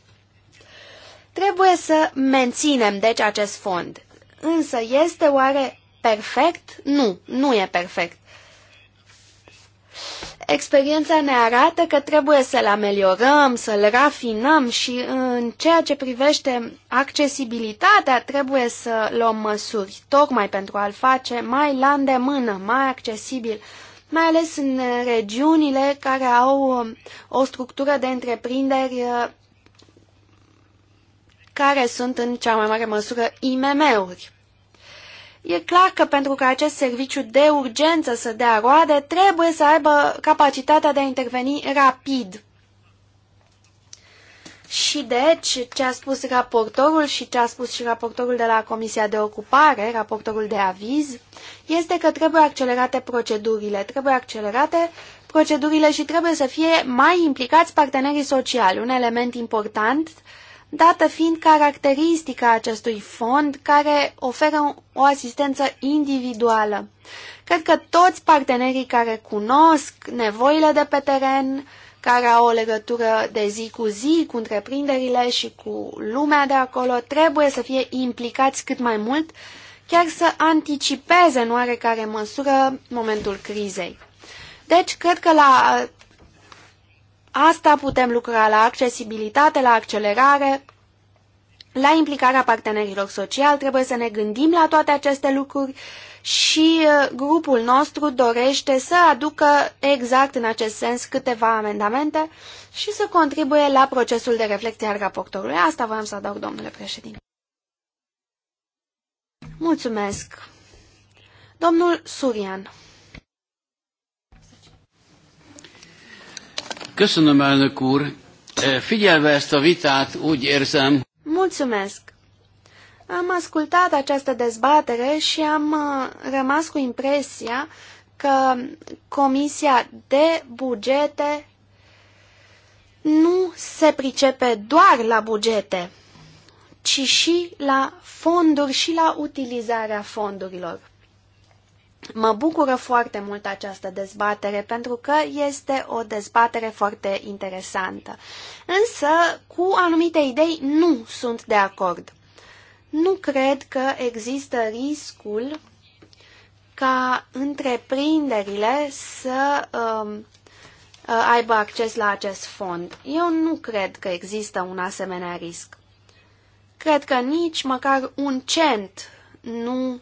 Trebuie să menținem, deci, acest fond. Însă, este oare perfect? Nu, nu e perfect experiența ne arată că trebuie să-l ameliorăm, să-l rafinăm și în ceea ce privește accesibilitatea trebuie să luăm măsuri, tocmai pentru a-l face mai la îndemână, mai accesibil, mai ales în regiunile care au um, o structură de întreprinderi uh, care sunt în cea mai mare măsură IMM-uri. E clar că pentru ca acest serviciu de urgență să dea roade, trebuie să aibă capacitatea de a interveni rapid. Și deci, ce a spus raportorul și ce a spus și raportorul de la Comisia de Ocupare, raportorul de aviz, este că trebuie accelerate procedurile, trebuie accelerate procedurile și trebuie să fie mai implicați partenerii sociali, un element important uh, dată fiind caracteristica acestui fond care oferă o asistență individuală. Cred că toți partenerii care cunosc nevoile de pe teren, care au o legătură de zi cu zi cu întreprinderile și cu lumea de acolo, trebuie să fie implicați cât mai mult, chiar să anticipeze în oarecare măsură momentul crizei. Deci, cred că la asta putem lucra la accesibilitate, la accelerare, la implicarea partenerilor sociali. Trebuie să ne gândim la toate aceste lucruri și uh, grupul nostru dorește să aducă exact în acest sens câteva amendamente și să contribuie la procesul de reflecție al raportorului. Asta vreau să adaug, domnule președinte. Mulțumesc. Domnul Surian. Köszönöm, elnök úr. Figyelve ezt a vitát, úgy érzem... Mulțumesc. Am ascultat această dezbatere și am uh, rămas cu impresia că Comisia de Bugete nu se pricepe doar la bugete, ci și la fonduri și la utilizarea fondurilor. Mă bucură foarte mult această dezbatere pentru că este o dezbatere foarte interesantă. Însă, cu anumite idei nu sunt de acord. Nu cred că există riscul ca întreprinderile să um, uh, aibă acces la acest fond. Eu nu cred că există un asemenea risc. Cred că nici măcar un cent nu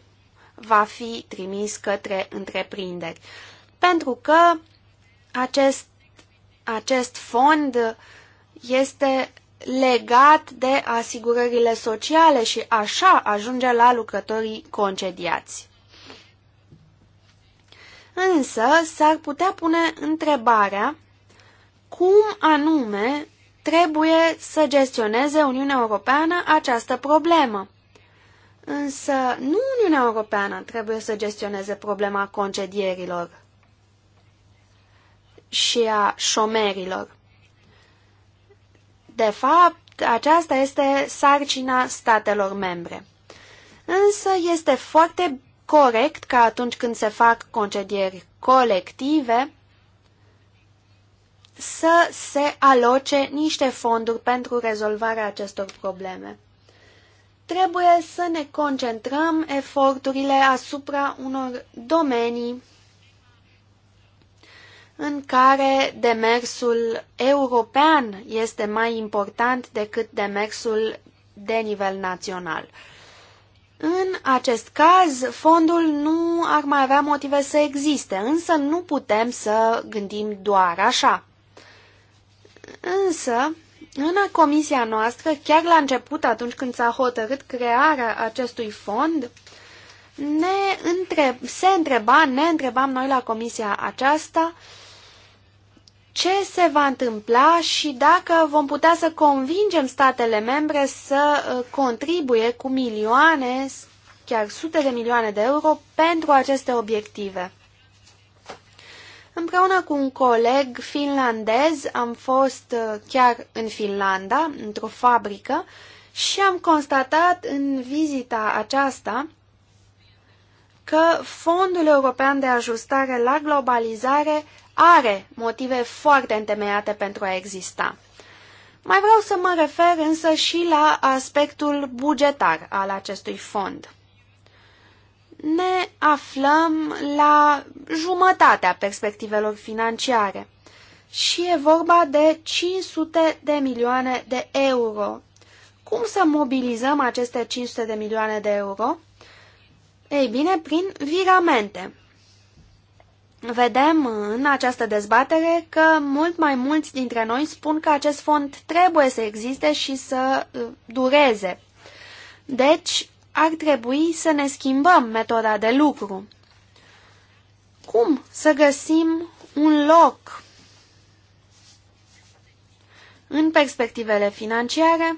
va fi trimis către întreprinderi. Pentru că acest, acest fond este legat de asigurările sociale și așa ajunge la lucrătorii concediați. Însă s-ar putea pune întrebarea cum anume trebuie să gestioneze Uniunea Europeană această problemă. Însă nu Uniunea Europeană trebuie să gestioneze problema concedierilor și a șomerilor. De fapt, aceasta este sarcina statelor membre. Însă este foarte corect că atunci când se fac concedieri colective, să se aloce niște fonduri pentru rezolvarea acestor probleme. Trebuie să ne concentrăm eforturile asupra unor domenii în care demersul european este mai important decât demersul de nivel național. În acest caz, fondul nu ar mai avea motive să existe, însă nu putem să gândim doar așa. Însă, în comisia noastră, chiar la început, atunci când s-a hotărât crearea acestui fond, ne întreb, se întreba, ne întrebam noi la comisia aceasta ce se va întâmpla și dacă vom putea să convingem statele membre să uh, contribuie cu milioane, chiar sute de milioane de euro pentru aceste obiective. Împreună cu un coleg finlandez am fost uh, chiar în Finlanda, într-o fabrică, și am constatat în vizita aceasta că Fondul European de Ajustare la Globalizare are motive foarte întemeiate pentru a exista. Mai vreau să mă refer însă și la aspectul bugetar al acestui fond ne aflăm la jumătatea perspectivelor financiare și e vorba de 500 de milioane de euro. Cum să mobilizăm aceste 500 de milioane de euro? Ei bine, prin viramente. Vedem în această dezbatere că mult mai mulți dintre noi spun că acest fond trebuie să existe și să uh, dureze. Deci, ar trebui să ne schimbăm metoda de lucru. Cum să găsim un loc în perspectivele financiare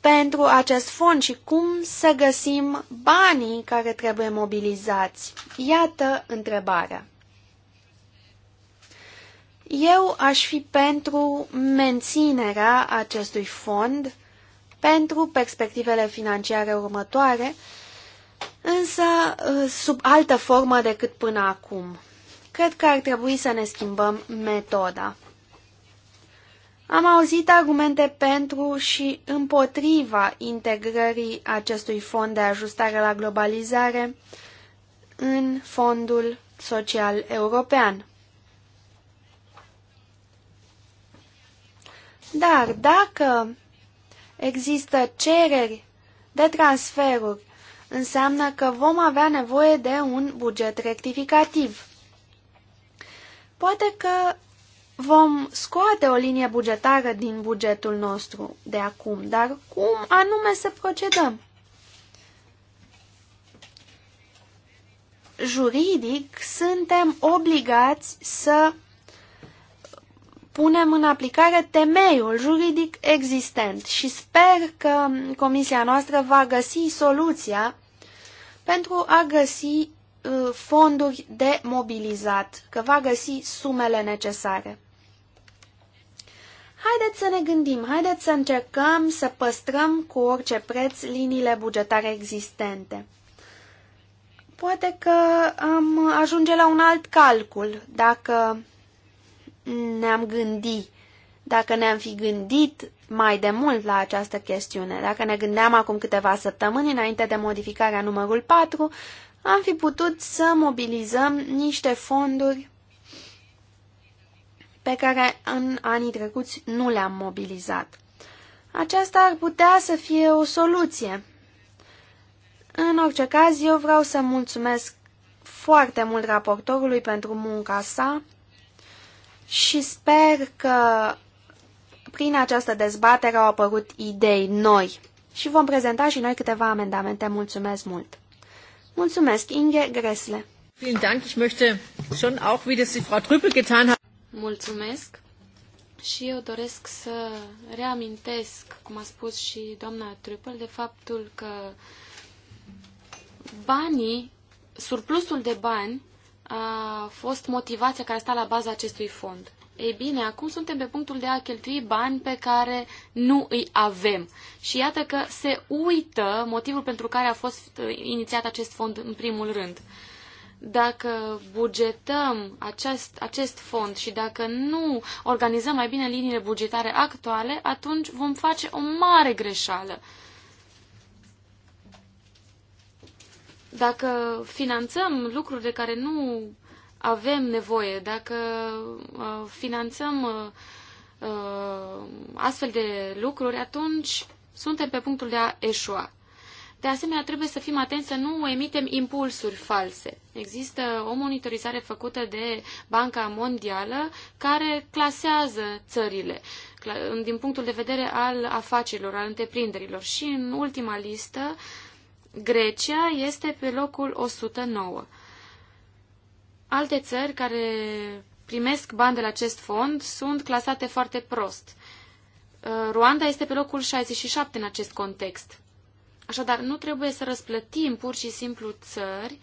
pentru acest fond și cum să găsim banii care trebuie mobilizați? Iată întrebarea. Eu aș fi pentru menținerea acestui fond pentru perspectivele financiare următoare, însă uh, sub altă formă decât până acum. Cred că ar trebui să ne schimbăm metoda. Am auzit argumente pentru și împotriva integrării acestui fond de ajustare la globalizare în fondul social european. Dar dacă există cereri de transferuri, înseamnă că vom avea nevoie de un buget rectificativ. Poate că vom scoate o linie bugetară din bugetul nostru de acum, dar cum anume să procedăm? Juridic, suntem obligați să punem în aplicare temeiul juridic existent și sper că comisia noastră va găsi soluția pentru a găsi uh, fonduri de mobilizat, că va găsi sumele necesare. Haideți să ne gândim, haideți să încercăm să păstrăm cu orice preț liniile bugetare existente. Poate că am ajunge la un alt calcul dacă ne-am gândi, dacă ne-am fi gândit mai de mult la această chestiune, dacă ne gândeam acum câteva săptămâni înainte de modificarea numărul 4, am fi putut să mobilizăm niște fonduri pe care în anii trecuți nu le-am mobilizat. Aceasta ar putea să fie o soluție. În orice caz, eu vreau să mulțumesc foarte mult raportorului pentru munca sa și sper că prin această dezbatere au apărut idei noi și vom prezenta și noi câteva amendamente. Mulțumesc mult! Mulțumesc, Inge Gresle! Mulțumesc! Și eu doresc să reamintesc, cum a spus și doamna Trupel, de faptul că banii, surplusul de bani a fost motivația care sta la baza acestui fond. Ei bine, acum suntem pe punctul de a cheltui bani pe care nu îi avem. Și iată că se uită motivul pentru care a fost uh, inițiat acest fond în primul rând. Dacă bugetăm acest, acest fond și dacă nu organizăm mai bine liniile bugetare actuale, atunci vom face o mare greșeală. Dacă finanțăm lucruri de care nu avem nevoie, dacă uh, finanțăm uh, uh, astfel de lucruri, atunci suntem pe punctul de a eșua. De asemenea, trebuie să fim atenți să nu emitem impulsuri false. Există o monitorizare făcută de Banca Mondială care clasează țările din punctul de vedere al afacerilor, al întreprinderilor. Și în ultima listă Grecia este pe locul 109. Alte țări care primesc bani de la acest fond sunt clasate foarte prost. Uh, Ruanda este pe locul 67 în acest context. Așadar, nu trebuie să răsplătim pur și simplu țări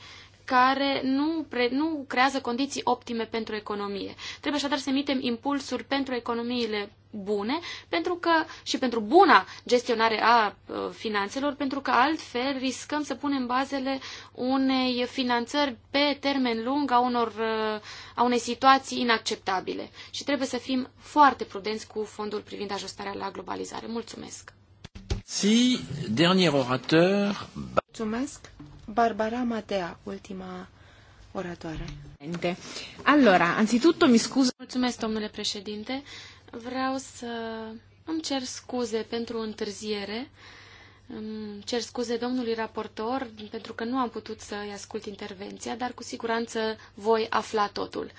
care nu, pre, nu creează condiții optime pentru economie. Trebuie așadar să emitem impulsuri pentru economiile bune pentru că, și pentru buna gestionare a uh, finanțelor, pentru că altfel riscăm să punem bazele unei finanțări pe termen lung a, unor, uh, a unei situații inacceptabile. Și trebuie să fim foarte prudenți cu fondul privind ajustarea la globalizare. Mulțumesc! Si, dernier orateur... Mulțumesc! Barbara Matea, ultima oratoare. Allora, anzitutto mi scuso... Mulțumesc, domnule președinte. Vreau să îmi cer scuze pentru întârziere. Îmi cer scuze domnului raportor pentru că nu am putut să-i ascult intervenția, dar cu siguranță voi afla totul.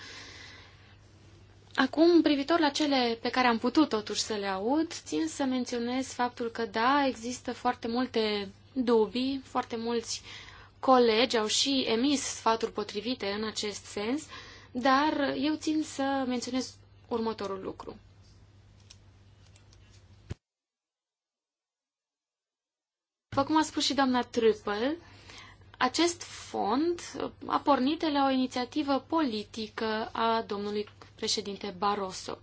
Acum, privitor la cele pe care am putut totuși să le aud, țin să menționez faptul că, da, există foarte multe dubii, foarte mulți colegi au și emis sfaturi potrivite în acest sens, dar eu țin să menționez următorul lucru. După cum a spus și doamna Trüppel, acest fond a pornit de la o inițiativă politică a domnului președinte Barroso.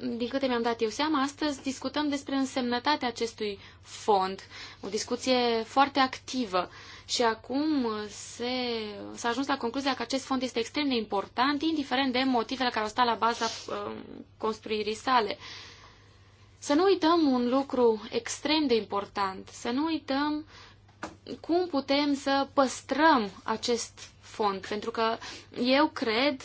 Din câte mi-am dat eu seama, astăzi discutăm despre însemnătatea acestui fond, o discuție foarte activă și acum s-a ajuns la concluzia că acest fond este extrem de important, indiferent de motivele care au stat la baza uh, construirii sale. Uh, să nu uităm un lucru extrem de important, să nu uităm cum putem să păstrăm acest fond, pentru că eu cred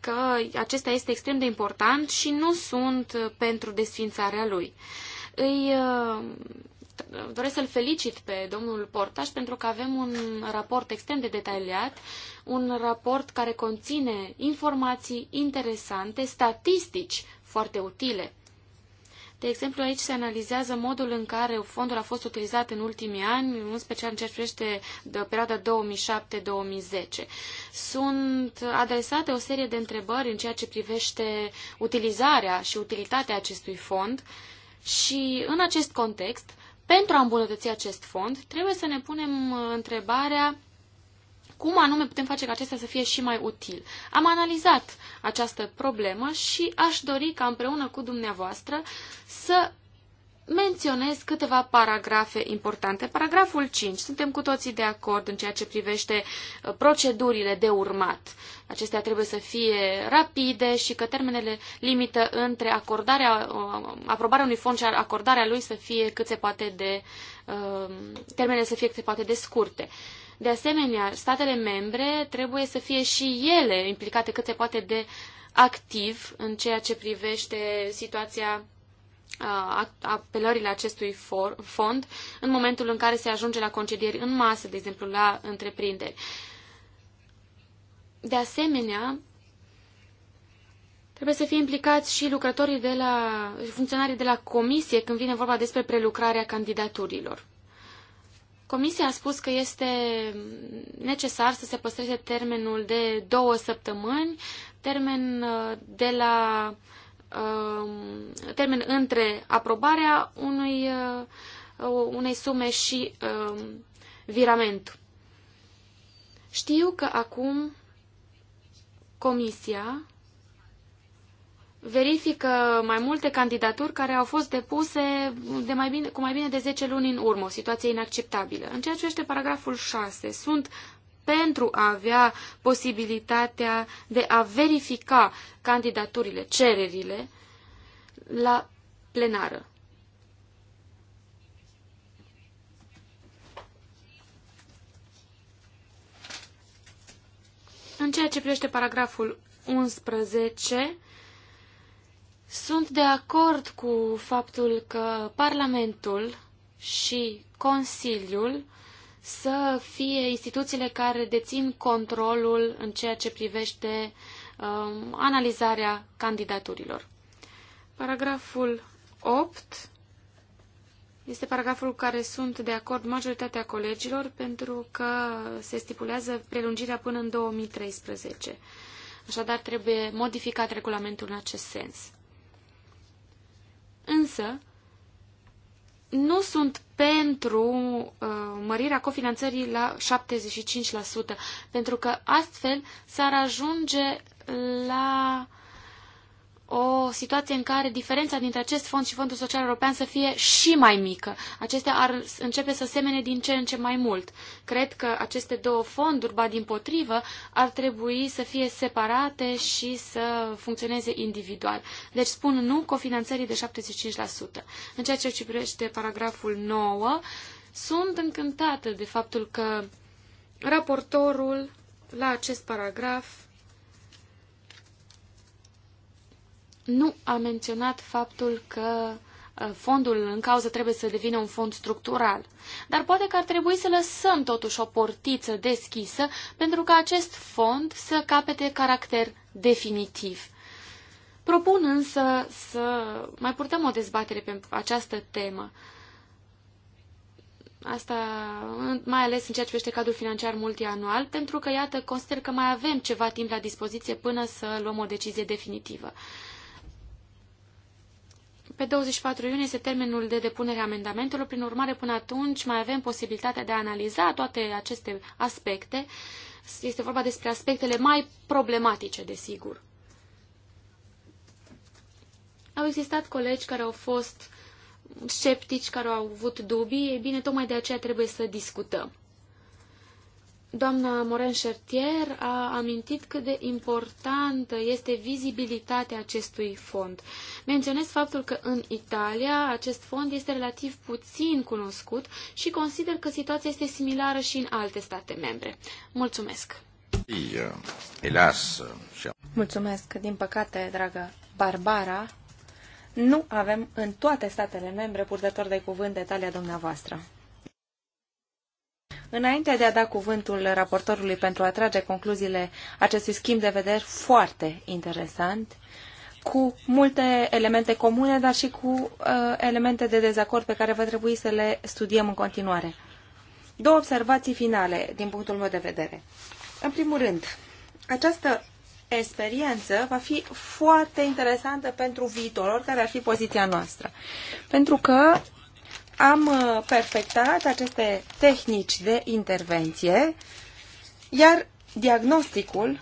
că acesta este extrem de important și nu sunt pentru desfințarea lui. Îi uh, doresc să-l felicit pe domnul Portaș pentru că avem un raport extrem de detaliat, un raport care conține informații interesante, statistici foarte utile. De exemplu, aici se analizează modul în care fondul a fost utilizat în ultimii ani, în special în ce privește de perioada 2007-2010. Sunt adresate o serie de întrebări în ceea ce privește utilizarea și utilitatea acestui fond și în acest context, pentru a îmbunătăți acest fond, trebuie să ne punem uh, întrebarea cum anume putem face ca acesta să fie și mai util. Am analizat această problemă și aș dori ca împreună cu dumneavoastră să menționez câteva paragrafe importante. Paragraful 5. Suntem cu toții de acord în ceea ce privește uh, procedurile de urmat. Acestea trebuie să fie rapide și că termenele limită între acordarea, uh, aprobarea unui fond și acordarea lui să fie cât se poate de uh, termenele să fie cât se poate de scurte. De asemenea, statele membre trebuie să fie și ele implicate cât se poate de activ în ceea ce privește situația apelările acestui for, fond în momentul în care se ajunge la concedieri în masă, de exemplu, la întreprinderi. De asemenea, trebuie să fie implicați și lucrătorii de la, funcționarii de la comisie când vine vorba despre prelucrarea candidaturilor. Comisia a spus că este necesar să se păstreze termenul de două săptămâni, termen uh, de la um, termen între aprobarea unui, uh, unei sume și um, viramentul. Știu că acum Comisia verifică mai multe candidaturi care au fost depuse de mai bine, cu mai bine de 10 luni în urmă, o situație inacceptabilă. În ceea ce este paragraful 6, sunt pentru a avea posibilitatea de a verifica candidaturile, cererile la plenară. În ceea ce privește paragraful 11, sunt de acord cu faptul că Parlamentul și Consiliul să fie instituțiile care dețin controlul în ceea ce privește um, analizarea candidaturilor. Paragraful 8 este paragraful care sunt de acord majoritatea colegilor pentru că se stipulează prelungirea până în 2013. Așadar, trebuie modificat regulamentul în acest sens. Însă, nu sunt pentru uh, mărirea cofinanțării la 75%, pentru că astfel s-ar ajunge la uh, o situație în care diferența dintre acest fond și Fondul Social European să fie și mai mică. Acestea ar începe să semene din ce în ce mai mult. Cred că aceste două fonduri, ba din potrivă, ar trebui să fie separate și să funcționeze individual. Deci spun nu cofinanțării de 75%. În ceea ce privește paragraful 9, sunt încântată de faptul că raportorul la acest paragraf nu a menționat faptul că uh, fondul în cauză trebuie să devină un fond structural. Dar poate că ar trebui să lăsăm totuși o portiță deschisă pentru ca acest fond să capete caracter definitiv. Propun însă să mai purtăm o dezbatere pe această temă. Asta mai ales în ceea ce privește cadrul financiar multianual, pentru că, iată, consider că mai avem ceva timp la dispoziție până să luăm o decizie definitivă. Pe 24 iunie este termenul de depunere a amendamentelor, prin urmare până atunci mai avem posibilitatea de a analiza toate aceste aspecte. Este vorba despre aspectele mai problematice, desigur. Au existat colegi care au fost sceptici, care au avut dubii, e bine, tocmai de aceea trebuie să discutăm. Doamna Moren Chartier a amintit cât de importantă este vizibilitatea acestui fond. Menționez faptul că în Italia acest fond este relativ puțin cunoscut și consider că situația este similară și în alte state membre. Mulțumesc! Mulțumesc! Din păcate, dragă Barbara, nu avem în toate statele membre purtători de cuvânt talia dumneavoastră. Înainte de a da cuvântul raportorului pentru a trage concluziile acestui schimb de vederi foarte interesant, cu multe elemente comune, dar și cu uh, elemente de dezacord pe care va trebui să le studiem în continuare. Două observații finale, din punctul meu de vedere. În primul rând, această experiență va fi foarte interesantă pentru viitor, care ar fi poziția noastră. Pentru că am uh, perfectat aceste tehnici de intervenție, iar diagnosticul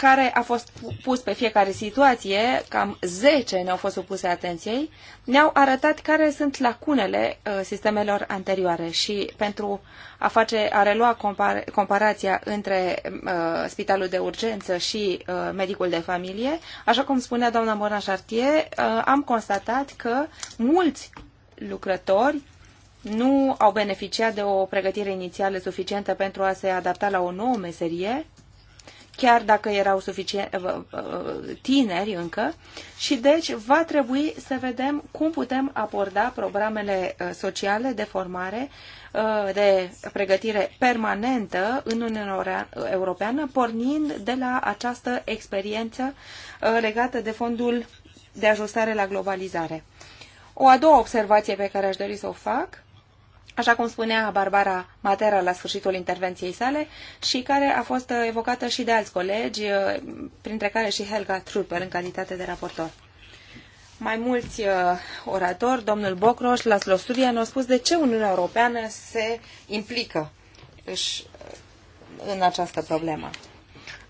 care a fost pus pe fiecare situație, cam 10 ne-au fost supuse atenției, ne-au arătat care sunt lacunele uh, sistemelor anterioare și pentru a, face, a relua compar, comparația între uh, spitalul de urgență și uh, medicul de familie, așa cum spunea doamna Mona Chartier, uh, am constatat că mulți lucrători nu au beneficiat de o pregătire inițială suficientă pentru a se adapta la o nouă meserie, chiar dacă erau suficient, uh, uh, uh, tineri încă, și deci va trebui să vedem cum putem aborda programele sociale de formare, de pregătire permanentă în Uniunea Europeană, pornind de la această experiență legată de fondul de ajustare la globalizare. O a doua observație pe care aș dori să o fac așa cum spunea Barbara Matera la sfârșitul intervenției sale și care a fost uh, evocată și de alți colegi, uh, printre care și Helga Trupper în calitate de raportor. Mai mulți uh, oratori, domnul Bocroș, la Slostudia, ne-au spus de ce Uniunea Europeană se implică își, în această problemă.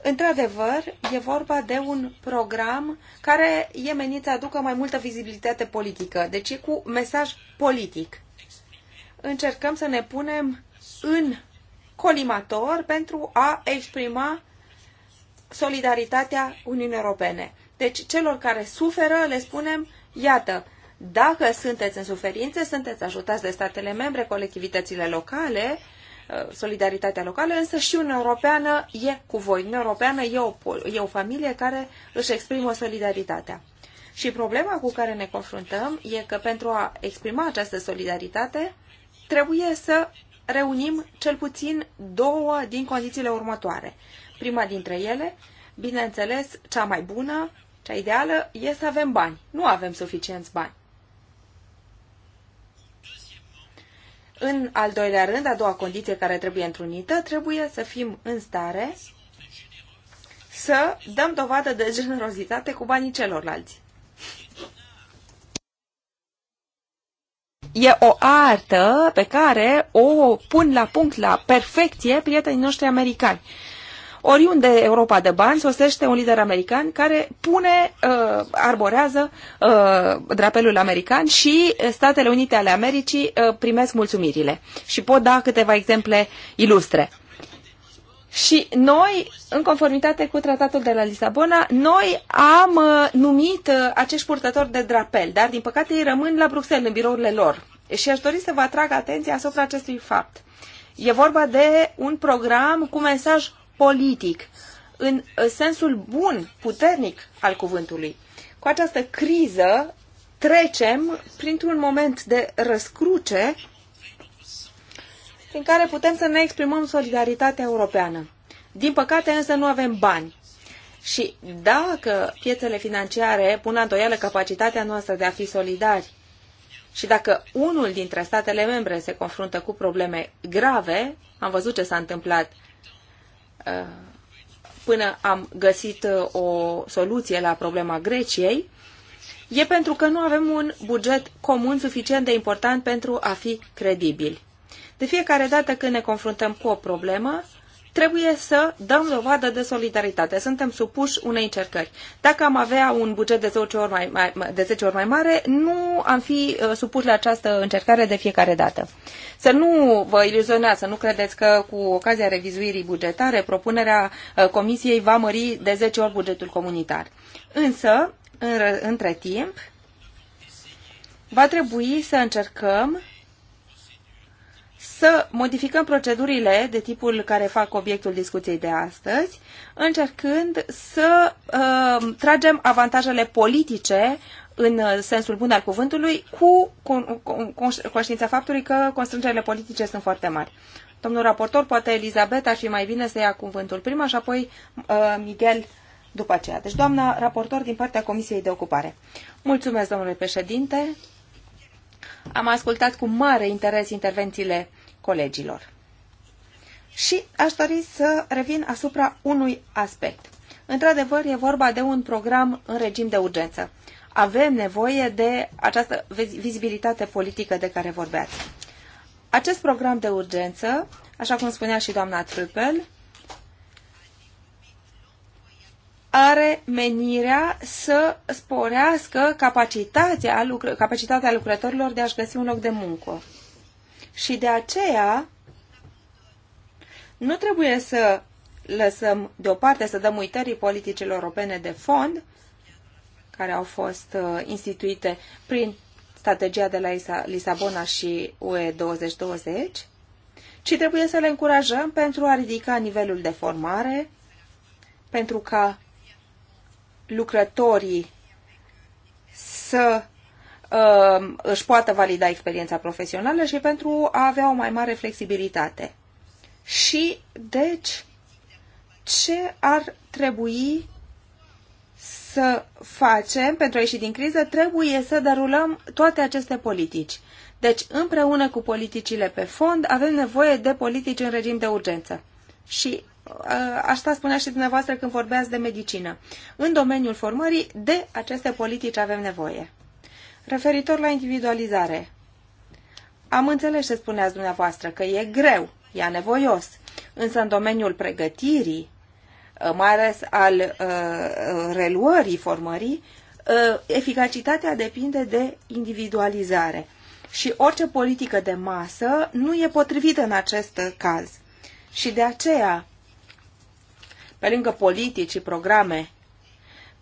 Într-adevăr, e vorba de un program care e menit să aducă mai multă vizibilitate politică, deci e cu mesaj politic încercăm să ne punem în colimator pentru a exprima solidaritatea Uniunii Europene. Deci celor care suferă le spunem, iată, dacă sunteți în suferință, sunteți ajutați de statele membre, colectivitățile locale, uh, solidaritatea locală, însă și Uniunea Europeană e cu voi. Uniunea Europeană e o, e o familie care își exprimă solidaritatea. Și problema cu care ne confruntăm e că pentru a exprima această solidaritate, trebuie să reunim cel puțin două din condițiile următoare. Prima dintre ele, bineînțeles, cea mai bună, cea ideală, e să avem bani. Nu avem suficienți bani. În al doilea rând, a doua condiție care trebuie întrunită, trebuie să fim în stare să dăm dovadă de generozitate cu banii celorlalți. e o artă pe care o pun la punct, la perfecție prietenii noștri americani. Oriunde Europa de bani sosește un lider american care pune, uh, arborează uh, drapelul american și Statele Unite ale Americii uh, primesc mulțumirile. Și pot da câteva exemple ilustre. Și noi, în conformitate cu tratatul de la Lisabona, noi am uh, numit uh, acești purtători de drapel, dar din păcate ei rămân la Bruxelles, în birourile lor. Și aș dori să vă atrag atenția asupra acestui fapt. E vorba de un program cu mesaj politic, în uh, sensul bun, puternic al cuvântului. Cu această criză trecem printr-un moment de răscruce prin care putem să ne exprimăm solidaritatea europeană. Din păcate însă nu avem bani. Și dacă piețele financiare pun la îndoială capacitatea noastră de a fi solidari și dacă unul dintre statele membre se confruntă cu probleme grave, am văzut ce s-a întâmplat uh, până am găsit uh, o soluție la problema Greciei, e pentru că nu avem un buget comun suficient de important pentru a fi credibili. De fiecare dată când ne confruntăm cu o problemă, trebuie să dăm dovadă de solidaritate. Suntem supuși unei încercări. Dacă am avea un buget de 10 ori mai, mai, de 10 ori mai mare, nu am fi uh, supuși la această încercare de fiecare dată. Să nu vă iluzionați, să nu credeți că cu ocazia revizuirii bugetare, propunerea uh, Comisiei va mări de 10 ori bugetul comunitar. Însă, în, între timp, va trebui să încercăm să modificăm procedurile de tipul care fac obiectul discuției de astăzi, încercând să uh, tragem avantajele politice în sensul bun al cuvântului, cu conștiința faptului că constrângerile politice sunt foarte mari. Domnul raportor, poate Elizabeth ar fi mai bine să ia cuvântul prima și apoi uh, Miguel după aceea. Deci, doamna raportor din partea Comisiei de Ocupare. Mulțumesc, domnule președinte. Am ascultat cu mare interes intervențiile colegilor. Și aș dori să revin asupra unui aspect. Într-adevăr, e vorba de un program în regim de urgență. Avem nevoie de această vizibilitate politică de care vorbeați. Acest program de urgență, așa cum spunea și doamna Trupel, are menirea să sporească capacitatea, lucr- capacitatea lucrătorilor de a-și găsi un loc de muncă. Și de aceea nu trebuie să lăsăm deoparte, să dăm uitării politicilor europene de fond, care au fost uh, instituite prin strategia de la Lisabona și UE 2020, ci trebuie să le încurajăm pentru a ridica nivelul de formare, pentru ca lucrătorii să Uh, își poată valida experiența profesională și pentru a avea o mai mare flexibilitate. Și, deci, ce ar trebui să facem pentru a ieși din criză? Trebuie să derulăm toate aceste politici. Deci, împreună cu politicile pe fond, avem nevoie de politici în regim de urgență. Și uh, asta spunea și dumneavoastră când vorbeați de medicină. În domeniul formării, de aceste politici avem nevoie. Referitor la individualizare, am înțeles ce spuneați dumneavoastră, că e greu, e nevoios, însă în domeniul pregătirii, ă, mai ales al uh, reluării formării, uh, eficacitatea depinde de individualizare și orice politică de masă nu e potrivită în acest caz. Și de aceea, pe lângă politici și programe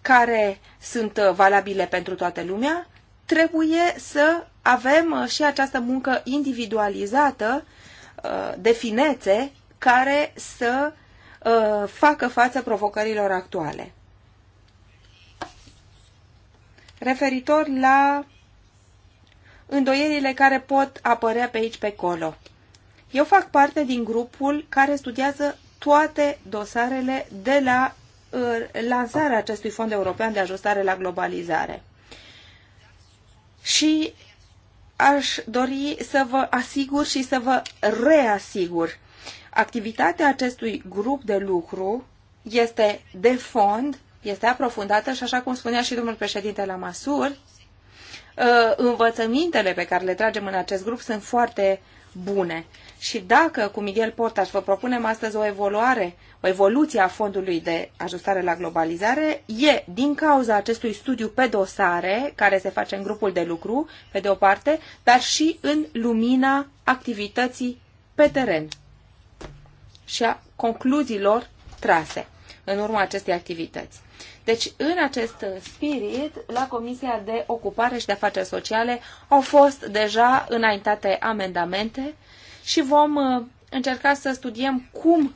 care sunt valabile pentru toată lumea, trebuie să avem uh, și această muncă individualizată uh, de finețe care să uh, facă față provocărilor actuale. Referitor la îndoierile care pot apărea pe aici pe colo. Eu fac parte din grupul care studiază toate dosarele de la lansarea acestui fond european de ajustare la globalizare și aș dori să vă asigur și să vă reasigur. Activitatea acestui grup de lucru este de fond, este aprofundată și așa cum spunea și domnul președinte la masur, uh, învățămintele pe care le tragem în acest grup sunt foarte bune și dacă cu Miguel Portaș vă propunem astăzi o evoluare, o evoluție a fondului de ajustare la globalizare, e din cauza acestui studiu pe dosare care se face în grupul de lucru, pe de o parte, dar și în lumina activității pe teren și a concluziilor trase în urma acestei activități. Deci, în acest spirit, la Comisia de Ocupare și de Afaceri Sociale au fost deja înaintate amendamente și vom uh, încerca să studiem cum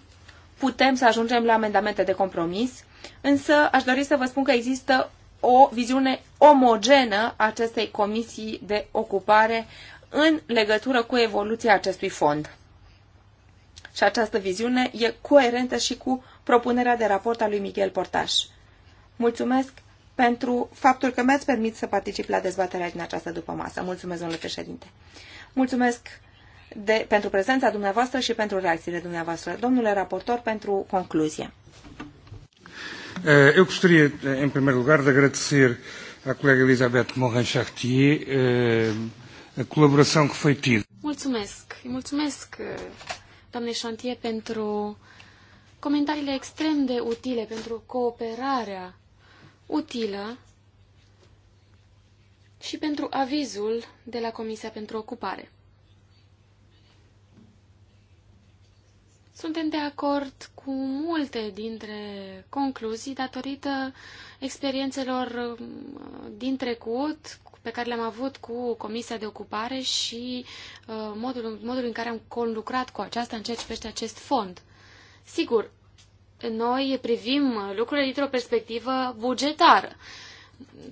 putem să ajungem la amendamente de compromis, însă aș dori să vă spun că există o viziune omogenă a acestei comisii de ocupare în legătură cu evoluția acestui fond. Și această viziune e coerentă și cu propunerea de raport a lui Miguel Portaș. Mulțumesc pentru faptul că mi-ați permis să particip la dezbaterea din această dupămasă. Mulțumesc, domnule președinte. Mulțumesc de, pentru prezența dumneavoastră și pentru reacțiile dumneavoastră. Domnule raportor, pentru concluzie. Eh, eu gostaria, eh, em primeiro lugar, de agradecer à colega Elizabeth Morin-Chartier eh, a colaboração que foi tida. Mulțumesc. Mulțumesc, doamne Chantier, pentru comentariile extrem de utile, pentru cooperarea utilă și pentru avizul de la Comisia pentru Ocupare. Suntem de acord cu multe dintre concluzii datorită experiențelor uh, din trecut pe care le-am avut cu Comisia de Ocupare și uh, modul, modul în care am conlucrat cu aceasta în ceea ce privește acest fond. Sigur, noi privim lucrurile dintr-o perspectivă bugetară,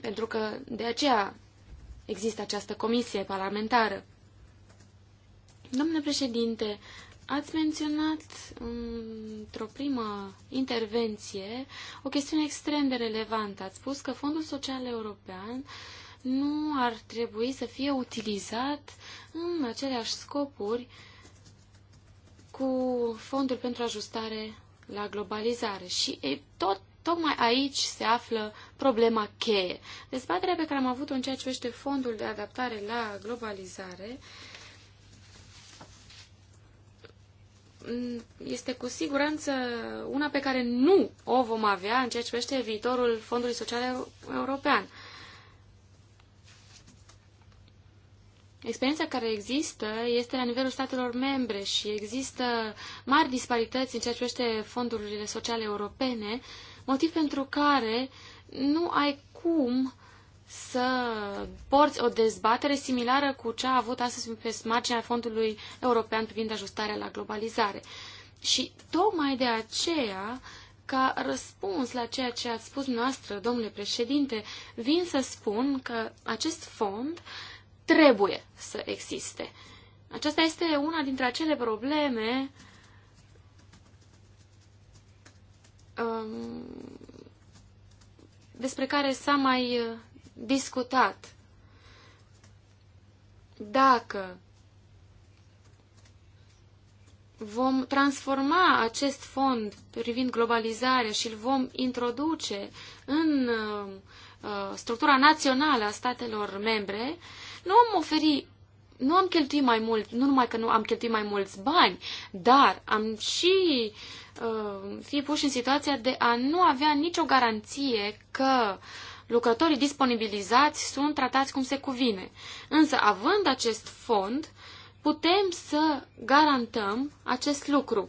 pentru că de aceea există această comisie parlamentară. Domnule președinte, Ați menționat într-o primă intervenție o chestiune extrem de relevantă. Ați spus că Fondul Social European nu ar trebui să fie utilizat în aceleași scopuri cu Fondul pentru Ajustare la Globalizare. Și e, tot Tocmai aici se află problema cheie. Dezbaterea pe care am avut-o în ceea ce privește fondul de adaptare la globalizare Mm, este cu siguranță una pe care nu o vom avea în ceea ce privește viitorul Fondului Social European. Experiența care există este la nivelul statelor membre și există mari disparități în ceea ce privește fondurile sociale europene, motiv pentru care nu ai cum să porți o dezbatere similară cu cea avută avut astăzi pe marginea Fondului European privind ajustarea la globalizare. Și tocmai de aceea, ca răspuns la ceea ce ați spus noastră, domnule președinte, vin să spun că acest fond trebuie să existe. Aceasta este una dintre acele probleme um, despre care s-a mai discutat dacă vom transforma acest fond privind globalizarea și îl vom introduce în uh, uh, structura națională a statelor membre, nu am oferi, nu am cheltuit mai mult, nu numai că nu am cheltuit mai mulți bani, dar am și uh, fi puși în situația de a nu avea nicio garanție că uh, lucrătorii disponibilizați sunt tratați cum se cuvine. Însă, având acest fond, putem să garantăm acest lucru.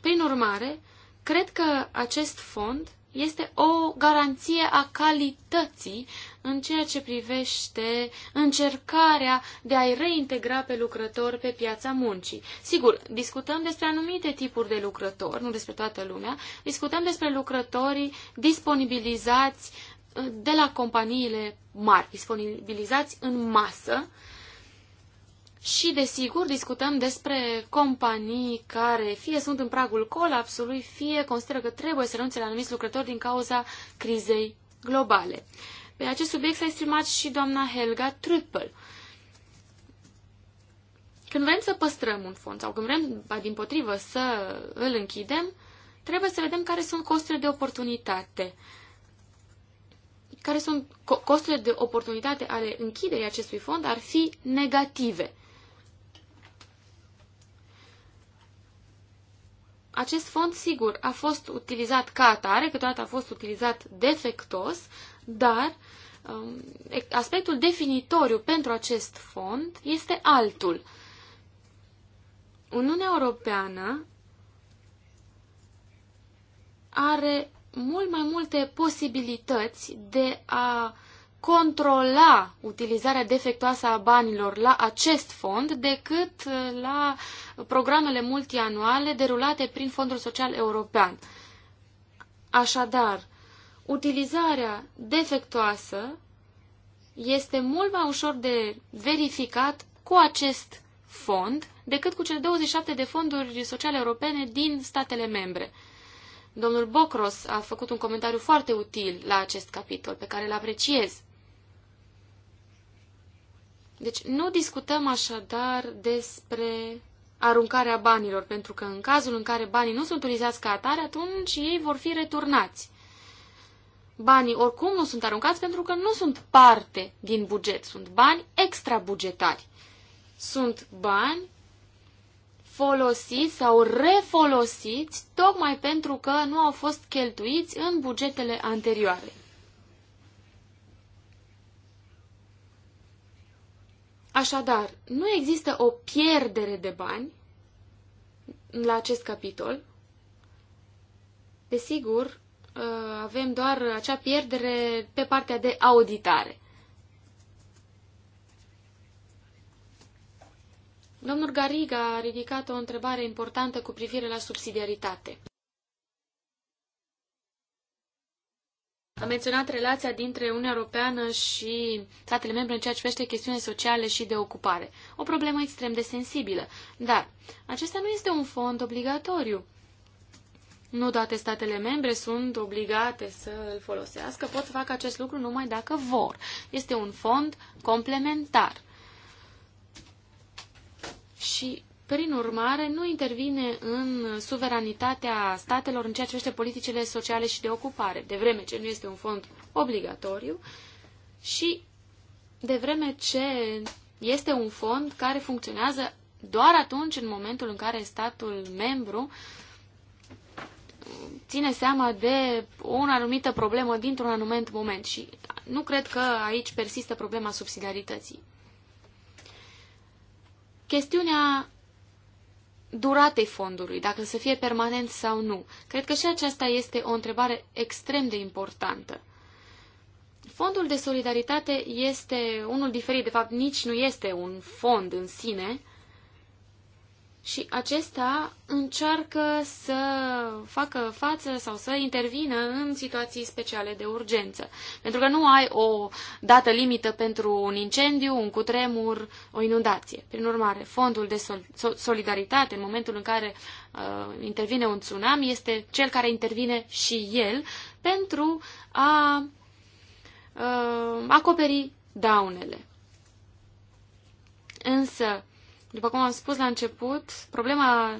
Prin urmare, cred că acest fond este o garanție a calității în ceea ce privește încercarea de a-i reintegra pe lucrători pe piața muncii. Sigur, discutăm despre anumite tipuri de lucrători, nu despre toată lumea, discutăm despre lucrătorii disponibilizați de la companiile mari, disponibilizați în masă și, desigur, discutăm despre companii care fie sunt în pragul colapsului, fie consideră că trebuie să renunțe la anumiți lucrători din cauza crizei globale. Pe acest subiect s-a exprimat și doamna Helga Trüppel. Când vrem să păstrăm un fond sau când vrem, ba, din potrivă, să îl închidem, trebuie să vedem care sunt costurile de oportunitate care sunt costurile de oportunitate ale închiderii acestui fond ar fi negative. Acest fond, sigur, a fost utilizat ca atare, câteodată a fost utilizat defectos, dar um, aspectul definitoriu pentru acest fond este altul. Uniunea Europeană are mult mai multe posibilități de a controla utilizarea defectuoasă a banilor la acest fond decât uh, la programele multianuale derulate prin Fondul Social European. Așadar, utilizarea defectuoasă este mult mai ușor de verificat cu acest fond decât cu cele 27 de fonduri sociale europene din statele membre. Domnul Bocros a făcut un comentariu foarte util la acest capitol, pe care îl apreciez. Deci nu discutăm așadar despre aruncarea banilor, pentru că în cazul în care banii nu sunt utilizați ca atare, atunci ei vor fi returnați. Banii oricum nu sunt aruncați pentru că nu sunt parte din buget, sunt bani extrabugetari. Sunt bani folosiți sau refolosiți tocmai pentru că nu au fost cheltuiți în bugetele anterioare. Așadar, nu există o pierdere de bani la acest capitol. Desigur, uh, avem doar acea pierdere pe partea de auditare. Domnul Gariga a ridicat o întrebare importantă cu privire la subsidiaritate. A menționat relația dintre Uniunea Europeană și statele membre în ceea ce privește chestiunile sociale și de ocupare. O problemă extrem de sensibilă. Dar acesta nu este un fond obligatoriu. Nu toate statele membre sunt obligate să îl folosească, pot face acest lucru numai dacă vor. Este un fond complementar și, prin urmare, nu intervine în suveranitatea statelor în ceea ce privește politicile sociale și de ocupare, de vreme ce nu este un fond obligatoriu și de vreme ce este un fond care funcționează doar atunci, în momentul în care statul membru ține seama de o anumită problemă dintr-un anumit moment și nu cred că aici persistă problema subsidiarității. Chestiunea duratei fondului, dacă să fie permanent sau nu. Cred că și aceasta este o întrebare extrem de importantă. Fondul de solidaritate este unul diferit, de fapt nici nu este un fond în sine, și acesta încearcă să facă față sau să intervină în situații speciale de urgență. Pentru că nu ai o dată limită pentru un incendiu, un cutremur, o inundație. Prin urmare, fondul de solidaritate, în momentul în care uh, intervine un tsunami, este cel care intervine și el pentru a uh, acoperi daunele. Însă, după cum am spus la început, problema,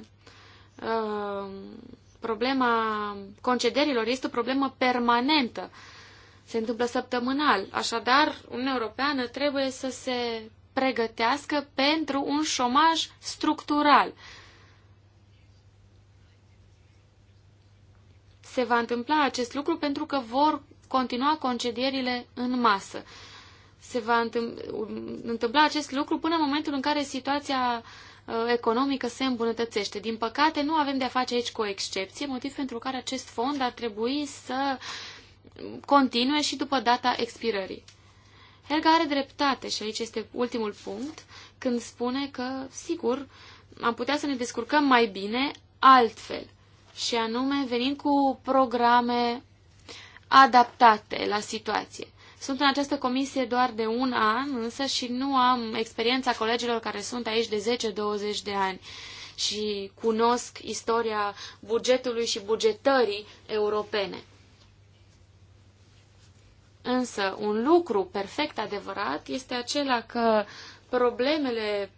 uh, problema concederilor este o problemă permanentă. Se întâmplă săptămânal. Așadar, Uniunea Europeană trebuie să se pregătească pentru un șomaj structural. Se va întâmpla acest lucru pentru că vor continua concedierile în masă se va um, întâmpla acest lucru până în momentul în care situația uh, economică se îmbunătățește. Din păcate, nu avem de-a face aici cu o excepție, motiv pentru care acest fond ar trebui să continue și după data expirării. Helga are dreptate și aici este ultimul punct, când spune că, sigur, am putea să ne descurcăm mai bine altfel, și anume venind cu programe adaptate la situație. Sunt în această comisie doar de un an, însă și nu am experiența colegilor care sunt aici de 10-20 de ani și cunosc istoria bugetului și bugetării europene. Însă, un lucru perfect adevărat este acela că problemele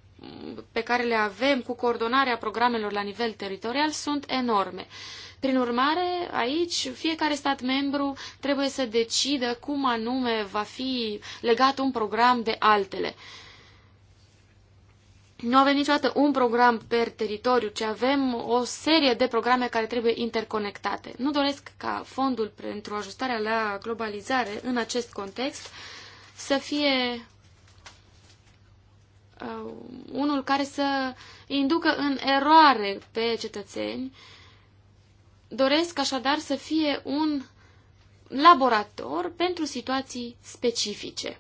pe care le avem cu coordonarea programelor la nivel teritorial sunt enorme. Prin urmare, aici fiecare stat membru trebuie să decidă cum anume va fi legat un program de altele. Nu avem niciodată un program per teritoriu, ci avem o serie de programe care trebuie interconectate. Nu doresc ca fondul pentru ajustarea la globalizare în acest context să fie uh, unul care să inducă în eroare pe cetățeni Doresc așadar să fie un laborator pentru situații specifice.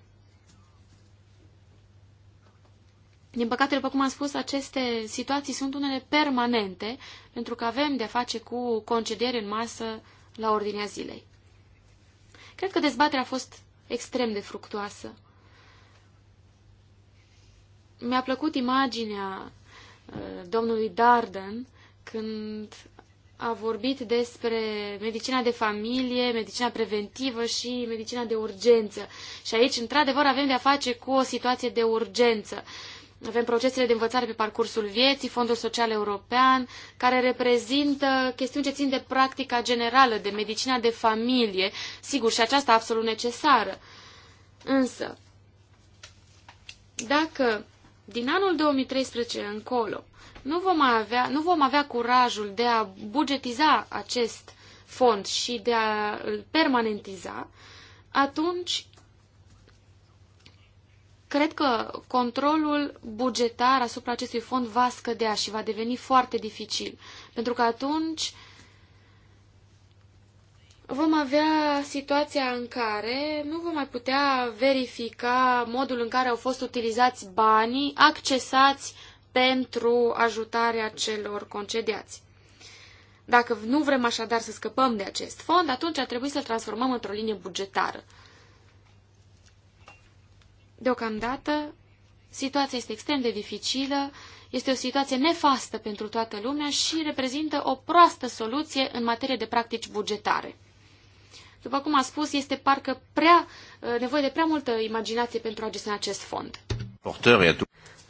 Din păcate, după cum am spus, aceste situații sunt unele permanente, pentru că avem de-a face cu concedieri în masă la ordinea zilei. Cred că dezbaterea a fost extrem de fructuoasă. Mi-a plăcut imaginea uh, domnului Darden când a vorbit despre medicina de familie, medicina preventivă și medicina de urgență. Și aici, într-adevăr, avem de-a face cu o situație de urgență. Avem procesele de învățare pe parcursul vieții, Fondul Social European, care reprezintă chestiuni ce țin de practica generală, de medicina de familie, sigur, și aceasta absolut necesară. Însă, dacă din anul 2013 încolo nu vom, avea, nu vom avea curajul de a bugetiza acest fond și de a îl permanentiza, atunci cred că controlul bugetar asupra acestui fond va scădea și va deveni foarte dificil. Pentru că atunci vom avea situația în care nu vom mai putea verifica modul în care au fost utilizați banii accesați pentru ajutarea celor concediați. Dacă nu vrem așadar să scăpăm de acest fond, atunci ar trebui să-l transformăm într-o linie bugetară. Deocamdată, situația este extrem de dificilă, este o situație nefastă pentru toată lumea și reprezintă o proastă soluție în materie de practici bugetare. După cum am spus, este parcă prea, nevoie de prea multă imaginație pentru a gestiona acest fond.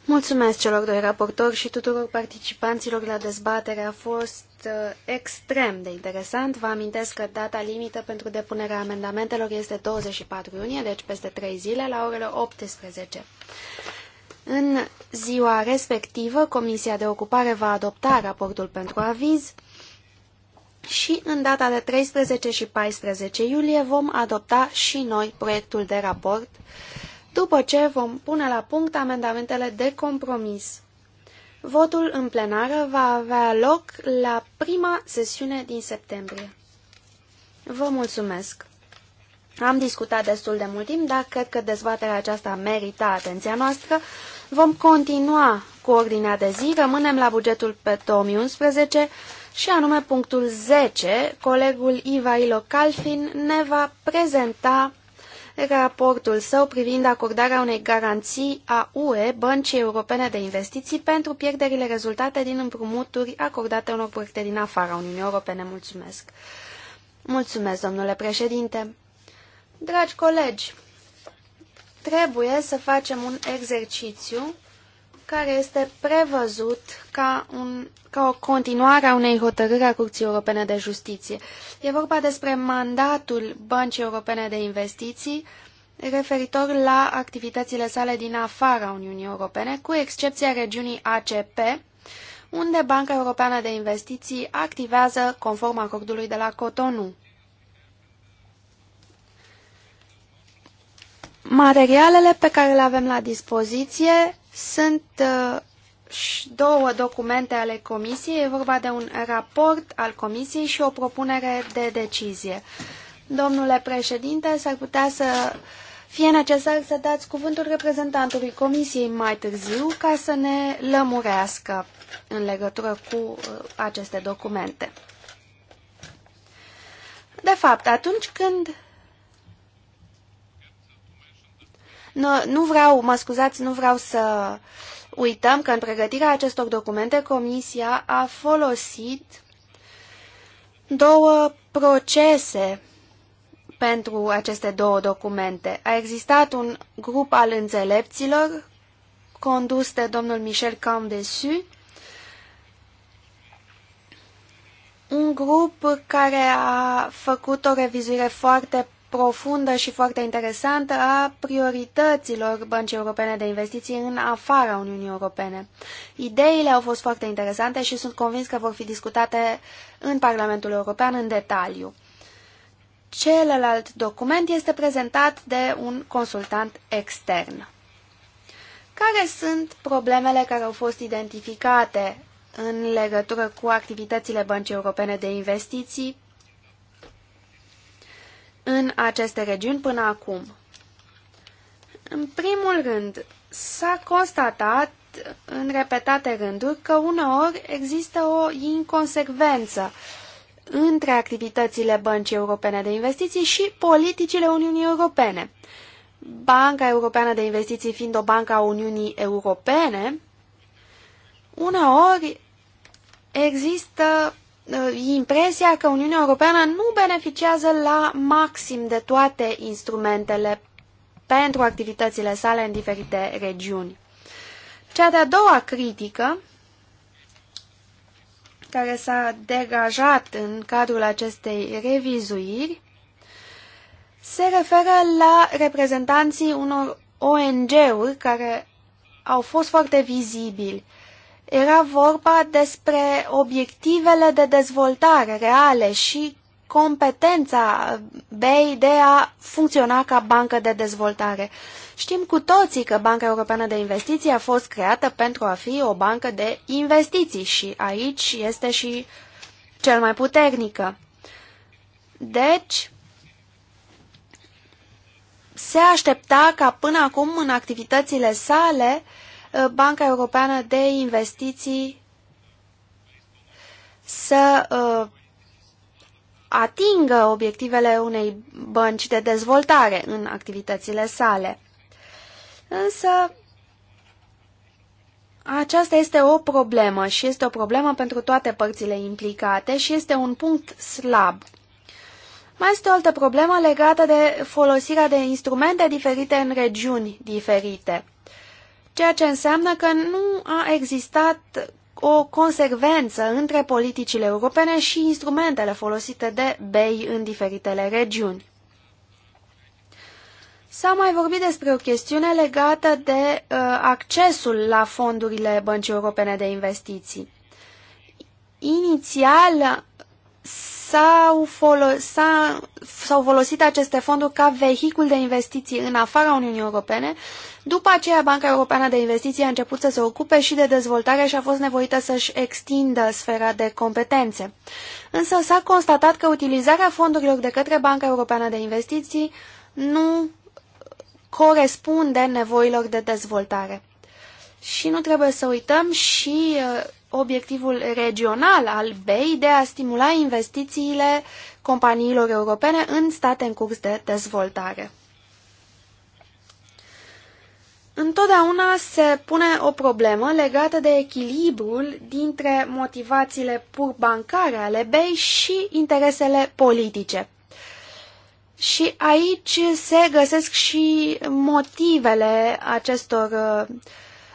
Mulțumesc celor doi raportori și tuturor participanților la dezbatere. A fost uh, extrem de interesant. Vă amintesc că data limită pentru depunerea amendamentelor este 24 iunie, deci peste 3 zile, la orele 18. În ziua respectivă, Comisia de Ocupare va adopta raportul pentru aviz și în data de 13 și 14 iulie vom adopta și noi proiectul de raport după ce vom pune la punct amendamentele de compromis. Votul în plenară va avea loc la prima sesiune din septembrie. Vă mulțumesc! Am discutat destul de mult timp, dar cred că dezbaterea aceasta merită atenția noastră. Vom continua cu ordinea de zi, rămânem la bugetul pe 2011 și anume punctul 10. Colegul Ivailo Calfin ne va prezenta raportul său privind acordarea unei garanții a UE Băncii Europene de Investiții pentru pierderile rezultate din împrumuturi acordate unor proiecte din afara Uniunii Europene. Mulțumesc! Mulțumesc, domnule președinte! Dragi colegi, trebuie să facem un exercițiu care este prevăzut ca, un, ca o continuare a unei hotărâri a Curții Europene de Justiție. E vorba despre mandatul Băncii Europene de Investiții referitor la activitățile sale din afara Uniunii Europene, cu excepția regiunii ACP, unde Banca Europeană de Investiții activează conform acordului de la Cotonou. Materialele pe care le avem la dispoziție sunt uh, două documente ale Comisiei. E vorba de un raport al Comisiei și o propunere de decizie. Domnule președinte, s-ar putea să fie necesar să dați cuvântul reprezentantului Comisiei mai târziu ca să ne lămurească în legătură cu uh, aceste documente. De fapt, atunci când Nu, nu vreau, mă scuzați, nu vreau să uităm că în pregătirea acestor documente Comisia a folosit două procese pentru aceste două documente. A existat un grup al înțelepților condus de domnul Michel Camdesu, un grup care a făcut o revizuire foarte profundă și foarte interesantă a priorităților Băncii Europene de Investiții în afara Uniunii Europene. Ideile au fost foarte interesante și sunt convins că vor fi discutate în Parlamentul European în detaliu. Celălalt document este prezentat de un consultant extern. Care sunt problemele care au fost identificate în legătură cu activitățile Băncii Europene de Investiții în aceste regiuni până acum. În primul rând, s-a constatat în repetate rânduri că uneori există o inconsecvență între activitățile Băncii Europene de Investiții și politicile Uniunii Europene. Banca Europeană de Investiții fiind o bancă a Uniunii Europene, uneori există Uh, impresia că Uniunea Europeană nu beneficiază la maxim de toate instrumentele pentru activitățile sale în diferite regiuni. Cea de-a doua critică care s-a degajat în cadrul acestei revizuiri se referă la reprezentanții unor ONG-uri care au fost foarte vizibili era vorba despre obiectivele de dezvoltare reale și competența BEI de a funcționa ca bancă de dezvoltare. Știm cu toții că Banca Europeană de Investiții a fost creată pentru a fi o bancă de investiții și aici este și cel mai puternică. Deci, se aștepta ca până acum în activitățile sale uh, Banca Europeană de Investiții să uh, atingă obiectivele unei bănci de dezvoltare în activitățile sale. Însă, aceasta este o problemă și este o problemă pentru toate părțile implicate și este un punct slab. Mai este o altă problemă legată de folosirea de instrumente diferite în regiuni diferite ceea ce înseamnă că nu a existat o consecvență între politicile europene și instrumentele folosite de BEI în diferitele regiuni. S-a mai vorbit despre o chestiune legată de uh, accesul la fondurile Băncii Europene de Investiții. Inițial, s-au, folos, s-au folosit aceste fonduri ca vehicul de investiții în afara Uniunii Europene. După aceea, Banca Europeană de Investiții a început să se ocupe și de dezvoltare și a fost nevoită să-și extindă sfera de competențe. Însă s-a constatat că utilizarea fondurilor de către Banca Europeană de Investiții nu corespunde nevoilor de dezvoltare. Și nu trebuie să uităm și uh, obiectivul regional al BEI de a stimula investițiile companiilor europene în state în curs de dezvoltare. Întotdeauna se pune o problemă legată de echilibrul dintre motivațiile pur bancare ale BEI și interesele politice. Și aici se găsesc și motivele acestor uh,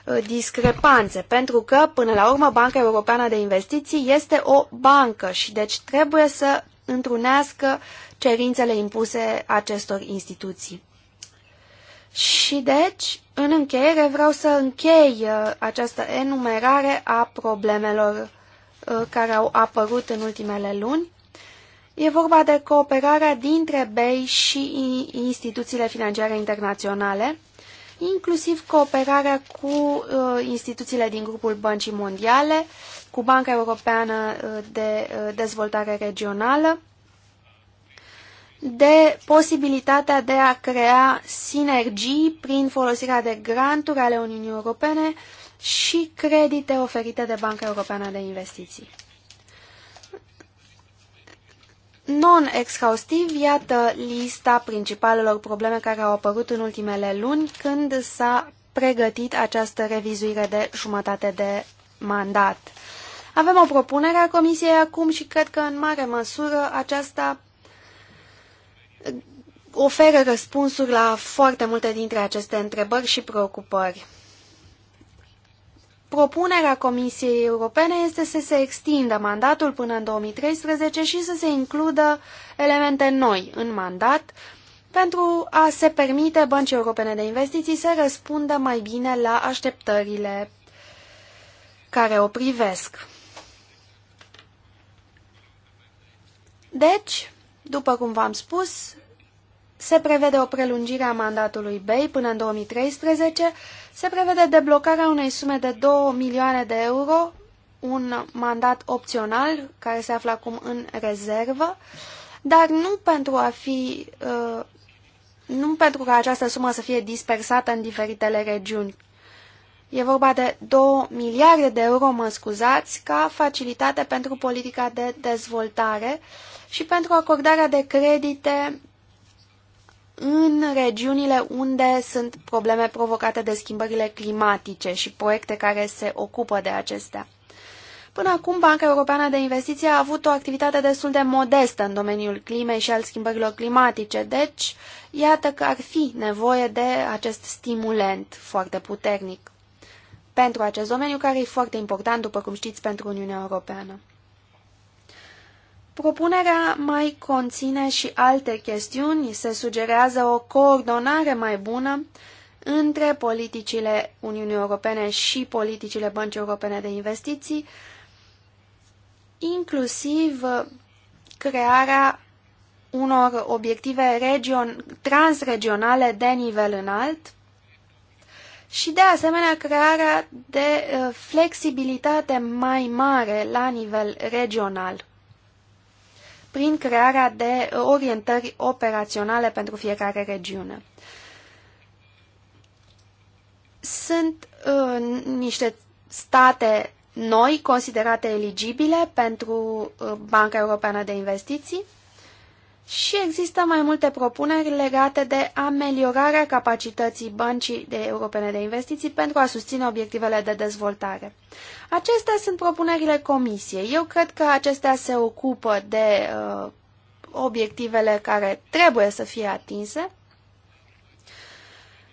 Uh, discrepanțe, pentru că, până la urmă, Banca Europeană de Investiții este o bancă și deci trebuie să întrunească cerințele impuse acestor instituții. Și deci, în încheiere, vreau să închei uh, această enumerare a problemelor uh, care au apărut în ultimele luni. E vorba de cooperarea dintre BEI și instituțiile financiare internaționale, inclusiv cooperarea cu uh, instituțiile din grupul Băncii Mondiale, cu Banca Europeană uh, de uh, Dezvoltare Regională, de posibilitatea de a crea sinergii prin folosirea de granturi ale Uniunii Europene și credite oferite de Banca Europeană de Investiții non-exhaustiv, iată lista principalelor probleme care au apărut în ultimele luni când s-a pregătit această revizuire de jumătate de mandat. Avem o propunere a Comisiei acum și cred că în mare măsură aceasta oferă răspunsuri la foarte multe dintre aceste întrebări și preocupări. Propunerea Comisiei Europene este să se extindă mandatul până în 2013 și să se includă elemente noi în mandat pentru a se permite băncii europene de investiții să răspundă mai bine la așteptările care o privesc. Deci, după cum v-am spus, se prevede o prelungire a mandatului BEI până în 2013, se prevede deblocarea unei sume de 2 milioane de euro, un mandat opțional care se află acum în rezervă, dar nu pentru a fi uh, nu pentru ca această sumă să fie dispersată în diferitele regiuni. E vorba de 2 miliarde de euro, mă scuzați, ca facilitate pentru politica de dezvoltare și pentru acordarea de credite în regiunile unde sunt probleme provocate de schimbările climatice și proiecte care se ocupă de acestea. Până acum, Banca Europeană de Investiții a avut o activitate destul de modestă în domeniul climei și al schimbărilor climatice, deci iată că ar fi nevoie de acest stimulent foarte puternic pentru acest domeniu, care e foarte important, după cum știți, pentru Uniunea Europeană. Propunerea mai conține și alte chestiuni, se sugerează o coordonare mai bună între politicile Uniunii Europene și politicile Băncii Europene de Investiții, inclusiv crearea unor obiective region, transregionale de nivel înalt și, de asemenea, crearea de eh, flexibilitate mai mare la nivel regional prin crearea de orientări operaționale pentru fiecare regiune. Sunt uh, niște state noi considerate eligibile pentru uh, Banca Europeană de Investiții și există mai multe propuneri legate de ameliorarea capacității băncii de europene de investiții pentru a susține obiectivele de dezvoltare. Acestea sunt propunerile comisiei. Eu cred că acestea se ocupă de uh, obiectivele care trebuie să fie atinse.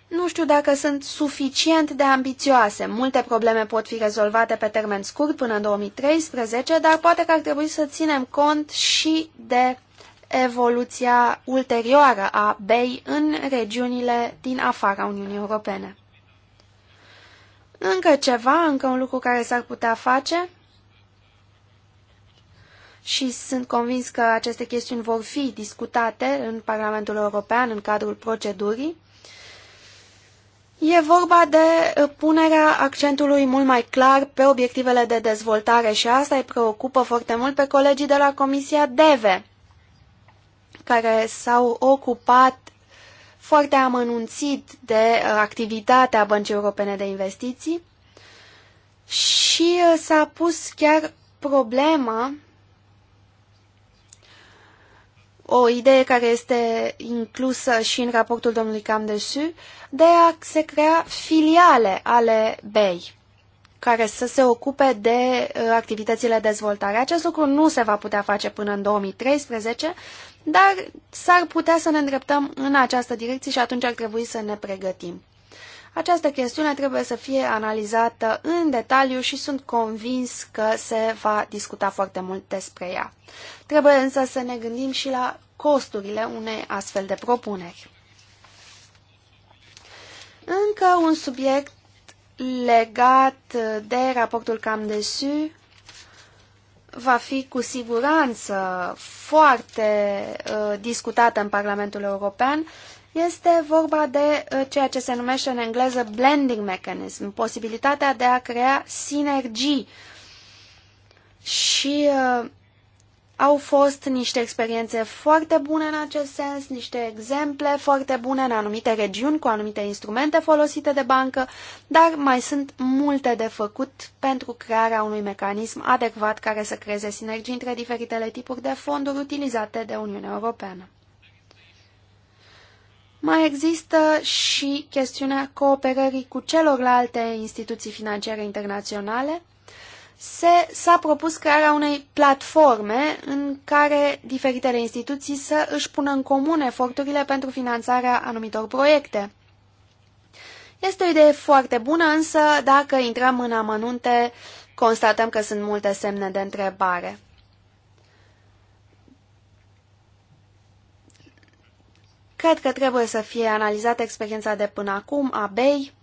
Nu știu dacă sunt suficient de ambițioase. Multe probleme pot fi rezolvate pe termen scurt până în 2013, dar poate că ar trebui să ținem cont și de evoluția ulterioară a BEI în regiunile din afara Uniunii Europene. Încă ceva, încă un lucru care s-ar putea face și sunt convins că aceste chestiuni vor fi discutate în Parlamentul European în cadrul procedurii. E vorba de punerea accentului mult mai clar pe obiectivele de dezvoltare și asta îi preocupă foarte mult pe colegii de la Comisia DEVE care s-au ocupat foarte amănunțit de uh, activitatea Băncii Europene de Investiții și uh, s-a pus chiar problema, o idee care este inclusă și în raportul domnului Camdesu, de a se crea filiale ale BEI care să se ocupe de uh, activitățile dezvoltare. Acest lucru nu se va putea face până în 2013, dar s-ar putea să ne îndreptăm în această direcție și atunci ar trebui să ne pregătim. Această chestiune trebuie să fie analizată în detaliu și sunt convins că se va discuta foarte mult despre ea. Trebuie însă să ne gândim și la costurile unei astfel de propuneri. Încă un subiect legat de raportul Cam de sus va fi cu siguranță foarte uh, discutată în Parlamentul European este vorba de uh, ceea ce se numește în engleză blending mechanism, posibilitatea de a crea sinergii. Și uh, au fost niște experiențe foarte bune în acest sens, niște exemple foarte bune în anumite regiuni cu anumite instrumente folosite de bancă, dar mai sunt multe de făcut pentru crearea unui mecanism adecvat care să creeze sinergii între diferitele tipuri de fonduri utilizate de Uniunea Europeană. Mai există și chestiunea cooperării cu celorlalte instituții financiare internaționale, s-a propus crearea unei platforme în care diferitele instituții să își pună în comun eforturile pentru finanțarea anumitor proiecte. Este o idee foarte bună, însă dacă intrăm în amănunte, constatăm că sunt multe semne de întrebare. Cred că trebuie să fie analizată experiența de până acum a BEI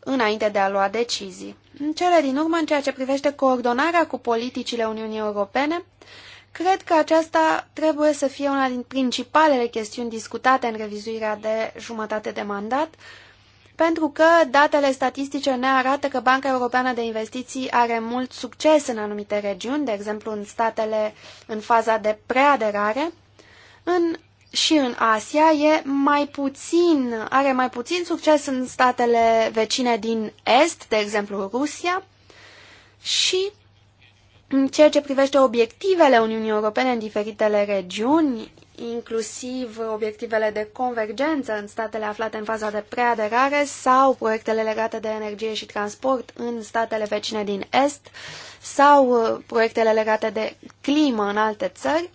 înainte de a lua decizii. În cele din urmă, în ceea ce privește coordonarea cu politicile Uniunii Europene, cred că aceasta trebuie să fie una din principalele chestiuni discutate în revizuirea de jumătate de mandat, pentru că datele statistice ne arată că Banca Europeană de Investiții are mult succes în anumite regiuni, de exemplu în statele în faza de preaderare, în și în Asia e mai puțin, are mai puțin succes în statele vecine din Est, de exemplu Rusia, și în ceea ce privește obiectivele Uniunii Europene în diferitele regiuni, inclusiv obiectivele de convergență în statele aflate în faza de preaderare sau proiectele legate de energie și transport în statele vecine din Est sau uh, proiectele legate de climă în alte țări,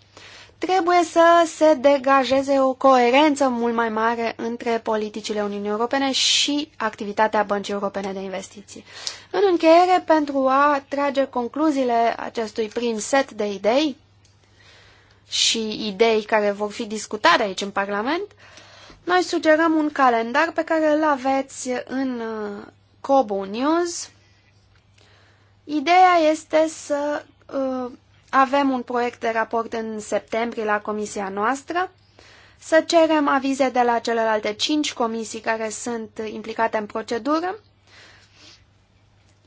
trebuie să se degajeze o coerență mult mai mare între politicile Uniunii Europene și activitatea Băncii Europene de Investiții. În încheiere, pentru a trage concluziile acestui prim set de idei și idei care vor fi discutate aici în Parlament, noi sugerăm un calendar pe care îl aveți în uh, Cobo News. Ideea este să uh, avem un proiect de raport în septembrie la comisia noastră. Să cerem avize de la celelalte cinci comisii care sunt implicate în procedură.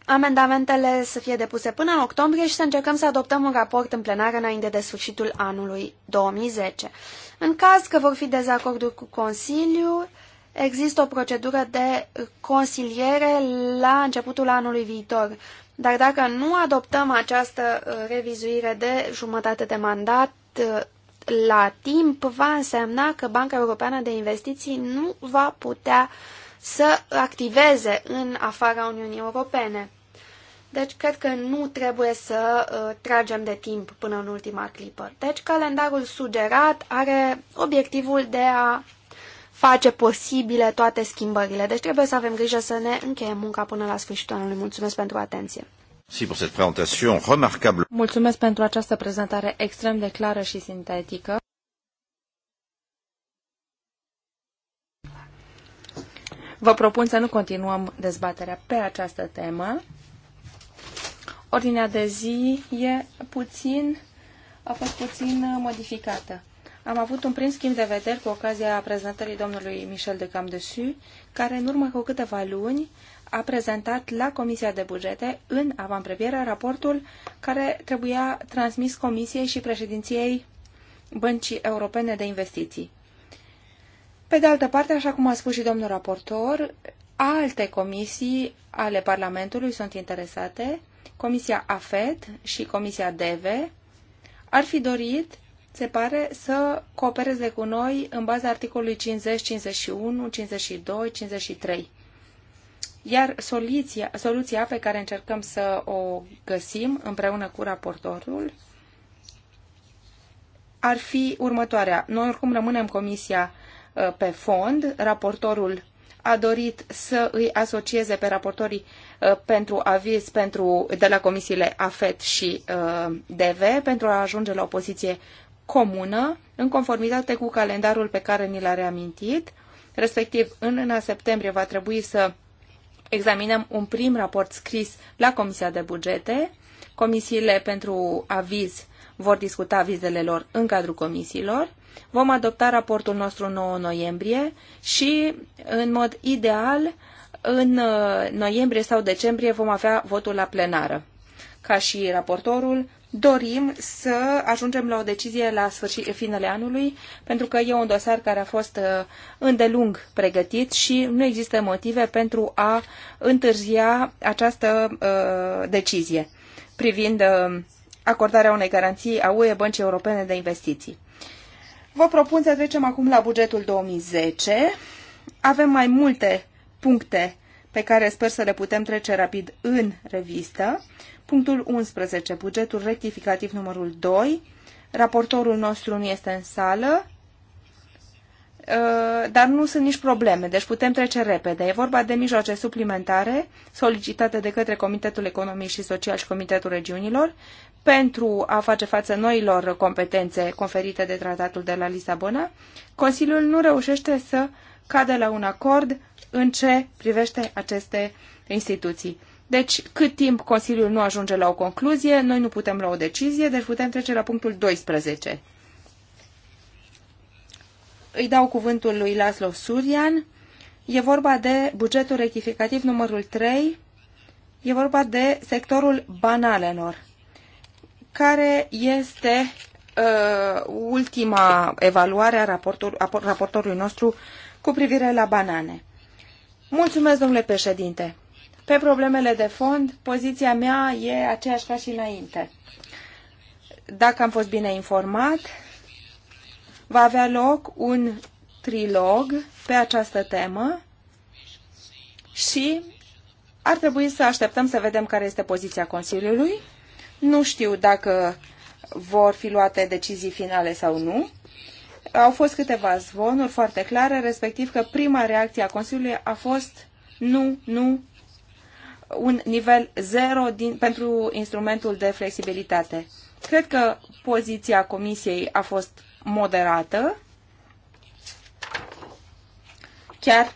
Amendamentele să fie depuse până în octombrie și să încercăm să adoptăm un raport în plenară înainte de sfârșitul anului 2010. În caz că vor fi dezacorduri cu Consiliul, Există o procedură de consiliere la începutul anului viitor. Dar dacă nu adoptăm această uh, revizuire de jumătate de mandat uh, la timp, va însemna că Banca Europeană de Investiții nu va putea să activeze în afara Uniunii Europene. Deci cred că nu trebuie să uh, tragem de timp până în ultima clipă. Deci calendarul sugerat are obiectivul de a face posibile toate schimbările. Deci trebuie să avem grijă să ne încheiem munca până la sfârșitul anului. Mulțumesc pentru atenție! Mulțumesc pentru această prezentare extrem de clară și sintetică. Vă propun să nu continuăm dezbaterea pe această temă. Ordinea de zi e puțin, a fost puțin modificată. Am avut un prim schimb de vederi cu ocazia prezentării domnului Michel de Camdesu, care în urmă cu câteva luni a prezentat la Comisia de Bugete în avantprevieră raportul care trebuia transmis Comisiei și președinției Băncii Europene de Investiții. Pe de altă parte, așa cum a spus și domnul raportor, alte comisii ale Parlamentului sunt interesate, Comisia AFET și Comisia DEVE, ar fi dorit se pare, să coopereze cu noi în baza articolului 50, 51, 52, 53. Iar soluția, soluția pe care încercăm să o găsim împreună cu raportorul ar fi următoarea. Noi oricum rămânem comisia uh, pe fond, raportorul a dorit să îi asocieze pe raportorii uh, pentru aviz pentru, de la comisiile AFET și uh, DV pentru a ajunge la o poziție comună, în conformitate cu calendarul pe care ni l-a reamintit, respectiv în luna septembrie va trebui să examinăm un prim raport scris la Comisia de Bugete. Comisiile pentru aviz vor discuta avizele lor în cadrul comisiilor. Vom adopta raportul nostru 9 noiembrie și, în mod ideal, în uh, noiembrie sau decembrie vom avea votul la plenară. Ca și raportorul, dorim să ajungem la o decizie la sfârșit, finele anului, pentru că e un dosar care a fost uh, îndelung pregătit și nu există motive pentru a întârzia această uh, decizie privind uh, acordarea unei garanții a UE Băncii Europene de Investiții. Vă propun să trecem acum la bugetul 2010. Avem mai multe puncte pe care sper să le putem trece rapid în revistă. Punctul 11. Bugetul rectificativ numărul 2. Raportorul nostru nu este în sală, uh, dar nu sunt nici probleme, deci putem trece repede. E vorba de mijloace suplimentare solicitate de către Comitetul Economic și Social și Comitetul Regiunilor pentru a face față noilor competențe conferite de tratatul de la Lisabona. Consiliul nu reușește să cadă la un acord în ce privește aceste instituții. Deci, cât timp Consiliul nu ajunge la o concluzie, noi nu putem lua o decizie, deci putem trece la punctul 12. Îi dau cuvântul lui Laszlo Surian. E vorba de bugetul rectificativ numărul 3. E vorba de sectorul banalelor, care este uh, ultima evaluare a, raportor, a raportorului nostru cu privire la banane. Mulțumesc, domnule președinte. Pe problemele de fond, poziția mea e aceeași ca și înainte. Dacă am fost bine informat, va avea loc un trilog pe această temă și ar trebui să așteptăm să vedem care este poziția Consiliului. Nu știu dacă vor fi luate decizii finale sau nu. Au fost câteva zvonuri foarte clare, respectiv că prima reacție a Consiliului a fost nu, nu, un nivel zero din, pentru instrumentul de flexibilitate. Cred că poziția Comisiei a fost moderată, chiar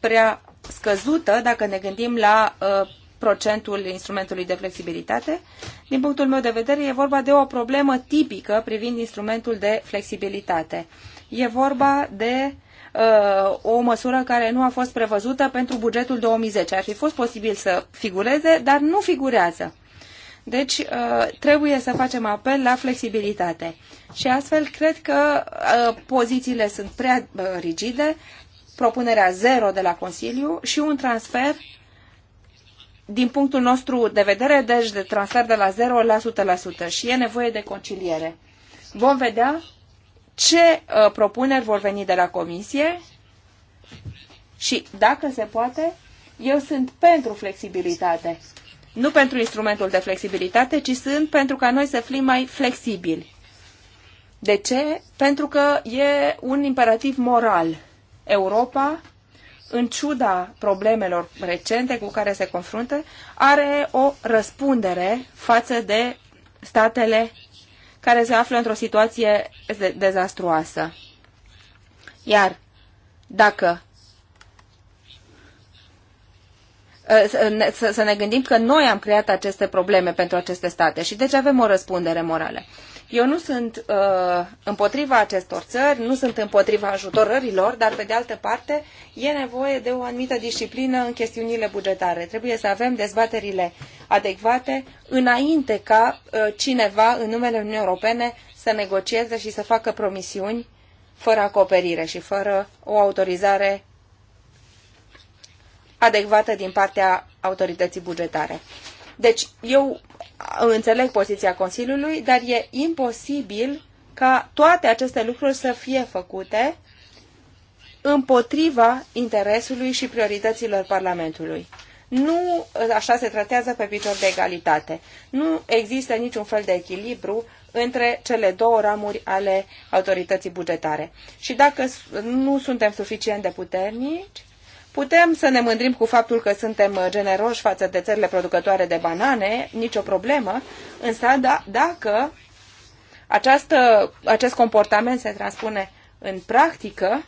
prea scăzută dacă ne gândim la uh, procentul instrumentului de flexibilitate. Din punctul meu de vedere, e vorba de o problemă tipică privind instrumentul de flexibilitate. E vorba de uh, Uh, o măsură care nu a fost prevăzută pentru bugetul 2010. Ar fi fost posibil să figureze, dar nu figurează. Deci uh, trebuie să facem apel la flexibilitate. Și astfel cred că uh, pozițiile sunt prea rigide, propunerea zero de la Consiliu și un transfer din punctul nostru de vedere, deci de transfer de la 0 la 100% și e nevoie de conciliere. Vom vedea ce uh, propuneri vor veni de la comisie și, dacă se poate, eu sunt pentru flexibilitate. Nu pentru instrumentul de flexibilitate, ci sunt pentru ca noi să fim mai flexibili. De ce? Pentru că e un imperativ moral. Europa, în ciuda problemelor recente cu care se confruntă, are o răspundere față de statele care se află într-o situație dezastruoasă. Iar dacă ă, să ne gândim că noi am creat aceste probleme pentru aceste state și deci avem o răspundere morală. Eu nu sunt uh, împotriva acestor țări, nu sunt împotriva ajutorărilor, dar pe de altă parte e nevoie de o anumită disciplină în chestiunile bugetare. Trebuie să avem dezbaterile adecvate înainte ca uh, cineva în numele Uniunii Europene să negocieze și să facă promisiuni fără acoperire și fără o autorizare adecvată din partea autorității bugetare. Deci eu înțeleg poziția Consiliului, dar e imposibil ca toate aceste lucruri să fie făcute împotriva interesului și priorităților Parlamentului. Nu așa se tratează pe viitor de egalitate. Nu există niciun fel de echilibru între cele două ramuri ale autorității bugetare. Și dacă nu suntem suficient de puternici, Putem să ne mândrim cu faptul că suntem uh, generoși față de țările producătoare de banane, nicio problemă, însă da, dacă această, acest comportament se transpune în practică,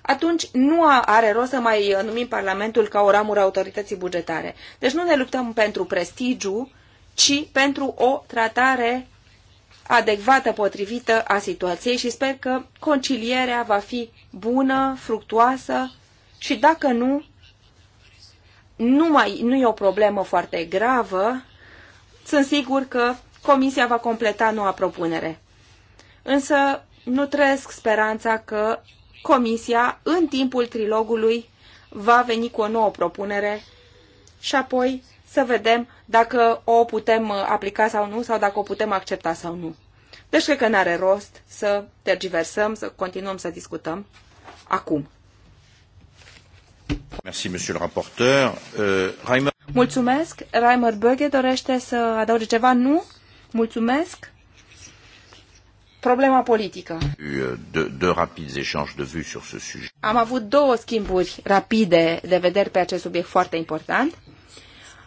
atunci nu are rost să mai uh, numim Parlamentul ca o ramură autorității bugetare. Deci nu ne luptăm pentru prestigiu, ci pentru o tratare adecvată, potrivită a situației și sper că concilierea va fi bună, fructuoasă și dacă nu, nu, mai, nu e o problemă foarte gravă, sunt sigur că Comisia va completa noua propunere. Însă nu trăiesc speranța că Comisia, în timpul trilogului, va veni cu o nouă propunere și apoi să vedem dacă o putem uh, aplica sau nu, sau dacă o putem accepta sau nu. Deci cred că nu are rost să tergiversăm, să continuăm să discutăm acum. Merci, monsieur le rapporteur. Uh, Reimer... Mulțumesc. Reimer Böge dorește să adauge ceva? Nu? Mulțumesc. Problema politică. De, euh, de rapides échanges de sur ce sujet. Am avut două schimburi rapide de vederi pe acest subiect foarte important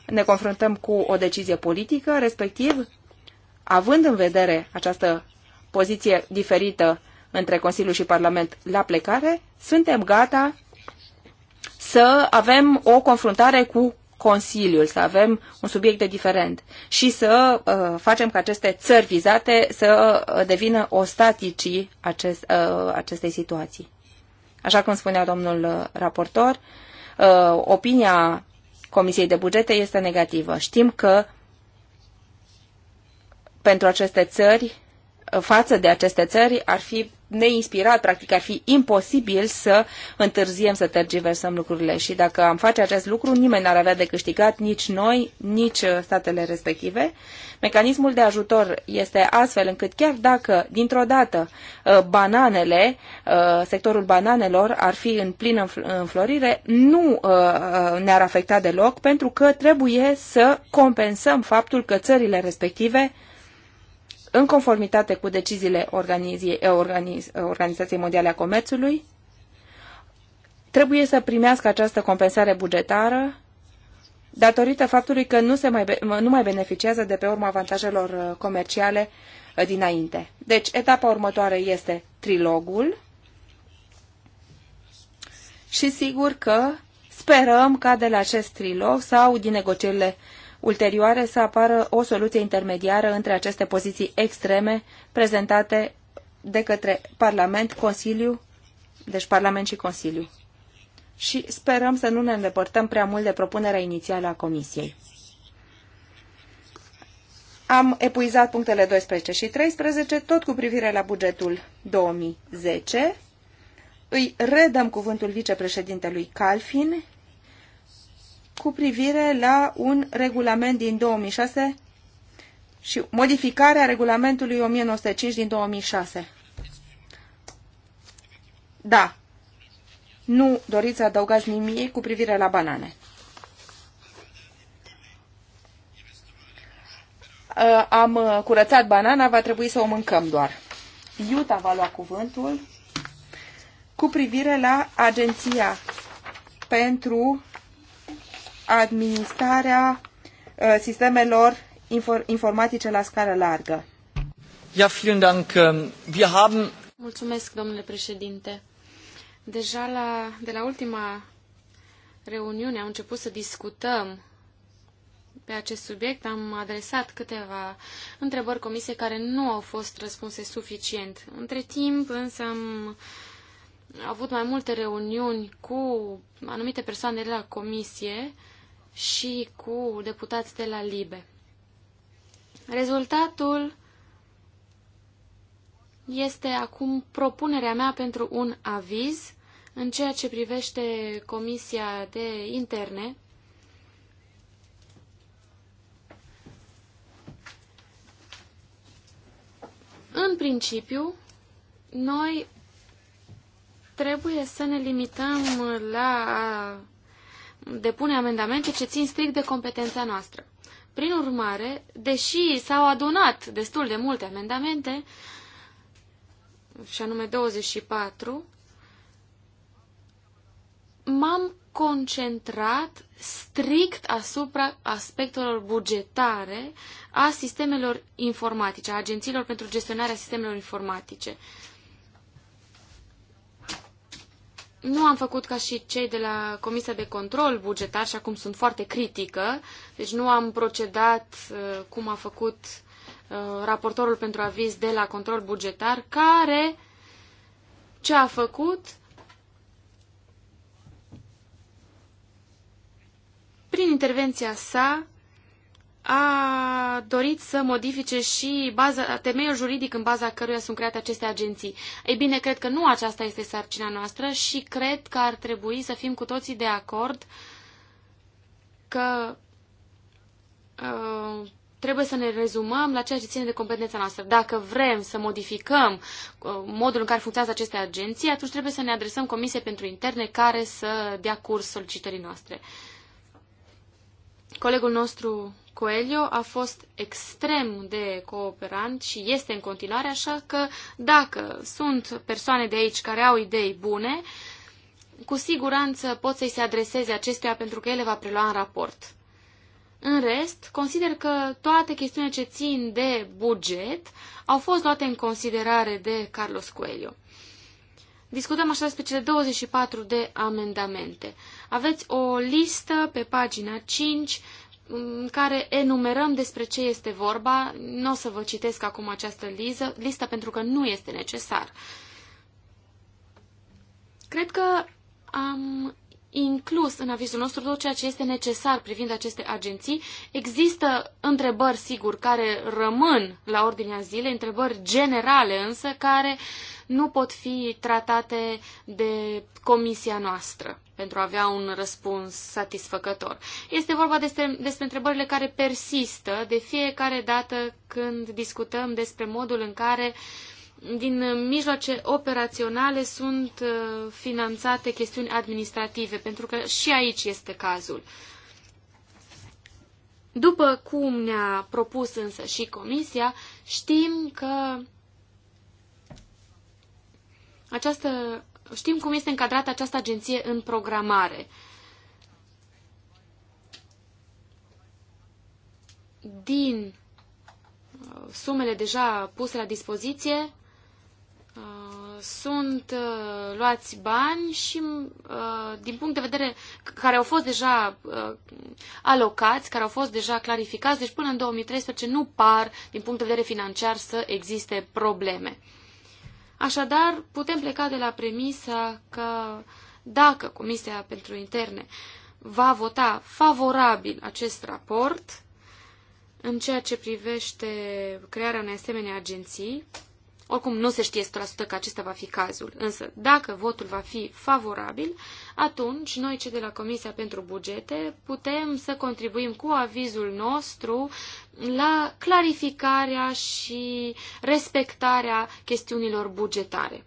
ne confruntăm cu o decizie politică, respectiv, având în vedere această poziție diferită între Consiliu și Parlament la plecare, suntem gata să avem o confruntare cu Consiliul, să avem un subiect de diferent și să uh, facem ca aceste țări vizate să uh, devină ostaticii acest, uh, acestei situații. Așa cum spunea domnul uh, raportor, uh, opinia Comisiei de Bugete este negativă. Știm că pentru aceste țări față de aceste țări ar fi neinspirat, practic ar fi imposibil să întârziem, să tergiversăm lucrurile și dacă am face acest lucru, nimeni n-ar avea de câștigat, nici noi, nici uh, statele respective. Mecanismul de ajutor este astfel încât chiar dacă, dintr-o dată, uh, bananele, uh, sectorul bananelor ar fi în plină înflorire, nu ne-ar afecta deloc pentru că trebuie să compensăm faptul că țările respective în conformitate cu deciziile eh, eh, Organizației Mondiale a Comerțului, trebuie să primească această compensare bugetară datorită faptului că nu, se mai, nu mai beneficiază de pe urma avantajelor eh, comerciale dinainte. Deci, etapa următoare este trilogul și sigur că sperăm ca de la acest trilog sau din negocierile uh, ulterioare să apară o soluție intermediară între aceste poziții extreme prezentate de către Parlament, Consiliu, deci Parlament și Consiliu. Și sperăm să nu ne îndepărtăm prea mult de propunerea inițială a Comisiei. Am epuizat punctele 12 și 13, tot cu privire la bugetul 2010. Îi redăm cuvântul vicepreședintelui Calfin cu privire la un regulament din 2006 și modificarea regulamentului 1905 din 2006. Da, nu doriți să adăugați nimic cu privire la banane. Uh, am uh, curățat banana, va trebui să o mâncăm doar. Iuta va lua cuvântul cu privire la Agenția pentru administrarea uh, sistemelor informatice la scară largă. Ja, vielen Dank. Ähm, wir haben... Mulțumesc, domnule președinte. Deja la, de la ultima reuniune am început să discutăm pe acest subiect. Am adresat câteva întrebări comisiei care nu au fost răspunse suficient. Între timp, însă, am avut mai multe reuniuni cu anumite persoane de la comisie uh, și cu deputați de la LIBE. Rezultatul este acum propunerea mea pentru un aviz în ceea ce privește Comisia de Interne. În principiu, noi trebuie să ne limităm la a depune amendamente ce țin strict de competența noastră. Prin urmare, deși s-au adunat destul de multe amendamente, și anume 24, m-am concentrat strict asupra aspectelor bugetare a sistemelor informatice, a agențiilor pentru gestionarea sistemelor informatice nu am făcut ca și cei de la Comisia de Control Bugetar și acum sunt foarte critică, deci nu am procedat uh, cum a făcut uh, raportorul pentru aviz de la Control Bugetar, care ce a făcut? Prin intervenția sa a dorit să modifice și baza, temeiul juridic în baza căruia sunt create aceste agenții. Ei bine, cred că nu aceasta este sarcina noastră și cred că ar trebui să fim cu toții de acord că uh, trebuie să ne rezumăm la ceea ce ține de competența noastră. Dacă vrem să modificăm uh, modul în care funcționează aceste agenții, atunci trebuie să ne adresăm Comisiei pentru Interne care să dea curs solicitării noastre. Uh, Colegul nostru Coelho a fost extrem de cooperant și este în continuare, așa că dacă sunt persoane de aici care au idei bune, cu siguranță pot să-i se adreseze acestuia pentru că ele va prelua în raport. În rest, consider că toate chestiunile ce țin de buget au fost luate în considerare de Carlos Coelho. Discutăm așa despre cele 24 de amendamente. Aveți o listă pe pagina 5 în care enumerăm despre ce este vorba. Nu o să vă citesc acum această listă, listă pentru că nu este necesar. Cred că am inclus în avizul nostru tot ceea ce este necesar privind aceste agenții. Există întrebări, sigur, care rămân la ordinea zilei, întrebări generale însă, care nu pot fi tratate de comisia noastră pentru a avea un răspuns satisfăcător. Este vorba despre, despre întrebările care persistă de fiecare dată când discutăm despre modul în care uh, din mijloace operaționale sunt uh, finanțate chestiuni administrative, pentru că și aici este cazul. După cum ne-a propus însă și Comisia, știm că această, știm cum este încadrată această agenție în programare. Din uh, sumele deja puse la dispoziție, sunt uh, luați bani și uh, din punct de vedere care au fost deja uh, alocați, care au fost deja clarificați, deci până în 2013 nu par din punct de vedere financiar să existe probleme. Așadar, putem pleca de la premisa că dacă Comisia pentru Interne va vota favorabil acest raport în ceea ce privește crearea unei asemenea agenții, oricum, nu se știe 100% că acesta va fi cazul, însă dacă votul va fi favorabil, atunci noi, cei de la Comisia pentru Bugete, putem să contribuim cu avizul nostru la clarificarea și respectarea chestiunilor bugetare.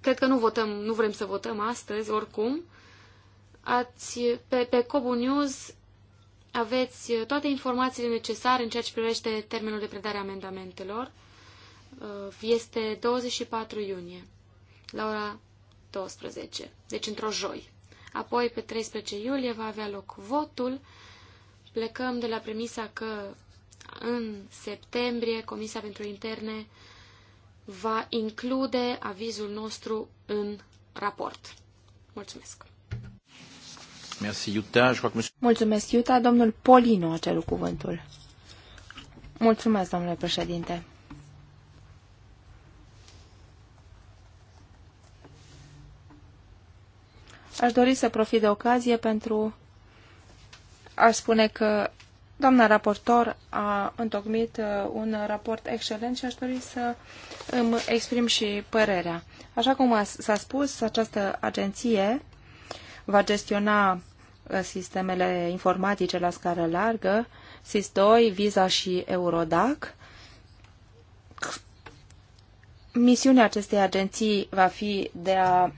Cred că nu votăm, nu vrem să votăm astăzi, oricum. Ați, pe, pe Cobu News aveți uh, toate informațiile necesare în ceea ce privește termenul de predare a amendamentelor. Uh, este 24 iunie, la ora 12, deci într-o joi. Apoi, pe 13 iulie, va avea loc votul. Plecăm de la premisa că în septembrie Comisia pentru Interne va include avizul nostru în raport. Mulțumesc! Merci, Iuta. Mulțumesc, Iuta. Domnul Polino a cerut cuvântul. Mulțumesc, domnule președinte. Aș dori să profit de ocazie pentru a spune că doamna raportor a întocmit uh, un raport excelent și aș dori să îmi exprim și părerea. Așa cum s-a spus, această agenție va gestiona sistemele informatice la scară largă, SIS-2, Visa și Eurodac. Misiunea acestei agenții va fi de a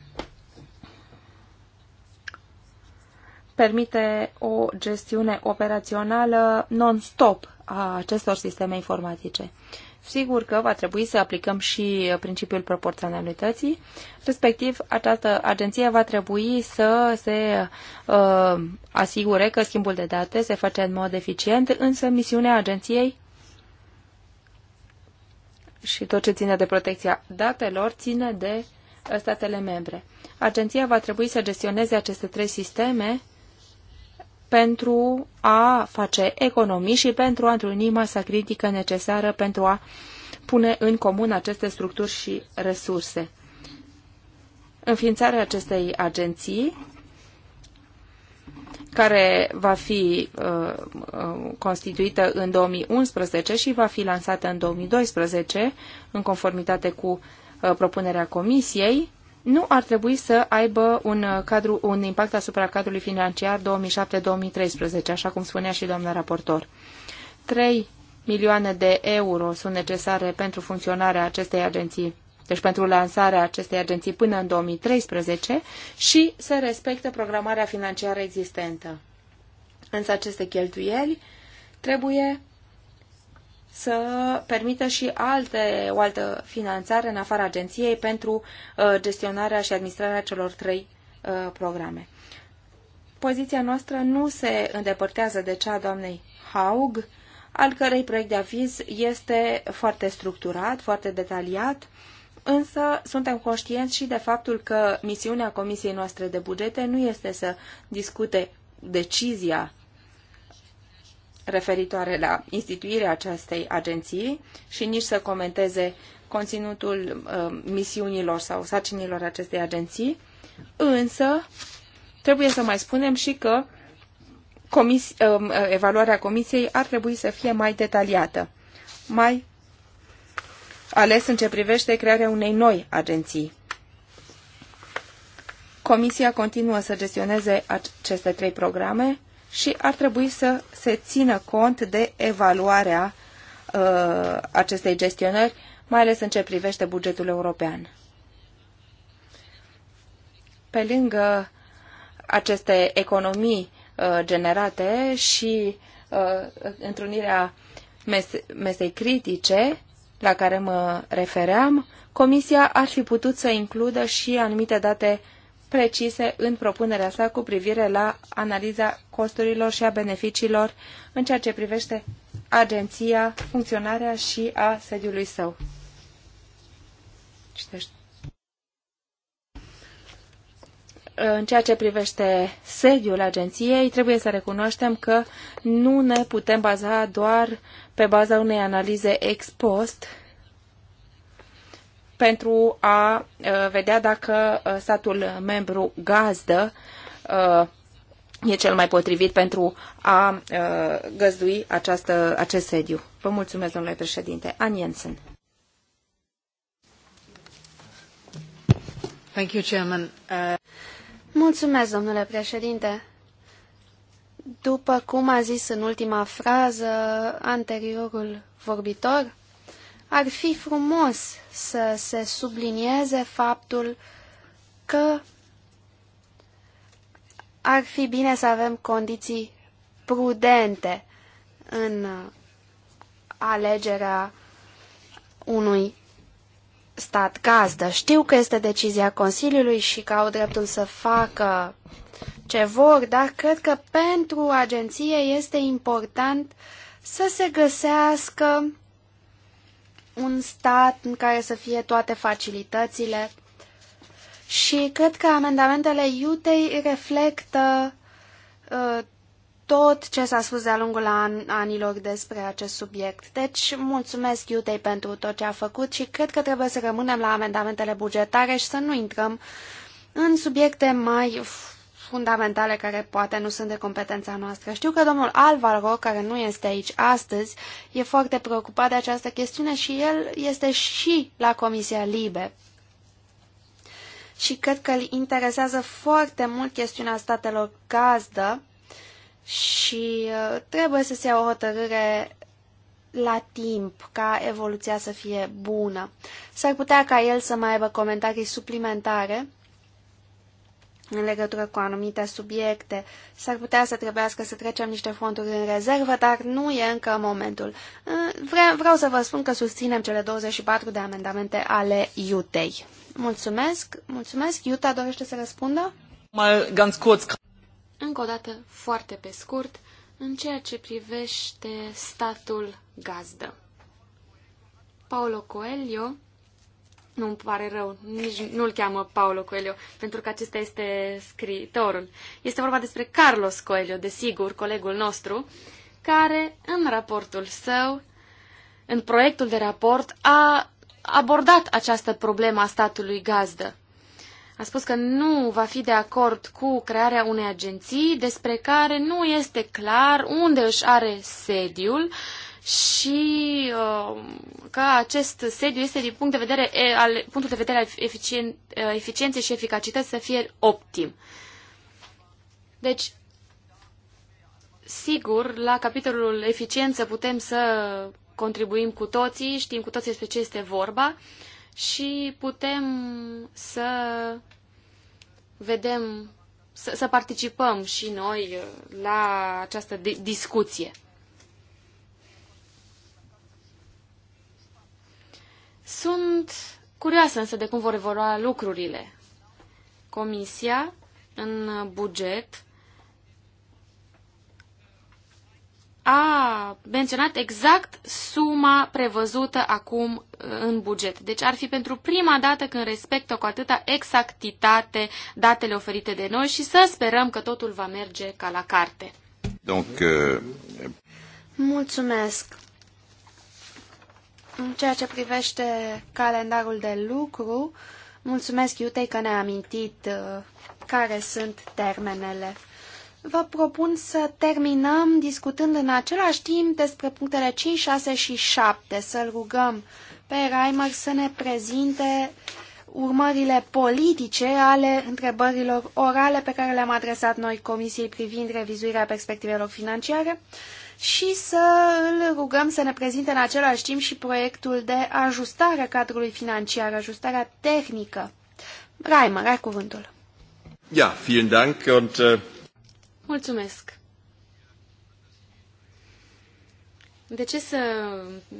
permite o gestiune operațională non-stop a acestor sisteme informatice. Sigur că va trebui să aplicăm și principiul proporționalității, respectiv această agenție va trebui să se uh, asigure că schimbul de date se face în mod eficient, însă misiunea agenției și tot ce ține de protecția datelor ține de statele membre. Agenția va trebui să gestioneze aceste trei sisteme pentru a face economii și pentru a întruni masa critică necesară pentru a pune în comun aceste structuri și resurse. Înființarea acestei agenții care va fi uh, uh constituită în 2011 și va fi lansată în 2012, în conformitate cu uh, propunerea Comisiei, nu ar trebui să aibă un, uh, cadru, un impact asupra cadrului financiar 2007-2013, așa cum spunea și doamna raportor. 3 milioane de euro sunt necesare pentru funcționarea acestei agenții, deci pentru lansarea acestei agenții până în 2013 și se respectă programarea financiară existentă. Însă aceste cheltuieli trebuie să permită și alte, o altă finanțare în afara agenției pentru uh, gestionarea și administrarea celor trei uh, programe. Poziția noastră nu se îndepărtează de cea a doamnei Haug, al cărei proiect de aviz este foarte structurat, foarte detaliat, însă suntem conștienți și de faptul că misiunea Comisiei noastre de bugete nu este să discute decizia referitoare la instituirea acestei agenții și nici să comenteze conținutul uh, misiunilor sau sarcinilor acestei agenții, însă trebuie să mai spunem și că comis, uh, uh, evaluarea comisiei ar trebui să fie mai detaliată, mai ales în ce privește crearea unei noi agenții. Comisia continuă să gestioneze aceste trei programe și ar trebui să se țină cont de evaluarea uh, acestei gestionări, mai ales în ce privește bugetul european. Pe lângă aceste economii uh, generate și uh, întrunirea mes mesei critice la care mă refeream, Comisia ar fi putut să includă și anumite date uh, precise în propunerea sa cu privire la analiza costurilor și a beneficiilor în ceea ce privește agenția, funcționarea și a sediului său. Citești. În ceea ce privește sediul agenției, trebuie să recunoaștem că nu ne putem baza doar pe baza unei analize ex post, pentru a uh, vedea dacă uh, statul membru gazdă uh, e cel mai potrivit pentru a găzdui această, acest sediu. Vă mulțumesc, domnule președinte. Ann Jensen. Thank you, Chairman. Uh... Mulțumesc, domnule președinte. După cum a zis în ultima frază anteriorul vorbitor, ar fi frumos să se sublinieze faptul că ar fi bine să avem condiții prudente în alegerea unui stat gazdă. Știu că este decizia Consiliului și că au dreptul să facă ce vor, dar cred că pentru agenție este important să se găsească un stat în care să fie toate facilitățile și cred că amendamentele Iutei reflectă uh, tot ce s-a spus de-a lungul an anilor despre acest subiect. Deci, mulțumesc Iutei pentru tot ce a făcut și cred că trebuie să rămânem la amendamentele bugetare și să nu intrăm în subiecte mai fundamentale care poate nu sunt de competența noastră. Știu că domnul Alvaro, care nu este aici astăzi, e foarte preocupat de această chestiune și el este și la Comisia Libe. Și cred că îl interesează foarte mult chestiunea statelor gazdă și uh, trebuie să se ia o hotărâre la timp ca evoluția să fie bună. S-ar putea ca el să mai aibă comentarii suplimentare, în legătură cu anumite subiecte. S-ar putea să trebuiască să trecem niște fonduri în rezervă, dar nu e încă momentul. Uh, Vre vreau să vă spun că susținem cele 24 de amendamente ale Iutei. Mulțumesc, mulțumesc. Iuta dorește să răspundă? Mal ganz kurz. Încă o dată, foarte pe scurt, în ceea ce privește statul gazdă. Paolo Coelho nu îmi pare rău, nici nu-l cheamă Paulo Coelho, pentru că acesta este scriitorul. Este vorba despre Carlos Coelho, desigur, colegul nostru, care în raportul său, în proiectul de raport, a abordat această problemă a statului gazdă. A spus că nu va fi de acord cu crearea unei agenții despre care nu este clar unde își are sediul, uh, și uh, că acest sediu este din punct de vedere al, punctul de vedere al eficien, uh, eficienței și eficacității să fie optim. Deci, sigur, la capitolul eficiență putem să contribuim cu toții, știm cu toții despre ce este vorba și putem să vedem, să, să participăm și noi uh, la această discuție. Sunt curioasă însă de cum vor evolua lucrurile. Comisia, în buget, a menționat exact suma prevăzută acum uh, în buget. Deci ar fi pentru prima dată când respectă cu atâta exactitate datele oferite de noi și să sperăm că totul va merge ca la carte. Donc, uh... Mulțumesc. În ceea ce privește calendarul de lucru, mulțumesc Iutei că ne-a amintit uh, care sunt termenele. Vă propun să terminăm discutând în același timp despre punctele 5, 6 și 7. Să-l rugăm pe Reimer să ne prezinte urmările politice ale întrebărilor orale pe care le-am adresat noi Comisiei privind revizuirea perspectivelor financiare și să îl rugăm să ne prezinte în același timp și proiectul de ajustare a cadrului financiar, ajustarea tehnică. Raimer, ai cuvântul. Ja, vielen Dank und, uh... Mulțumesc. De ce să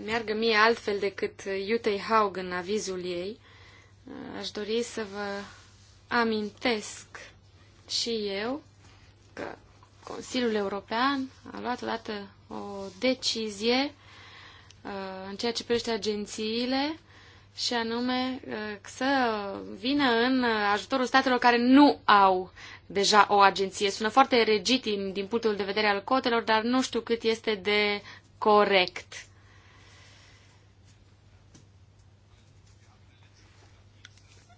meargă mie altfel decât Jutei Haug în avizul ei? Aș dori să vă amintesc și eu că Consiliul European a luat odată o decizie uh, în ceea ce privește agențiile și anume uh, să vină în ajutorul statelor care nu au deja o agenție. Sună foarte regitim din punctul de vedere al cotelor, dar nu știu cât este de corect.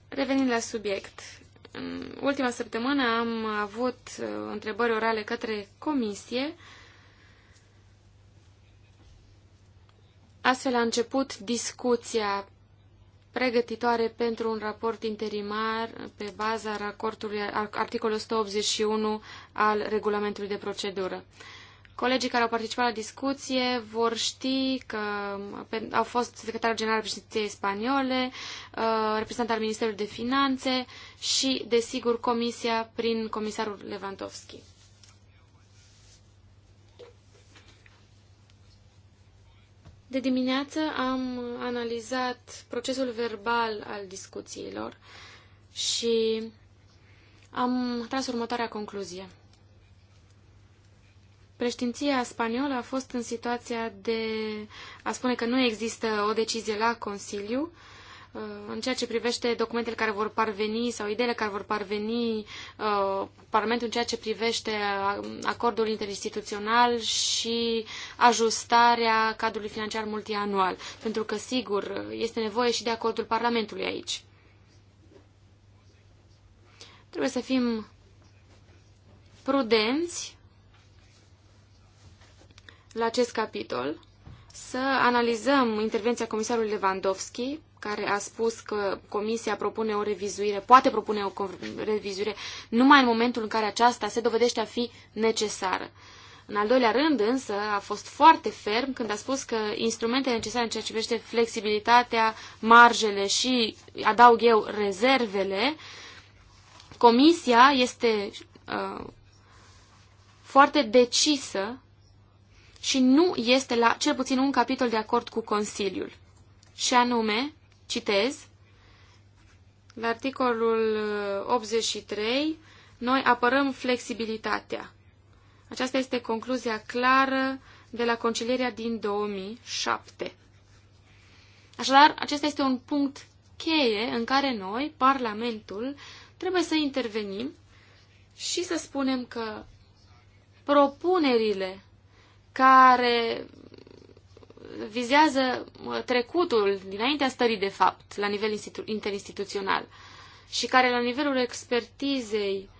Revenind la subiect. În ultima săptămână am avut uh, întrebări orale către comisie. Astfel a început discuția pregătitoare pentru un raport interimar pe baza raportului articolul 181 al regulamentului de procedură. Colegii care au participat la discuție vor ști că au fost secretarul general al președinției spaniole, uh, reprezentant al Ministerului de Finanțe și, desigur, comisia prin comisarul Lewandowski. De dimineață am analizat procesul verbal al discuțiilor și am tras următoarea concluzie. Preștinția spaniolă a fost în situația de a spune că nu există o decizie la Consiliu uh, în ceea ce privește documentele care vor parveni sau ideile care vor parveni uh, Parlamentul în ceea ce privește uh, acordul interinstituțional și ajustarea cadrului financiar multianual. Pentru că, sigur, este nevoie și de acordul Parlamentului aici. Trebuie să fim prudenți la acest capitol să analizăm intervenția comisarului Lewandowski, care a spus că comisia propune o revizuire, poate propune o revizuire numai în momentul în care aceasta se dovedește a fi necesară. În al doilea rând, însă, a fost foarte ferm când a spus că instrumentele necesare în ceea ce privește flexibilitatea, marjele și, adaug eu, rezervele, comisia este uh, foarte decisă și nu este la cel puțin un capitol de acord cu Consiliul. Și anume, citez, la articolul 83, uh, noi apărăm flexibilitatea. Aceasta este concluzia clară de la concilierea din 2007. Așadar, acesta este un punct cheie în care noi, Parlamentul, trebuie să intervenim și să spunem că propunerile care vizează trecutul dinaintea stării de fapt la nivel interinstituțional și care la nivelul expertizei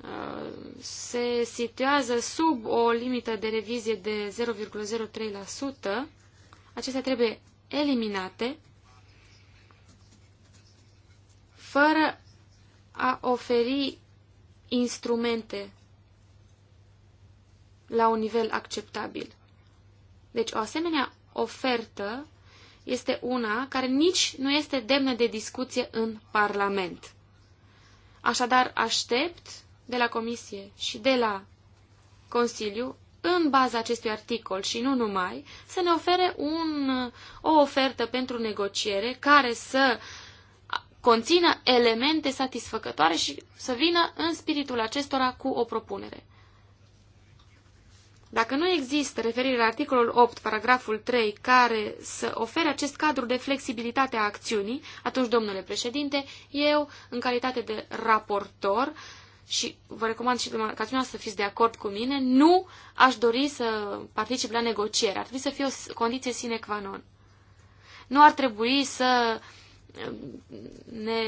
uh, se situează sub o limită de revizie de 0,03%, acestea trebuie eliminate fără a oferi instrumente la un nivel acceptabil. Deci o asemenea ofertă este una care nici nu este demnă de discuție în Parlament. Așadar, aștept de la Comisie și de la Consiliu, în baza acestui articol și nu numai, să ne ofere un, o ofertă pentru negociere care să conțină elemente satisfăcătoare și să vină în spiritul acestora cu o propunere. Dacă nu există referire la articolul 8, paragraful 3, care să ofere acest cadru de flexibilitate a acțiunii, atunci, domnule președinte, eu, în calitate de raportor, și vă recomand și ca dumneavoastră să fiți de acord cu mine, nu aș dori să particip la negociere. Ar trebui să fie o condiție sine qua non. Nu ar trebui să ne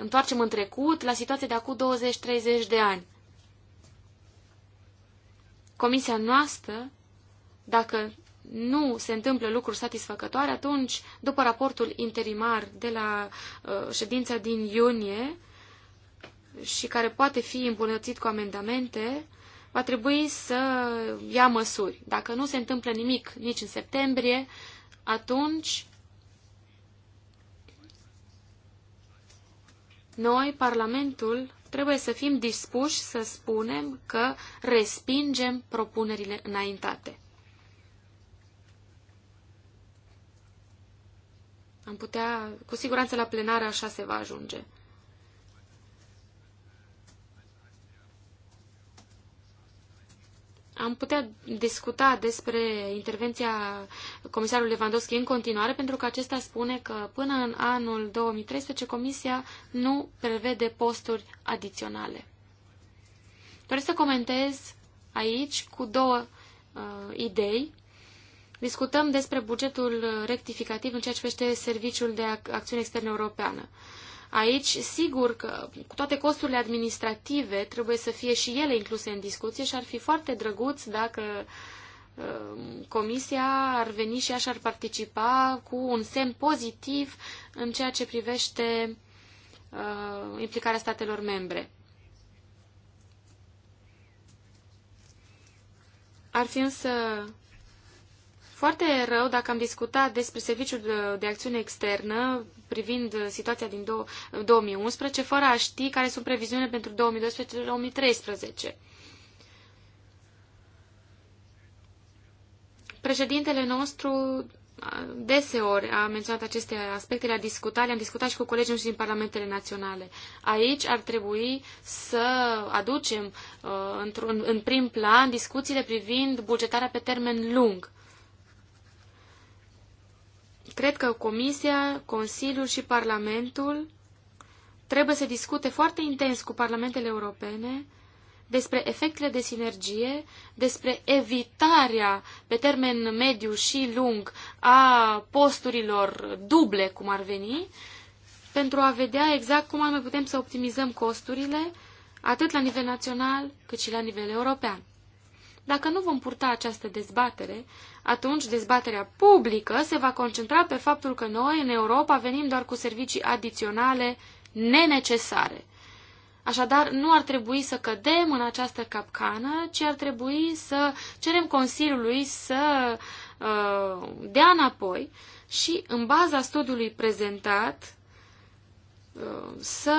întoarcem în trecut la situația de acum 20-30 de ani comisia noastră, dacă nu se întâmplă lucruri satisfăcătoare, atunci, după raportul interimar de la uh, ședința din iunie și care poate fi îmbunătățit cu amendamente, va trebui să ia măsuri. Dacă nu se întâmplă nimic nici în septembrie, atunci noi, Parlamentul, trebuie să fim dispuși să spunem că respingem propunerile înaintate. Am putea, cu siguranță la plenară așa se va ajunge. am putea discuta despre intervenția comisarului Lewandowski în continuare, pentru că acesta spune că până în anul 2013 Comisia nu prevede posturi adiționale. Doresc să comentez aici cu două uh, idei. Discutăm despre bugetul rectificativ în ceea ce privește Serviciul de Acțiune Externă Europeană. Uh, Aici, sigur că cu toate costurile administrative trebuie să fie și ele incluse în discuție și ar fi foarte drăguț dacă um, Comisia ar veni și așa ar participa cu un semn pozitiv în ceea ce privește uh, implicarea statelor membre. Ar fi însă foarte rău dacă am discutat despre serviciul de, de acțiune externă privind situația din do, 2011, fără a ști care sunt previziunile pentru 2012-2013. Președintele nostru deseori a menționat aceste aspecte, le-a discutat, le-am discutat și cu colegii noștri din parlamentele naționale. Aici ar trebui să aducem uh, în, în prim plan discuțiile privind bugetarea pe termen lung Cred că Comisia, Consiliul și Parlamentul trebuie să discute foarte intens cu parlamentele europene despre efectele de sinergie, despre evitarea pe termen mediu și lung a posturilor duble, cum ar veni, pentru a vedea exact cum anume putem să optimizăm costurile, atât la nivel național cât și la nivel european. Dacă nu vom purta această dezbatere, atunci dezbaterea publică se va concentra pe faptul că noi, în Europa, venim doar cu servicii adiționale nenecesare. Așadar, nu ar trebui să cădem în această capcană, ci ar trebui să cerem Consiliului să uh, dea înapoi și, în baza studiului prezentat, uh, să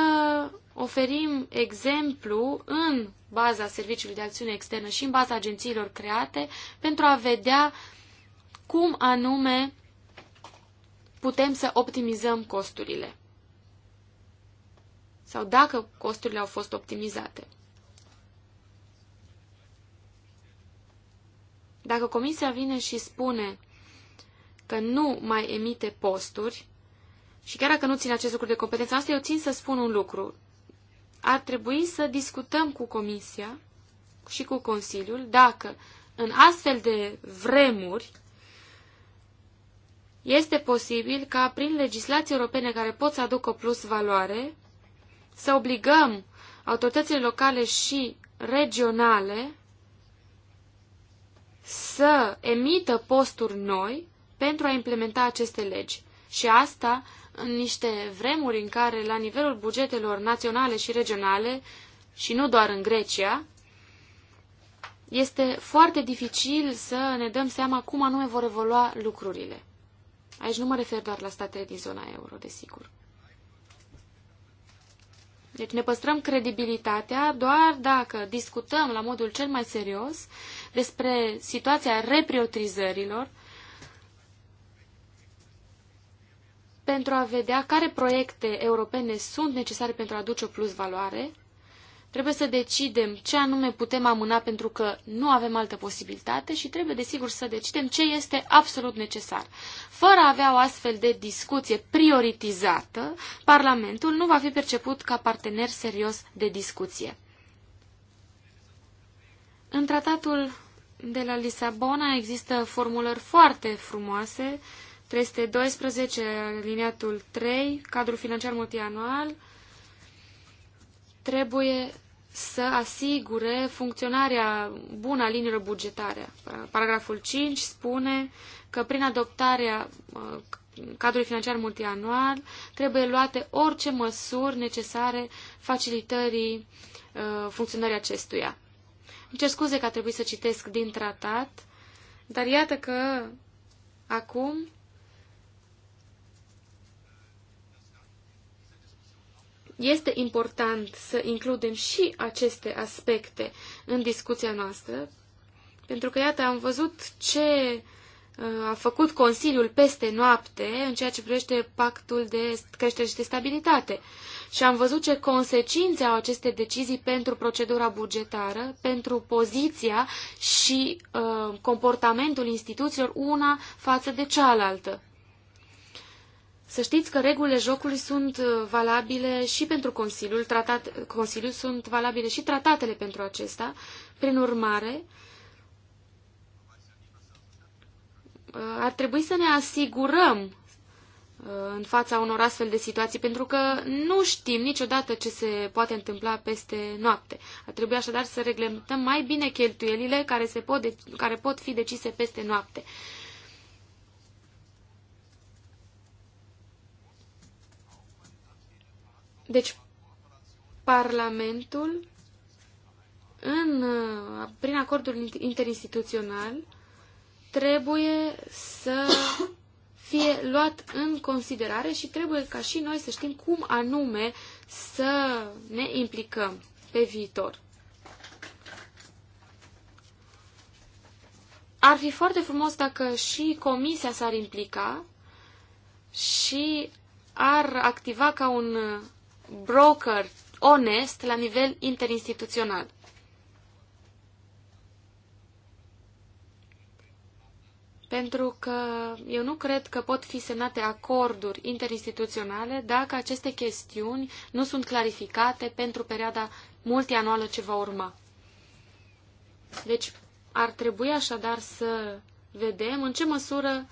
oferim exemplu în baza Serviciului de Acțiune Externă și în baza agențiilor create pentru a vedea cum anume putem să optimizăm costurile sau dacă costurile au fost optimizate. Dacă comisia vine și spune că nu mai emite posturi, și chiar dacă nu ține acest lucru de competență, asta, eu țin să spun un lucru ar trebui să discutăm cu Comisia și cu Consiliul dacă în astfel de vremuri este posibil ca prin legislații europene care pot să aducă plus valoare să obligăm autoritățile locale și regionale să emită posturi noi pentru a implementa aceste legi. Și asta în niște vremuri în care, la nivelul bugetelor naționale și regionale, și nu doar în Grecia, este foarte dificil să ne dăm seama cum anume vor evolua lucrurile. Aici nu mă refer doar la statele din zona euro, desigur. Deci ne păstrăm credibilitatea doar dacă discutăm la modul cel mai serios despre situația repriotrizărilor, pentru a vedea care proiecte europene sunt necesare pentru a aduce o plus valoare. Trebuie să decidem ce anume putem amâna pentru că nu avem altă posibilitate și trebuie, desigur, să decidem ce este absolut necesar. Fără a avea o astfel de discuție prioritizată, Parlamentul nu va fi perceput ca partener serios de discuție. În tratatul de la Lisabona există formulări foarte frumoase 312, liniatul 3, cadrul financiar multianual, trebuie să asigure funcționarea bună a liniilor bugetare. Paragraful 5 spune că prin adoptarea uh, cadrului financiar multianual trebuie luate orice măsuri necesare facilitării uh, funcționării acestuia. Îmi cer scuze că a trebuit să citesc din tratat, dar iată că acum Este important să includem și aceste aspecte în discuția noastră, pentru că, iată, am văzut ce uh, a făcut Consiliul peste noapte în ceea ce privește pactul de creștere și de stabilitate. Și am văzut ce consecințe au aceste decizii pentru procedura bugetară, pentru poziția și uh, comportamentul instituțiilor una față de cealaltă. Să știți că regulile jocului sunt uh, valabile și pentru Consiliul, tratat, Consiliul sunt valabile și tratatele pentru acesta. Prin urmare, uh, ar trebui să ne asigurăm uh, în fața unor astfel de situații, pentru că nu știm niciodată ce se poate întâmpla peste noapte. Ar trebui așadar să reglementăm mai bine cheltuielile care, se pot, care pot fi decise peste noapte. Deci, Parlamentul, în, prin acordul interinstituțional, trebuie să fie luat în considerare și trebuie ca și noi să știm cum anume să ne implicăm pe viitor. Ar fi foarte frumos dacă și comisia s-ar implica și ar activa ca un broker onest la nivel interinstituțional. Pentru că eu nu cred că pot fi semnate acorduri interinstituționale dacă aceste chestiuni nu sunt clarificate pentru perioada multianuală ce va urma. Deci ar trebui așadar să vedem în ce măsură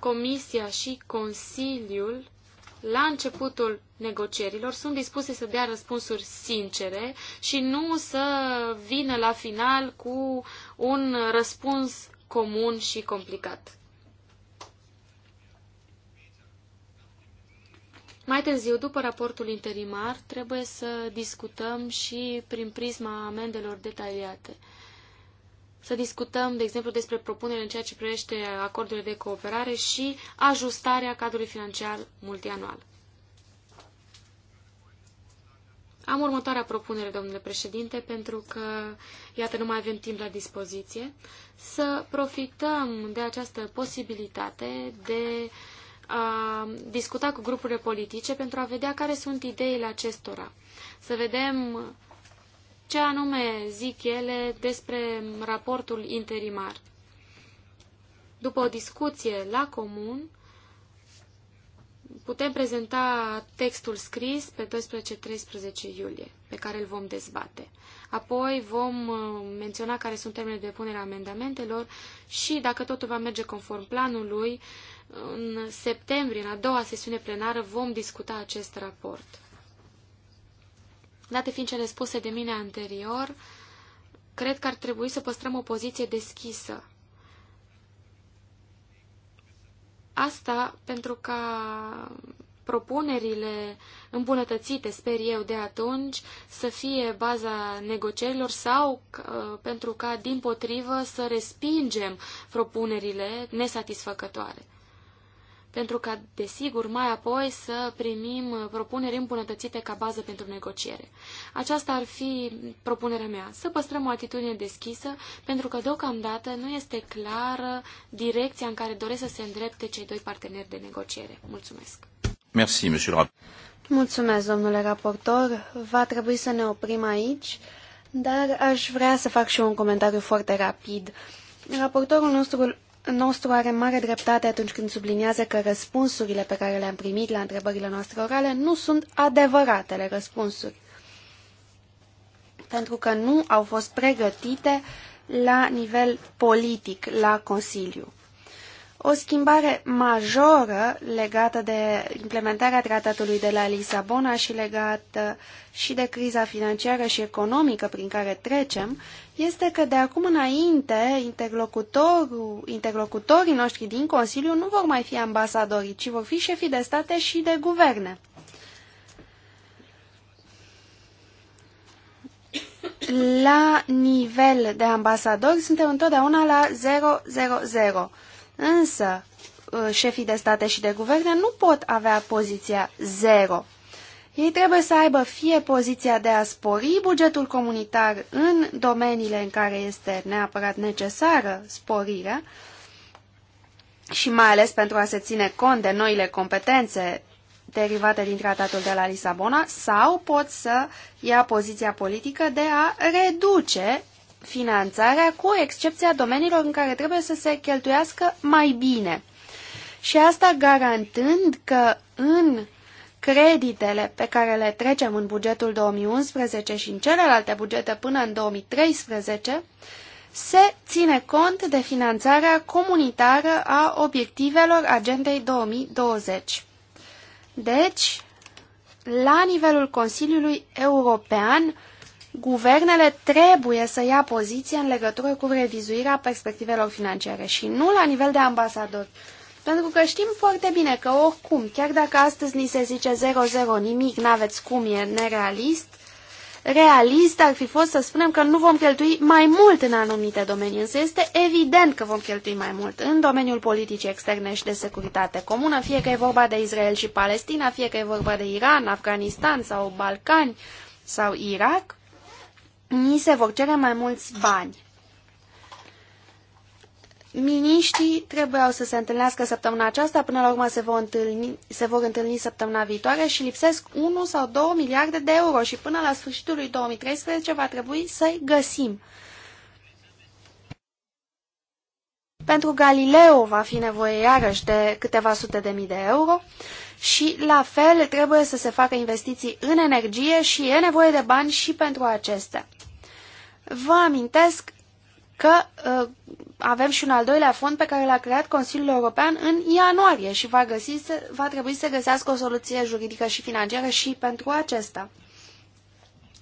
Comisia și Consiliul la începutul negocierilor sunt dispuse să dea răspunsuri sincere și nu să vină la final cu un răspuns comun și complicat. Mai târziu, după raportul interimar, trebuie să discutăm și prin prisma amendelor detaliate să discutăm, de exemplu, despre propunerile în ceea ce privește acordurile de cooperare și ajustarea cadrului financiar multianual. Am următoarea propunere, domnule președinte, pentru că, iată, nu mai avem timp la dispoziție, să profităm de această posibilitate de a discuta cu grupurile politice pentru a vedea care sunt ideile acestora. Să vedem ce anume zic ele despre raportul interimar. După o discuție la comun, putem prezenta textul scris pe 12-13 iulie, pe care îl vom dezbate. Apoi vom uh, menționa care sunt termenele de punere a amendamentelor și, dacă totul va merge conform planului, în septembrie, în a doua sesiune plenară, vom discuta acest raport. Date fiind cele spuse de mine anterior, cred că ar trebui să păstrăm o poziție deschisă. Asta pentru ca propunerile îmbunătățite, sper eu, de atunci să fie baza negocierilor sau uh, pentru ca, din potrivă, să respingem propunerile nesatisfăcătoare pentru ca, desigur, mai apoi să primim propuneri îmbunătățite ca bază pentru negociere. Aceasta ar fi propunerea mea, să păstrăm o atitudine deschisă, pentru că deocamdată nu este clară direcția în care doresc să se îndrepte cei doi parteneri de negociere. Mulțumesc! Merci, monsieur Mulțumesc, domnule raportor. Va trebui să ne oprim aici, dar aș vrea să fac și eu un comentariu foarte rapid. Raportorul nostru nostru are mare dreptate atunci când subliniază că răspunsurile pe care le-am primit la întrebările noastre orale nu sunt adevăratele răspunsuri, pentru că nu au fost pregătite la nivel politic la Consiliu. O schimbare majoră legată de implementarea tratatului de la Lisabona și legată și de criza financiară și economică prin care trecem este că de acum înainte interlocutorii noștri din Consiliu nu vor mai fi ambasadorii, ci vor fi șefii de state și de guverne. La nivel de ambasadori suntem întotdeauna la 000 Însă, uh, șefii de state și de guverne nu pot avea poziția zero. Ei trebuie să aibă fie poziția de a spori bugetul comunitar în domeniile în care este neapărat necesară sporirea și mai ales pentru a se ține cont de noile competențe derivate din tratatul de la Lisabona sau pot să ia poziția politică de a reduce finanțarea, cu excepția domeniilor în care trebuie să se cheltuiască mai bine. Și asta garantând că în creditele pe care le trecem în bugetul 2011 și în celelalte bugete până în 2013, se ține cont de finanțarea comunitară a obiectivelor Agendei 2020. Deci, la nivelul Consiliului European, guvernele trebuie să ia poziție în legătură cu revizuirea perspectivelor financiare și nu la nivel de ambasador, Pentru că știm foarte bine că oricum, chiar dacă astăzi ni se zice 00 nimic, n-aveți cum, e nerealist, realist ar fi fost să spunem că nu vom cheltui mai mult în anumite domenii, însă este evident că vom cheltui mai mult în domeniul politicii externe și de securitate comună, fie că e vorba de Israel și Palestina, fie că e vorba de Iran, Afganistan sau Balcani sau Irak ni se vor cere mai mulți bani. Miniștii trebuiau să se întâlnească săptămâna aceasta, până la urmă se vor, întâlni, se vor întâlni săptămâna viitoare și lipsesc 1 sau 2 miliarde de euro și până la sfârșitul lui 2013 va trebui să-i găsim. Pentru Galileo va fi nevoie iarăși de câteva sute de mii de euro și la fel trebuie să se facă investiții în energie și e nevoie de bani și pentru acestea. Vă amintesc că uh, avem și un al doilea fond pe care l-a creat Consiliul European în ianuarie și va, găsi, va trebui să găsească o soluție juridică și financiară și pentru acesta.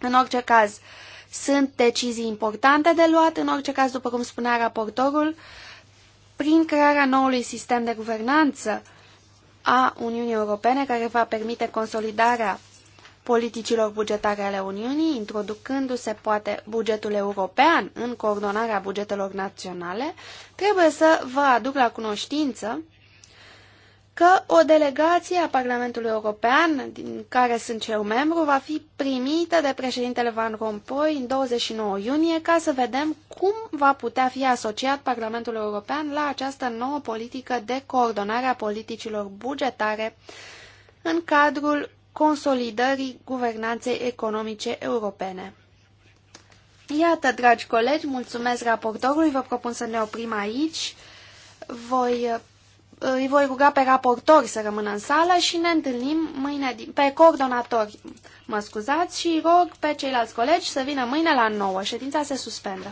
În orice caz, sunt decizii importante de luat, în orice caz, după cum spunea raportorul, prin crearea noului sistem de guvernanță a Uniunii Europene, care va permite consolidarea politicilor bugetare ale Uniunii, introducându-se poate bugetul european în coordonarea bugetelor naționale, trebuie să vă aduc la cunoștință că o delegație a Parlamentului European, din care sunt eu membru, va fi primită de președintele Van Rompuy în 29 iunie ca să vedem cum va putea fi asociat Parlamentul European la această nouă politică de coordonare a politicilor bugetare în cadrul consolidării guvernanței economice europene. Iată, dragi colegi, mulțumesc raportorului, vă propun să ne oprim aici. Voi, îi voi ruga pe raportori să rămână în sală și ne întâlnim mâine, pe coordonatori, mă scuzați, și rog pe ceilalți colegi să vină mâine la 9. Ședința se suspendă.